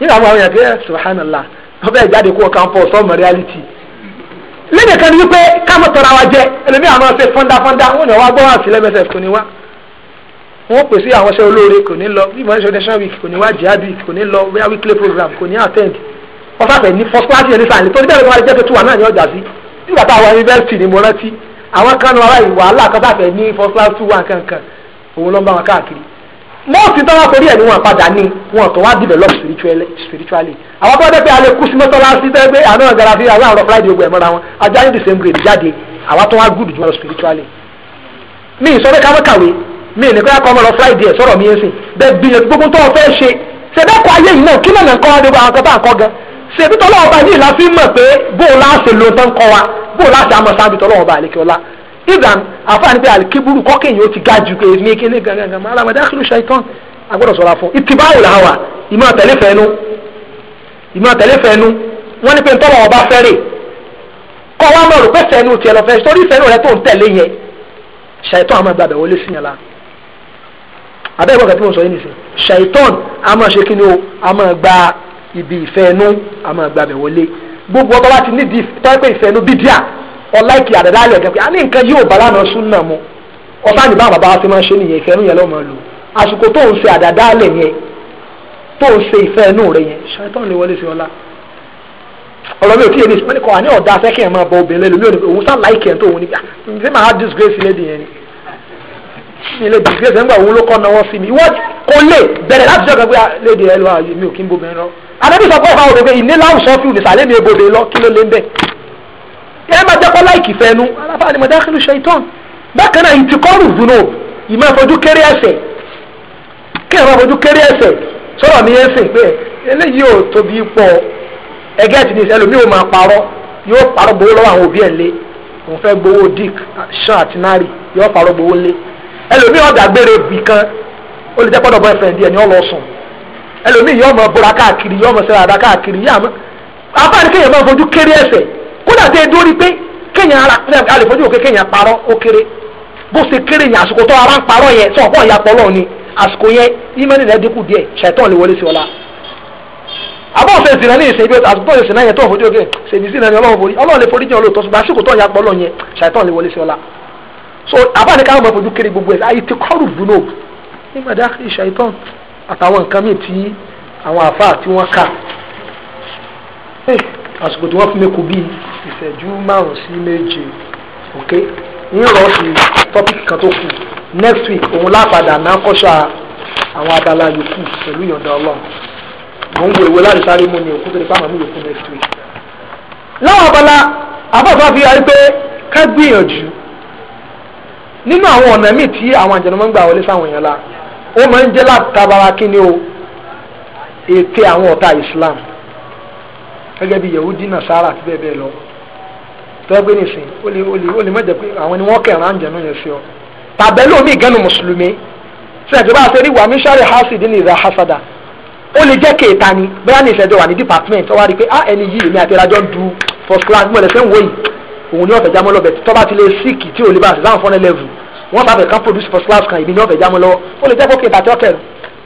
nínú àwọn àwọn yàtọ̀ eh, subhanallah wọn bẹ́ẹ̀ jáde kó campus ọmọ reality lẹ́yìn kan ní wípé ká mọ̀ tọ́ra wa jẹ ẹlòmíà mọ̀ ṣe fọ́ndáfọ́ndá wọn ni wọ́n wá gbọ́ wá sí lẹ́mẹsẹ̀ tó ni wá wọ́n pè sí àwọn iṣẹ́ olóore kò ní lọ bí ìmọ̀ ìṣẹ́ national week kò ní wá jihadi kò ní lọ bóyá weekly program kò ní attend wọ́n sáfẹ̀ ní first class yẹn ní sàn tó ní bẹ́ẹ̀ ni wọ́n jẹ́ pé tuwa náà ní ọjà sí nígbà tá àwọn university ni mo rántí àwọn kanu ara ìwà aláàkọ́ sáfẹ̀ ní first class two one kankan òun ló ń bá wọn káàkiri mọ́ọ̀sì tó wá torí ẹ̀ ni wọ́n padà ní wọn tó wá develop spiritually àwọn tó dẹ́ pé alẹ́ kú sí mọ́tọ́lásí tẹ́ pé àná ọ̀gára fi àwọn àrọ̀ friday ogun ẹ̀mọ́ra wọn ajá ní the same grade jáde àwọn tó wá good jù wọn spiritually. mi ìsọdẹ́ ká mọ́ kàwé mi ò ní kí ọmọ lọ friday ẹ̀ sọ̀rọ̀ mi ẹ̀ sìn bẹ́ẹ̀ gbìyànjú gbogbo tó o fẹ́ ṣe ṣẹ̀dẹ́kọ̀ ayé yìí náà kí náà nǹkan wá dé bá nǹkan bá nǹkan gan ṣèbí tọ́lọ́wọ́ bá yìí la fi mọ̀ pé bó o láṣẹ lo tán kọ́ wa bó o láṣẹ àmọ́ sáájú tọ́lọ́wọ́ bá àlekè ọlá ibrahim àfààní pé alikiburu kọ́kẹ́yìn ó ti ga jù pé èmi kéde gangan alamọ̀dé akérò ṣàìtàn agbọ́dọ̀ sọ̀rọ̀ fún ìtìbáwò là wà ìmọ̀ tẹ̀lé fẹ́nu ìmọ̀ tẹ̀lé fẹ́nu wọ́n ní pé tọ́lọ́wọ́ bá fẹ́rẹ̀ kọ́ wa mọ̀ rò pé fẹ́nu tiẹ̀ lọ fẹ́ torí fẹ́nu rẹ tó ń tẹ̀lé yẹn ṣàìtàn àmọ́ gbàgbẹ́ wọlé sí yẹn la abẹ́rẹ́ ọ̀gá tí mo sọ yìí nìsín ṣàìtàn a máa ṣe kíni o a máa gba ibi ìfẹ́ ẹnu a máa gba bẹ̀ wọlé gbogbo ọba wa ti nídìí tọ́pẹ́ ìfẹ́ ẹnu bídíà ọláìkì àdàdàlẹ̀ ọ̀gá pé a ní nǹkan yóò bá lánàá sún náà mu ọ̀tá ní báwọn bàbá wa ti máa ṣe nìyẹn ìfẹ́ ẹnu yẹn lọ́mọ lò àsìkò tó ń ṣe àdàdàlẹ̀ yẹn tó ń ṣe ìfẹ́ ẹnu rẹ yẹn ṣàìtàn lè wọlé sí ọlá ọ̀rọ̀ mi ò tí ì ní sọ́ni kọ́ àní ọ̀dà afẹ́kẹ́ yẹn máa bọ obìnrin lẹ́nu mi ò ní òun sá láìkẹ́ tó òun ní bí ah, i ṣé màá disgrace lady yẹn ni mi lè dìgbé ẹsẹ̀ ńgbà òun ló kọ́ náwó sí mi ìwọ kò lè bẹ̀rẹ̀ láti jọ̀gàn pé ah, léde ẹ lọ àyè mi ò kí n bobìnrin lọ. àdébí sọ pé ìfàwọ̀ òdòdó ìní láwùn sọ fún ìsàlẹ̀ mi ebòde lọ kí ló lé ń bẹ̀. ìyá máa jẹ́ kọ́ láìkì fẹ́nu aláfáà ni mo dá kílù ṣaitan bákan náà ìtìkọ́rù dùnú ìmọ̀ fojú kéré ẹsẹ̀ kí ẹ̀rọ fojú kéré ẹsẹ̀ sọ̀rọ̀ mi yẹn sìn pé eléyìí ò tóbi pọ̀ ẹgẹ́ ti ní ẹlòmí ò máa parọ́ yóò parọ́ gbowó lọ́wọ́ àwọn òbí ẹ̀ lé òun fẹ́ gbowó dick sean àti nari yóò parọ́ gbowó lé ẹlòmíì ọ̀dà gbére bì kan ó lè jẹ́ pọ́dọ̀ bọ́ ẹ̀fẹ̀ díẹ̀ ni ọ̀lọ́ sùn ẹlòmíì yọ ọmọ bora káàkiri yọ ọmọ sẹ́ra káàkiri yá mọ́ afáàní kéèyàn máa fojú kéré ẹsẹ̀ kódà tẹ́ ẹ dórí pé kéèyàn alẹ́ fojú òkè kéèyàn parọ́ ó kéré bó ṣe kéré yẹn àsìkò tó ara ń parọ́ yẹn tó ọ̀pọ̀ ìyapọ̀ lọ́ọ̀ ni àsìkò yẹn ìmẹ́ni rẹ̀ dínkù díẹ̀ ṣẹ̀tàn lè wọlé sí ọ̀la. àbọ̀fẹ́ ìsìn náà ní ìṣe ibi àsìkò ìsìn náà yẹn tó fojú òkè ṣèbí sí náà ni ọlọ́run forí ọlọ́run lè forí jẹun lóòótọ́ ṣùgbọ́n àsìkò tó ìyapọ̀ lọ́ọ̀ yẹn ṣẹ̀tàn lè wọlé sí ọ̀la so àbáni káwọn máa fojú kéré gbogbo ẹ̀ láyé ti kọ́rù dùnú ní madaki ṣàìtàn àtàwọn nǹkan míì tí àwọn àfáà tí wọ́n kà eh, àsìkò tí wọ́n fún mi kù bíi ìṣẹ́jú márùn-ún sí méje ok ń rọ sí tọ́pìkì kan tó kù next week òun lápadà náà kọ́ṣà àwọn abala yòókù pẹ̀lú ìyọ̀ǹda ọlọ́run mò ń wo ìwé láti sáré mú ni òkú tó ní pàmò mi yòókù next week. láwọn abala àbọ̀fà fi hàn pé ká gbìyànjú nínú àwọn ọ̀nà míì tí àwọn àjẹnumọ́ ń gbà wọlé sáwọn èèyàn la ó máa ń jẹ́ látàbára kíni o ète àwọn ọ̀tá Islam gẹ́gẹ́ bí Yahudi Nasara àti bẹ́ẹ̀ bẹ́ẹ̀ lọ tọ́gbé nìsín ó lè ó lè ó lè má jẹ́ pé àwọn ni wọ́n kẹ̀rán àjẹnú yẹn sí ọ tàbẹ́ lómi ìgẹ́nu mùsùlùmí sẹ́yìn bá a ṣe rí wàmí sáré hasidi ní ìdá hasada ó lè jẹ́ kéèta ni bẹ́ẹ̀ ni ìṣẹ́jọ́ wà ní department ọ wá rí i pé ah ẹni yìí èmi àti ìrajọ́ du first class mọ̀lẹ́fẹ́ ń wò yìí òun ní ọ̀fẹ́ jámọ́ lọ́bẹ̀ tọ́ba ti lè síkì tí ò lè bá àti láǹfọ̀n lẹ́lẹ́vù wọ́n fàbẹ̀ kan produce first class kan ìbí ní ọ̀fẹ́ jámọ́ lọ́wọ́ ó lè jẹ́ kókè bàtẹ́ ọ̀kẹ́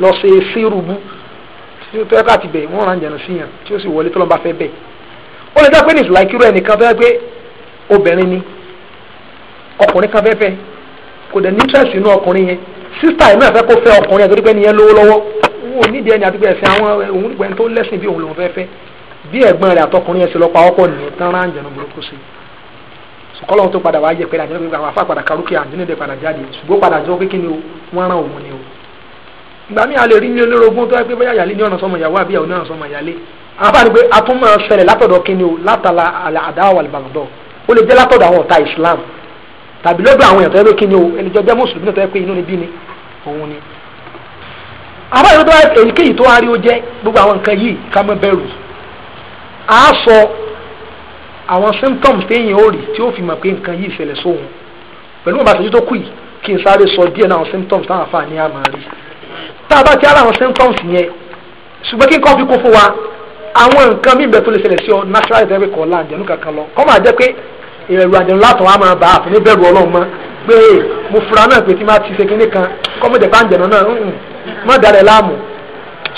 lọ ṣe sírùbù tí ó tẹ́ka ti bẹ̀ wọ́n ràn jẹ̀nu síyàn tí ó sì wọlé tọ́lọ́ bá fẹ́ bẹ̀ ó lè jẹ́ pé ní ìsìláìkírò ẹnìkan fẹ́ pé obìnrin ni ọkùnrin kan fẹ́ fẹ́ kò dẹ̀ ní interest inú ọkùnrin yẹn sísítà ẹ̀ náà fẹ́ kó fẹ́ kọ́lọ́ tó padà wáá yẹ pé àjẹnú gbogbo àwọn afá padà karókè àjẹnú dẹ̀ padà jáde ṣùgbọ́n padà jọ pé kí ni o wọ́n rán òun ni o. ìgbà míì a lè rí ní olórogún tó yẹ pé bóyá ìyálé ní ọ̀nà sọmọ ìyàwó àbí ìyàwó ní ọ̀nà sọmọ ìyálé. àwọn afáàní pé a tún máa ṣẹlẹ̀ látọ̀dọ̀ kí ni o látara àdáwà àlùbàdàn ó lè jẹ́ látọ̀dọ̀ àwọn ọ̀tá Islam tàbí lọ́dọ̀ àwọn èèyàn tó yẹ pé kí ni o ẹnìjọ jẹ́ mùsùlùmí náà tó yẹ pé inú ni bí ni òun ni. àbá ìlú tó wá èyíkéyìí tó wá rí ó jẹ́ gbogbo àwọn nǹkan yìí ká má bẹ̀rù àwọn symptoms téèyàn ó rí tí ó fi mọ̀ pé nǹkan yìí ṣẹlẹ̀ sóhun pẹ̀lú bàbá àtẹ̀jú tó kù yìí kí n sáré sọ díẹ̀ náà àwọn symptoms táwọn afáà ní àmọ́ rí tá a bá ti ara àwọn symptoms yẹn ṣùgbọ́n kí n kọ́ fi kún fún wa àwọn nǹkan míì bẹ́ẹ̀ tó lè ṣẹlẹ̀ sí ọ natural ìtẹ́wé kan lá àjẹnú kankan lọ kọ́ máa jẹ́ pé ìrẹ̀lú àjẹnú látọ̀ wa máa bá a fún bẹ̀rù ọlọ́run mọ́ pé mo fura náà pé tí máa ti ṣe kinní kan kọ́ mo jẹ̀bá àjẹnú náà má darẹ̀ láàmú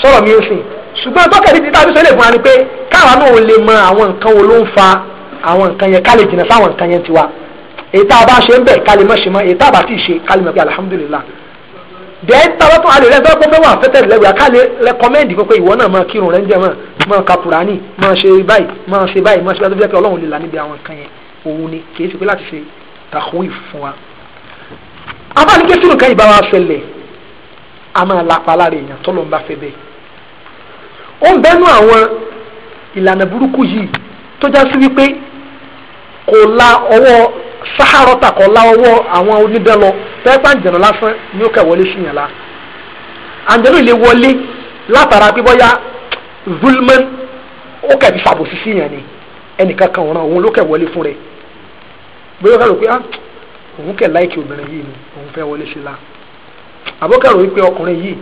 sọ̀rọ̀ mi ó sìn ṣùgbọ́n tọ́kẹ́ ti ta fi sọ́lẹ̀ fún wa ni pé káwa náà ò lè mọ àwọn nǹkan yẹn ká lè jìnnà sáwọn nǹkan yẹn tiwa èyí tá a bá ṣe ń bẹ̀ ká lè mọ̀ ṣe mọ́ èyí tá a bá ti ṣe ká lè mọ̀ pé alihamudulilayi dẹ́ẹ́ tọ́lọ́ tún alẹ́ lẹ́gbẹ́ pé wọ́n àfẹ́tẹ̀ lẹ́wẹ̀ akálẹ̀ rẹ́kọ́mẹ́ndì pé ìwọ náà máa kírun rẹ̀ ń jẹ́ máa ka Kùránì máa ṣe báyìí máa ṣe báyìí máa ṣe báyìí tó jẹ́ pé Ọlọ́run lè là níbi àwọn nǹkan yẹn òun ni kì í ṣe pé láti ṣe tàkùn ìfún wa. abáni kẹ́sìrò kan ìbára ṣẹlẹ̀ a máa lapa lára èèyàn tọ́lọ̀ ń bá fẹ́ bẹ́ẹ̀. ó ń bẹ́nu àwọn ìlànà burúkú yìí tó já sí wípé kò la ọwọ́ sáhárọ́tà kò la ọwọ́ àwọn onídẹ́ lọ tẹ́gbà jẹ̀nà lásán ni ó kẹ́ wọlé sí yẹn la àǹjẹ́lú lè wọlé látara pé bọ́yá zulman ó kẹ́ fi ṣàbòsí sí yẹn ni ẹnìkan kan ọ̀ràn òun ló kẹ́ wọlé fún rẹ̀ bóyá ká ló pé ah, òun kẹ́ láìkì obìnrin yìí ni òun fẹ́ wọlé sí la àbọ̀kẹ́rò wípé ọkùnrin yìí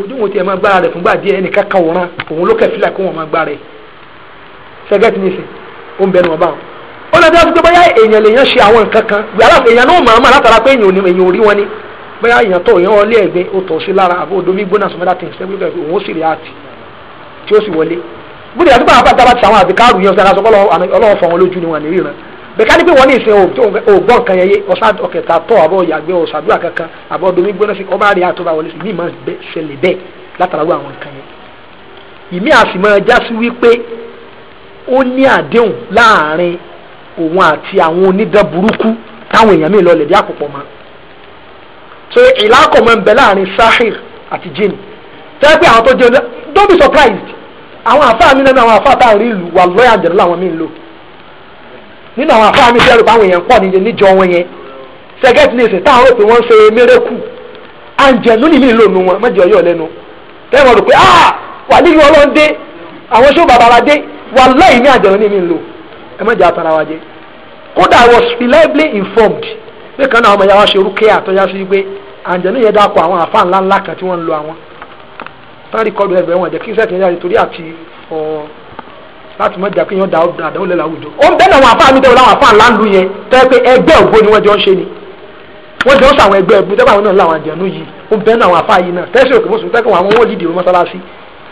ojú wọn ti ẹ̀ máa gbára rẹ̀ fúngbà díẹ̀ ẹnìkan kan ọ̀ràn òun ló kẹ́ fílà kó wọn máa gbára rẹ̀ fẹ́gẹ́tì ní ìsìn ó ń bẹnu ọba wọn ó lọ sí pé bóyá èèyàn lèèyàn ṣe àwọn nǹkan kan yàrá èèyàn náà mọ̀ ọ́n mọ̀ látara pé èèyàn ò rí wọn ni bóyá èèyàn tó èèyàn ọlé ẹ̀gbẹ́ ó tọ̀ sí lára àbó odomi gbóná sọmọdá tí ń sẹ́gun kẹ́ òun ó sì rí àti tí ó sì wọlé bóde àti báwa bàtà bá ti àwọn àbíká àrùn yẹn sọ lásán ọlọ́wọ́ fọ wọn lójú ni wọn nìyí rẹ bẹ̀ka ni pé wọ́n ní ìsìn ògbọ́n nǹkan yẹn yé ọ̀sán ọ̀kẹta tọ́ àbọ̀ yàgbẹ́ ọ̀sàdúrà kankan àbọ̀ odomi gbóná sí ọba àríyá tó bá wọlé sí ní ìmọ̀ ṣẹlẹ̀ bẹ́ẹ̀ látara wọ àwọn nǹkan yẹn ìmí àsìmọ̀ ẹja sí wípé ó ní àdéhùn láàrin òun àti àwọn onídán burúkú táwọn èèyàn míì lọlẹ̀ bí àpòpọ̀ mọ́ so ìlàkọ̀ mọ́ ń bẹ láàrin sahir àti jinn tẹ́ pé àwọn tó jẹ́ don't be surprised àwọn àfáà mi nínú àwọn àfáà tá à ń rí ìlú wà lọ́yà àjẹ̀rẹ́ làwọn míì ń lò nínú àwọn àfáà mi fẹ́rù báwọn èèyàn pọ̀ níjọ wọn yẹn sẹ́gẹ́tì ní táwọn rò pé wọ́n ń ṣe mẹ́rẹ́kù àǹjẹ̀nú ni míì lónìí wọn mẹ́jọ yọ̀ lẹ́nu tẹ́wọ̀n rò pé ah wà níyì ọlọ́ndé àwọn ṣó bàbá wa dé wà lọ́yìn ní àjẹ̀rẹ́ ni míì lò ẹ má jẹ́ àtàrà kódà I was reliably informed pé kan náà ọmọ yàrá ṣe orúkẹ́ àtọ́já sí pé àǹjẹ́ náà yẹ dákọ̀ àwọn àfa ńlá ńlá kan tí wọ́n ń lo àwọn tán rìkọ́dù ẹ̀bẹ̀ wọn jẹ́ kí sẹ́ẹ̀tì yẹn yára torí àti ọ̀ láti mọ̀ jà kí yẹn da àdáwò lẹ́la àwùjọ. ó ń bẹ́ẹ̀ làwọn àfa àfa ńlá ń yẹn tẹ́ pé ẹgbẹ́ ògbó ni wọ́n jọ ń ṣe ni wọ́n jọ ń sàwọn ẹgbẹ́ ẹgbẹ́ tẹ́wọ́ àwọn náà làwọn àjẹ̀nú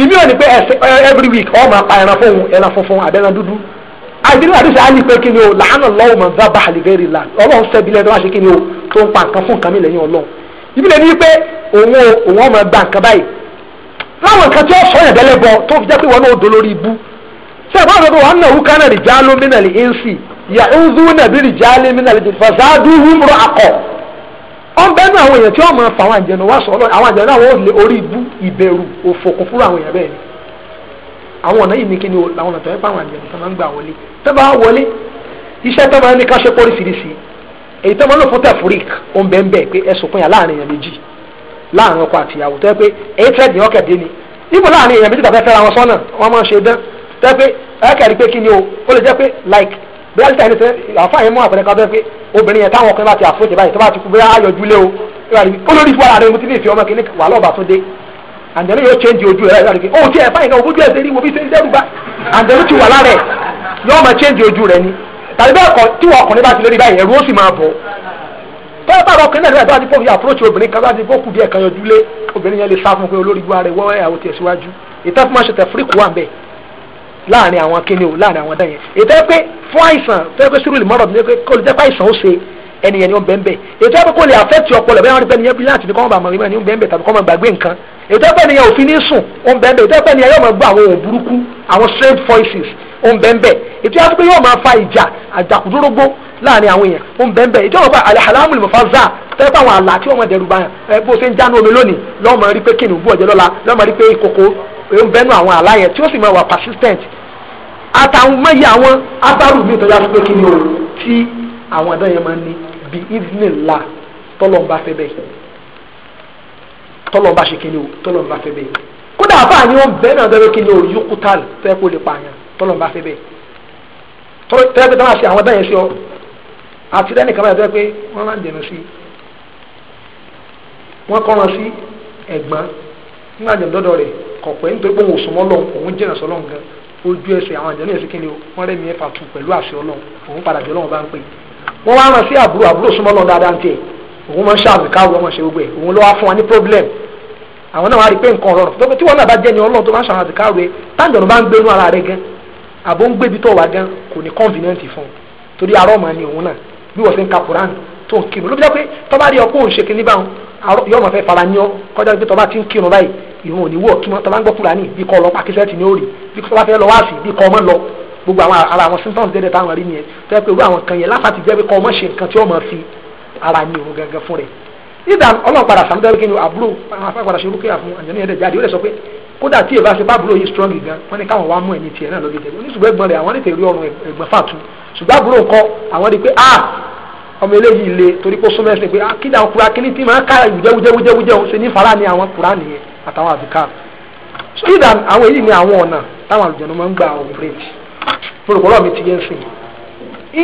ìmí ò ní pé every week ọ máa pa ẹran fún ẹran funfun àbẹ̀rẹ̀ dúdú àdínú àdúsẹ̀ á ní pé kí ni o làánà lọ́wọ́ mọ̀ bá bá àlìbẹ́rì là ọlọ́run sẹ́bi lẹ́dọ́ wá ṣe kí ni o tó ń pa nǹkan fún nǹkan mi lẹ́yìn ọlọ́run ìbí lè ní pé òun òun ọmọ gba nǹkan báyìí láwọn nǹkan tí ó sọ ìyàdẹ́lẹ̀ bọ tó fi jẹ́ pé wọn náà dó lórí ibú ṣé ìbá àdọ́dọ́ wọn náà wúkà náà rìjálómìnà lè ń sì yà ń zú nàbí rìjálómìnà lè fàzádùú wúmúrò àkọ́ wọ́n bẹ́ẹ̀ nú àwọn èèyàn tí wọ́n máa fa àwọn àjẹnù wá sọ̀rọ̀ àwọn àjẹnù àwọn òrìlẹ̀ orí ibú ìbẹ̀rù òfòkùn fúnra àwọn èèyàn bẹ́ẹ̀ ni àwọn ọ̀nà yìí ní kí ni àwọn ọ̀nà tó yẹ fáwọn àjẹnù tó máa ń gbà wọlé tó bá wọlé iṣẹ́ tó máa ń ní ká ṣe póríṣiríṣi èyí tó máa ń lò fún tẹ̀fúrík ó bẹ́ẹ̀ bẹ́ẹ̀ pé ẹ̀sùn fún yà láàrin èèyàn méjì láàrin ọkọ àtìyàwó tó yẹ pé èyí tẹ́ ní ọkẹ́ dé ni níbo láàrin èèyàn méjì tàbí fẹ́ra wọn sọ́nà wọ́n máa ń ṣe dán tó yẹ pé ẹ̀kẹ́rì pé kí ni o ó lè jẹ́ pé like bíláàdì tàyẹ̀ sẹ́ àfa yẹn mú àpẹẹrẹ kan bẹ́ẹ̀ pé obìnrin yẹn táwọn ọkùnrin bá ti àfojì báyìí tó bá ti kú bóyá ayọ̀jú lé o olórí ìfọ ara rẹ mo ti ní ìfẹ́ ọmọ kìíní wà lọ́ọ̀bà tó dé àǹdẹ̀lẹ́ yóò change ojú rẹ̀ láti kí ó tiẹ̀ báyìí náà ojú ẹ̀ sẹ́rí wo bí sẹ́rí dẹ́rù bá àǹdẹ̀lẹ́ ti wà lára ẹ̀ yóò máa change ojú rẹ̀ ni tàbí bẹ́ẹ̀ kọ́ tí wọ́n ọkùnrin bá ti lórí báyìí ẹ̀rù ó sì máa bọ̀ tọ́lá bá ọkùnrin náà nígbà tó bá ti fọ́ọ̀fì approach obìnrin kan láti bókù bí ẹ̀kan yọjú lé obìnrin yẹn lè sá fún pé olórí gbọ́ ara ẹ̀ wọ́ ẹ̀ àwọn tiẹ̀ síwájú ìtẹ́fúnmáṣe tẹ̀ fúríkù wà bẹ́ẹ̀ láàrin àwọn kíni o láàrin àwọn dáyẹn ètò ẹ pé fún àìsàn tó yẹ pé sùúrù lè mọ́rọ̀ ní pé kó lè jẹ́ pé àìsàn ó ṣe ẹni ni ó ń bẹ́ẹ̀ bẹ́ẹ̀ ètò ẹ pé kó lè affect ọpọlọ bẹ́ẹ̀ wọ́n rí pé nìyẹn brilliant ni kọ́mọ̀ bá mọ̀ ní ó ń bẹ́ẹ̀ bẹ́ẹ̀ tàbí kọ́mọ̀ gbàgbé nǹkan ètò ẹ pé nìyẹn ò ní sùn ó ń bẹ́ẹ̀ bẹ́ẹ̀ ètò ẹ pé nìyẹn yóò máa gbọ́ àwọn ohùn voices ó ń bẹ́ẹ̀ bẹ́ẹ̀ ètò ẹ pé yóò máa fa ìjà àjàkúdórógbó láàrin àwọn èèyàn ó ń bẹ́ẹ̀ bẹ́ẹ̀ ètò ẹ pé alihalamu lè mọ̀ fa zaa tẹ́lẹ̀ pé àwọn àlá tí wọ́n mọ̀ dẹ́rù báyà bó ṣe ń jánu omi lónìí lọ́mọ rí pé kìnìún bú ọ̀jẹ̀ lọ́la lọ́mọ rí pé kòkó ń bẹ́nu àwọn àlàyé tí ó sì máa wà persistent àtàwọn mẹ́yẹ àwọn abárù mi tó yàtọ̀ pé kí ni o tí àwọn àdán yẹn máa ní bí evening la tọ́lọ́mbà fẹ́ bẹ́ẹ̀ tọ́lọ́mbà ṣe kí ni o tọ́lọ́mbà fẹ́ bẹ́ẹ̀ kódà àbá ni ó bẹ́ẹ̀ náà dẹ́rẹ́ kí ni o yukutal fẹ́ kó lè pààyàn tọ́lọ́mbà fẹ́ bẹ́ẹ̀ tọ́lọ́mbà fẹ́ bẹ́ẹ̀ àwọn àdán yẹn ṣe ọ àti lẹ́nu kan báyìí tó yẹ pé wọ́n máa ń dènà sí wọ́n kọ́ wọn sí ẹ̀gbọ́n nígbà jẹ̀dọ́dọ̀ rẹ̀ kọ̀ pẹ́ nítorí pé òun ò súnmọ́ lọ́hùn òun jìnnà sọ́lọ́hùn gan ojú ẹsẹ̀ àwọn àjẹ́ náà sí kíni wọ́n rẹ̀ mí ẹ̀fà tún pẹ̀lú àṣẹ ọlọ́run òun padà jẹ́ ọlọ́run bá ń pè wọ́n wá rán sí àbúrò àbúrò súnmọ́ lọ́run dáadáa ń tiẹ̀ òun máa ń ṣàbù káwọ́ ọmọ ṣe gbogbo ẹ̀ òun ló wá fún wa ní problem àwọn náà wá rí i pé nǹkan rọrùn tó tí wọn náà bá jẹ́ ni ọlọ́run tó máa ń ṣàwọn àdìkáwé táǹdọ̀nù bá ń gbénú ara rẹ gan àbó ń gbébi tó wà gan tó ń kírun ló fi jẹ́ pé tọ́ba rí ọkùnrin òṣèké ní báwọn yóò mọ̀ fẹ́ fara ní ọ kọjá pé tọ́ba ti ń kírun báyìí ìrun ò ní wọ̀ kí tọ́ba ń gbọ́ Kùránì bí kọ́ lọ pàkísẹ́ẹ̀tì ní òòrì bí tọ́ba fẹ́ lọ wáàsì bí kọ́ ọmọ lọ gbogbo àwọn ara àwọn symptoms dédé táwọn rí nìyẹn tó yẹ pé irú àwọn kan yẹn láfàtì jẹ́ pé kọ́ ọmọ ṣe nǹkan tí ọmọ fi ara ní òun gangan fún rẹ̀ nígbà ọlọ́pàá sàmúdẹ́rẹ́ kí ni àbúrò àwọn afẹ́padà ṣe rúkẹ́ àfún àjẹmí ẹ̀dẹ̀ jáde ó lè sọ pé kódà tí èèbá ṣe bá àbúrò yìí strong gan wọ́n ní káwọn wá mú ẹ̀mí tiẹ̀ náà lọ́gẹ̀dẹ̀ oníṣùgbọ́n ẹ̀gbọ́n rẹ̀ àwọn lè tẹ̀ rí ọrùn ẹ̀gbọ́n fàtú ṣùgbọ́n àbúrò kọ́ àwọn rí i pé ah ọmọ eléyìí le torí kó súnmọ́ ẹsẹ̀ pé akídà ọkùnrin akíní tí máa ń ká wùjẹ́wùjẹ́wùjẹ́ òun ṣe ní fara ní àwọn kùránì yẹn àtàwọn àdìkà so yìí dàn àwọn èyí ni àwọn ọ̀nà táwọn àlùjọ̀nù máa ń gba operate protocol mi ti yẹn sìn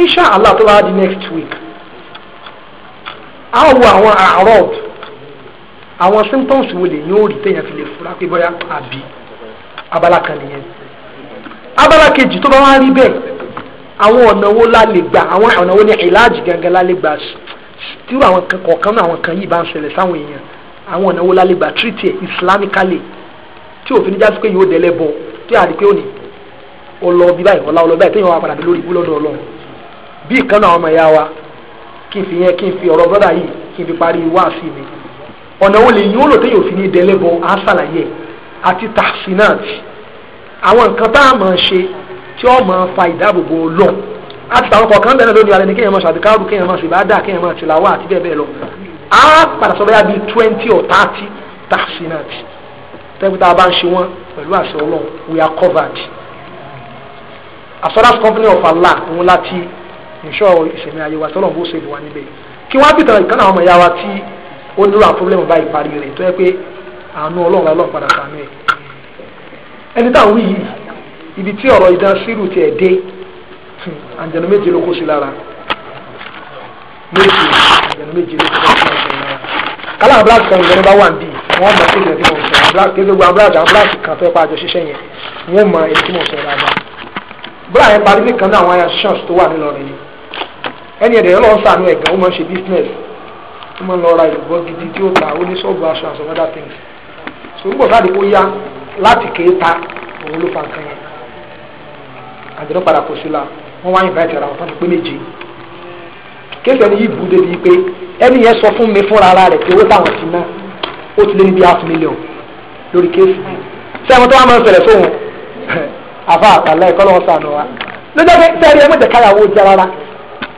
insha allah tó bá di next week a wo àwọn àrọ́d àwọn symptoms wo lè yóò rí téèyàn fi lè fura pé bóyá àbí abala kan nìyẹn abala kejì tó bá wá rí bẹ́ẹ̀ àwọn ọ̀nà wo la lè gbà àwọn ọ̀nà wo ni ìlàjì gangan la lè gbà tírú àwọn kan kọ̀ọ̀kan náà àwọn kan yìí bá ń ṣẹlẹ̀ sáwọn èèyàn àwọn ọ̀nà wo la lè gbà tírìtì ẹ̀ islamically tí òfin jásí pé yóò dẹ̀lẹ́ bọ̀ tí a rí pé ó ní ọlọ bí báyìí ọlá ọlọ báyìí téèyàn wà padà dé lórí ibú lọ́dọ̀ ọlọ́run bí ìkan náà ọmọ ìyá wa kí n fi yẹn kí n fi ọ̀rọ̀ brọ́dà yìí kí n fi parí wáàsí mi ọ̀nà wo lè yín ó lò téèyàn òfin ní dẹ̀lẹ́ bọ̀ á àti tahsinat àwọn nǹkan tá a máa ṣe tí ó máa fa ìdáàbòbò lọ àti tàwọn kọ̀ọ̀kan bẹ̀rẹ̀ lónìí alẹ́ ní kéèyàn máa ṣàdúkàrù kéèyàn máa ṣèbádà kéèyàn máa tìlàwà àti bẹ́ẹ̀ bẹ́ẹ̀ lọ á padà sọ bẹ́yà bíi twenty or thirty tahsinat tẹ́gbẹ́ tá a bá ń ṣe wọ́n pẹ̀lú àṣẹ ọlọ́run we are covered assurance company of Allah òun láti ìṣọ́ ìṣẹ̀mí ayé wa tọ́lọ̀ ń bó ṣe bù wá níbẹ̀ kí wọ́n á bìtàn ìkànnì àwọn ọmọ ìyá wa tí ó nílò àpọ́blẹ́mù báyìí parí rẹ̀ tó yẹ pé àánú ọlọ́run lọ́lọ́run padà sànú ẹ̀ ẹni táwọn wí yìí ibi tí ọ̀rọ̀ idán sírù tiẹ̀ dé àǹjẹ̀nù méje ló kó sí lára méje àǹjẹ̀nù méje ló kó sí lára kálá abúláàsì kan ìgbẹ́ni bá wà ń bì wọ́n mọ̀ sí ìgbẹ́ tí mo sọ abúláàsì kéde gbogbo abúláàsì abúláàsì kan tó yẹ pa àjọ ṣiṣẹ́ yẹn wọ́n mọ̀ èyí tí mo sọ dáadáa búra yẹn parí nìkan náà àwọn assurance tó wà nílọrin yìí ẹni ẹ̀dẹ̀ lọ́n sànú ẹ̀gàn ó máa ń ṣe business ó máa ń lọ ra ìlúbọ́ gidi tí ó ta ó ní sọ́ọ̀bù assurance and other things so ń bọ̀ sáà àjọ̀dọ́ padà kò sí la wọ́n wá invite ara wọn tó ti pé méje kéèké ni yìí bú débi pé ẹni yẹn sọ fún mi fúnra ara rẹ̀ pé owó táwọn ti ná ó ti lé ní bí half million lórí kéèsì sẹ́wọ́n tó wá máa ń ṣẹlẹ̀ sóhun àfa àtàlẹ́ ẹ̀kọ́ lọ́wọ́ sànù wa lọ́jọ́ pé sẹ́ẹ̀rì ẹ̀ mọ̀jẹ̀ káyà owó jẹ́ rárá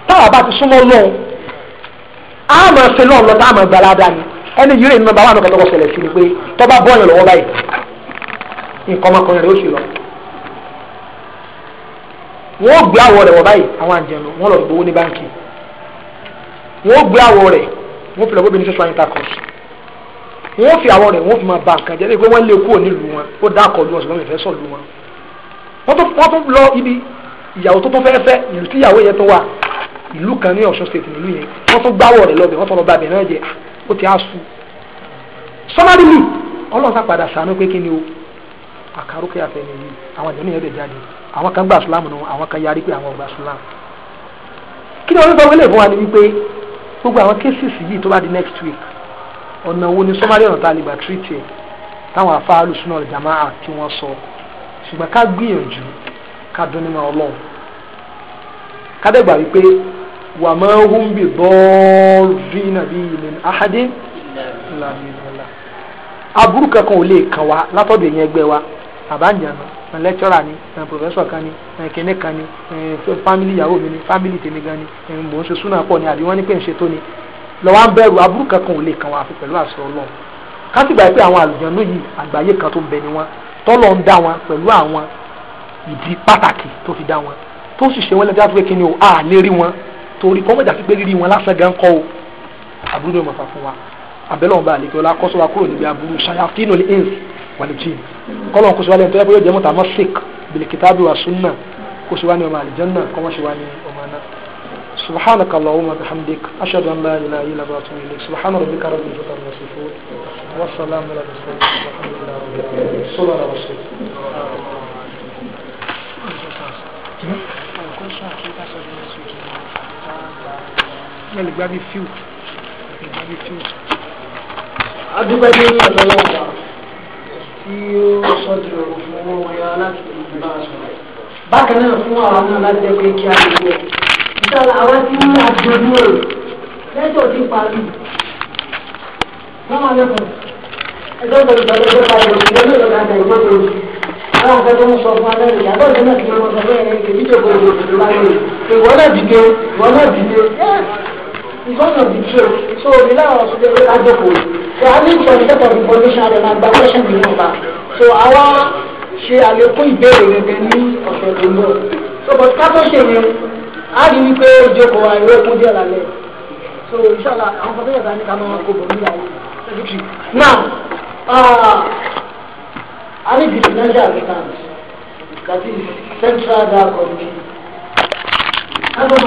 táwa bá ti súnmọ́ lọ́hùn á máa ṣe lọ́hùn lọ́tà á máa gbà ládàá ni ẹni yìí rè nínú bàbá àwọn ọ̀kọ̀ tọ́kọ̀ ṣẹlẹ̀ sí ni pé tọ́ bá bọ́ọ̀yàn wọn ó gbé àwọ̀ rẹ̀ wọ̀ báyìí àwọn àjẹnu wọn lọ gbowó ní báńkì wọn ó gbé àwọ̀ rẹ̀ wọn fi lọ bóbi ní sexual intercourse wọn ó fi àwọ̀ rẹ̀ wọn ó fi máa ba nǹkan jẹ́ pé wọ́n lé kúrò nílùú wọn ó dá àkọlù wọn ṣùgbọ́n mi fẹ́ sọ̀lù wọn. wọ́n tún lọ ibi ìyàwó tó tún fẹ́ fẹ́ ìlú tí ìyàwó yẹn tó wà ìlú kan ní Ọ̀ṣun state nílùú yẹn wọ́n tún gbáwọ̀ rẹ̀ lọ́bẹ̀ wọ́n tún lọ bá abẹ náà jẹ ah, ó ti á su. sọmọdé mi ọlọ́run sá padà sànú pé kí àkàrókè àfẹnẹ yìí àwọn ìjọ nìyẹn bẹ jáde àwọn kan gba sùlámù nù àwọn kan yarí pé àwọn gba sùlámù. kí ni wọ́n fẹ́ wọlé fún wa ni wípé gbogbo àwọn cases yìí tó bá di next week ọ̀nà wo ni sọ́mọ́lẹ́ ọ̀nà tá a lè gbà treat táwọn afáàlù súná ọ̀rẹ́ jamaa tí wọ́n sọ ṣùgbọ́n ká gbìyànjú ká dún nínú ọlọ́run ká dẹ̀ gbà wípé wà máa ń hùn bí bọ́ọ̀rì nàbí ilẹ̀ ahadé ńlá mi aburú kankan ò lè kàn wá látọ̀dọ̀ ẹ̀yìn ẹgbẹ́ wa àbájáná ẹ̀ lẹ́kítọ́rà ni ẹ̀ pòfẹ́sọ̀ kan ni ẹ̀ kẹ́nẹ́ kan ni ẹ̀ fámìlì ìyàwó mi ni fámìlì tèmi gan ni ẹ̀ mò ń ṣe súnà pọ̀ ni àbí wọ́n ní pé ń ṣe tó ni lọ́wọ́ ń bẹ̀rù aburú kankan ò lè kàn wá àfi pẹ̀lú àṣọ ọlọ́run kásìgbà pé àwọn àlùjọ́nú yìí àgbáyé kan tó ń bẹ ni wọ́n tọ́lọ̀ ń dá wọn pẹ̀lú àwọn ìdí pàtàkì tó fi dá wọn tó sì ṣe wọn lẹ́jọ́ àti pé kí ni o à lè rí wọn torí kọ́mọ̀jà sí pé rírí wọn lásán gan o àbúrò ni mo fà fún والجين قالوا كو انت يبقى جمع تمسك بالكتاب والسنة كو وما الجنة كما سواني وما سبحانك اللهم وبحمدك أشهد أن لا إله إلا أنت وأتوب سبحان ربك رب العزة عما يصفون والسلام على المرسلين والحمد لله رب العالمين صلى الله عليه وسلم Ele grab fio. Ele grab fio. Adúgbò ẹni ìlú ọ̀dọ́ lọ́wọ́. tí ó sọ̀tì ọ̀rọ̀ fún owó ya láti bá a sọ̀rọ̀. bákan náà fún àwọn náà láti jẹ́ pé kí a lè wọ̀. ìtàlá àwọn tí wọ́n á di ojú ọ̀rọ̀ lẹ́tọ̀ ti parí. lọ́wọ́ lẹ́kọ̀ọ́ ẹjọ́ gbọ́dọ̀ gbọ́dọ̀ gbọ́dọ̀ parí òṣèlú ẹgbẹ́ ìlọ́gà àgbà ìgbọ́ òṣù. àwọn akẹ́kọ̀ọ́ tó sọ fún alẹ́ rẹ̀ yàtọ̀ ìdílé náà ti máa ń sọ bẹ́ẹ̀ because of the truth so the law of the adoko so having for the type of information abẹ máa gba question bí wọn bá so àwa ṣe àlékún ìbéèrè gẹ́gẹ́ ní ọ̀sẹ̀ tó ń bọ̀ so but ká tó ṣe yẹn á rí i pé ìjókòó wa ìwé kún díẹ̀ lálẹ́ so inshallah àwọn kan tó yẹ ká ní ká máa kó bọ̀ nílẹ̀ ayé now uh, a I need the financial account that is central data committee.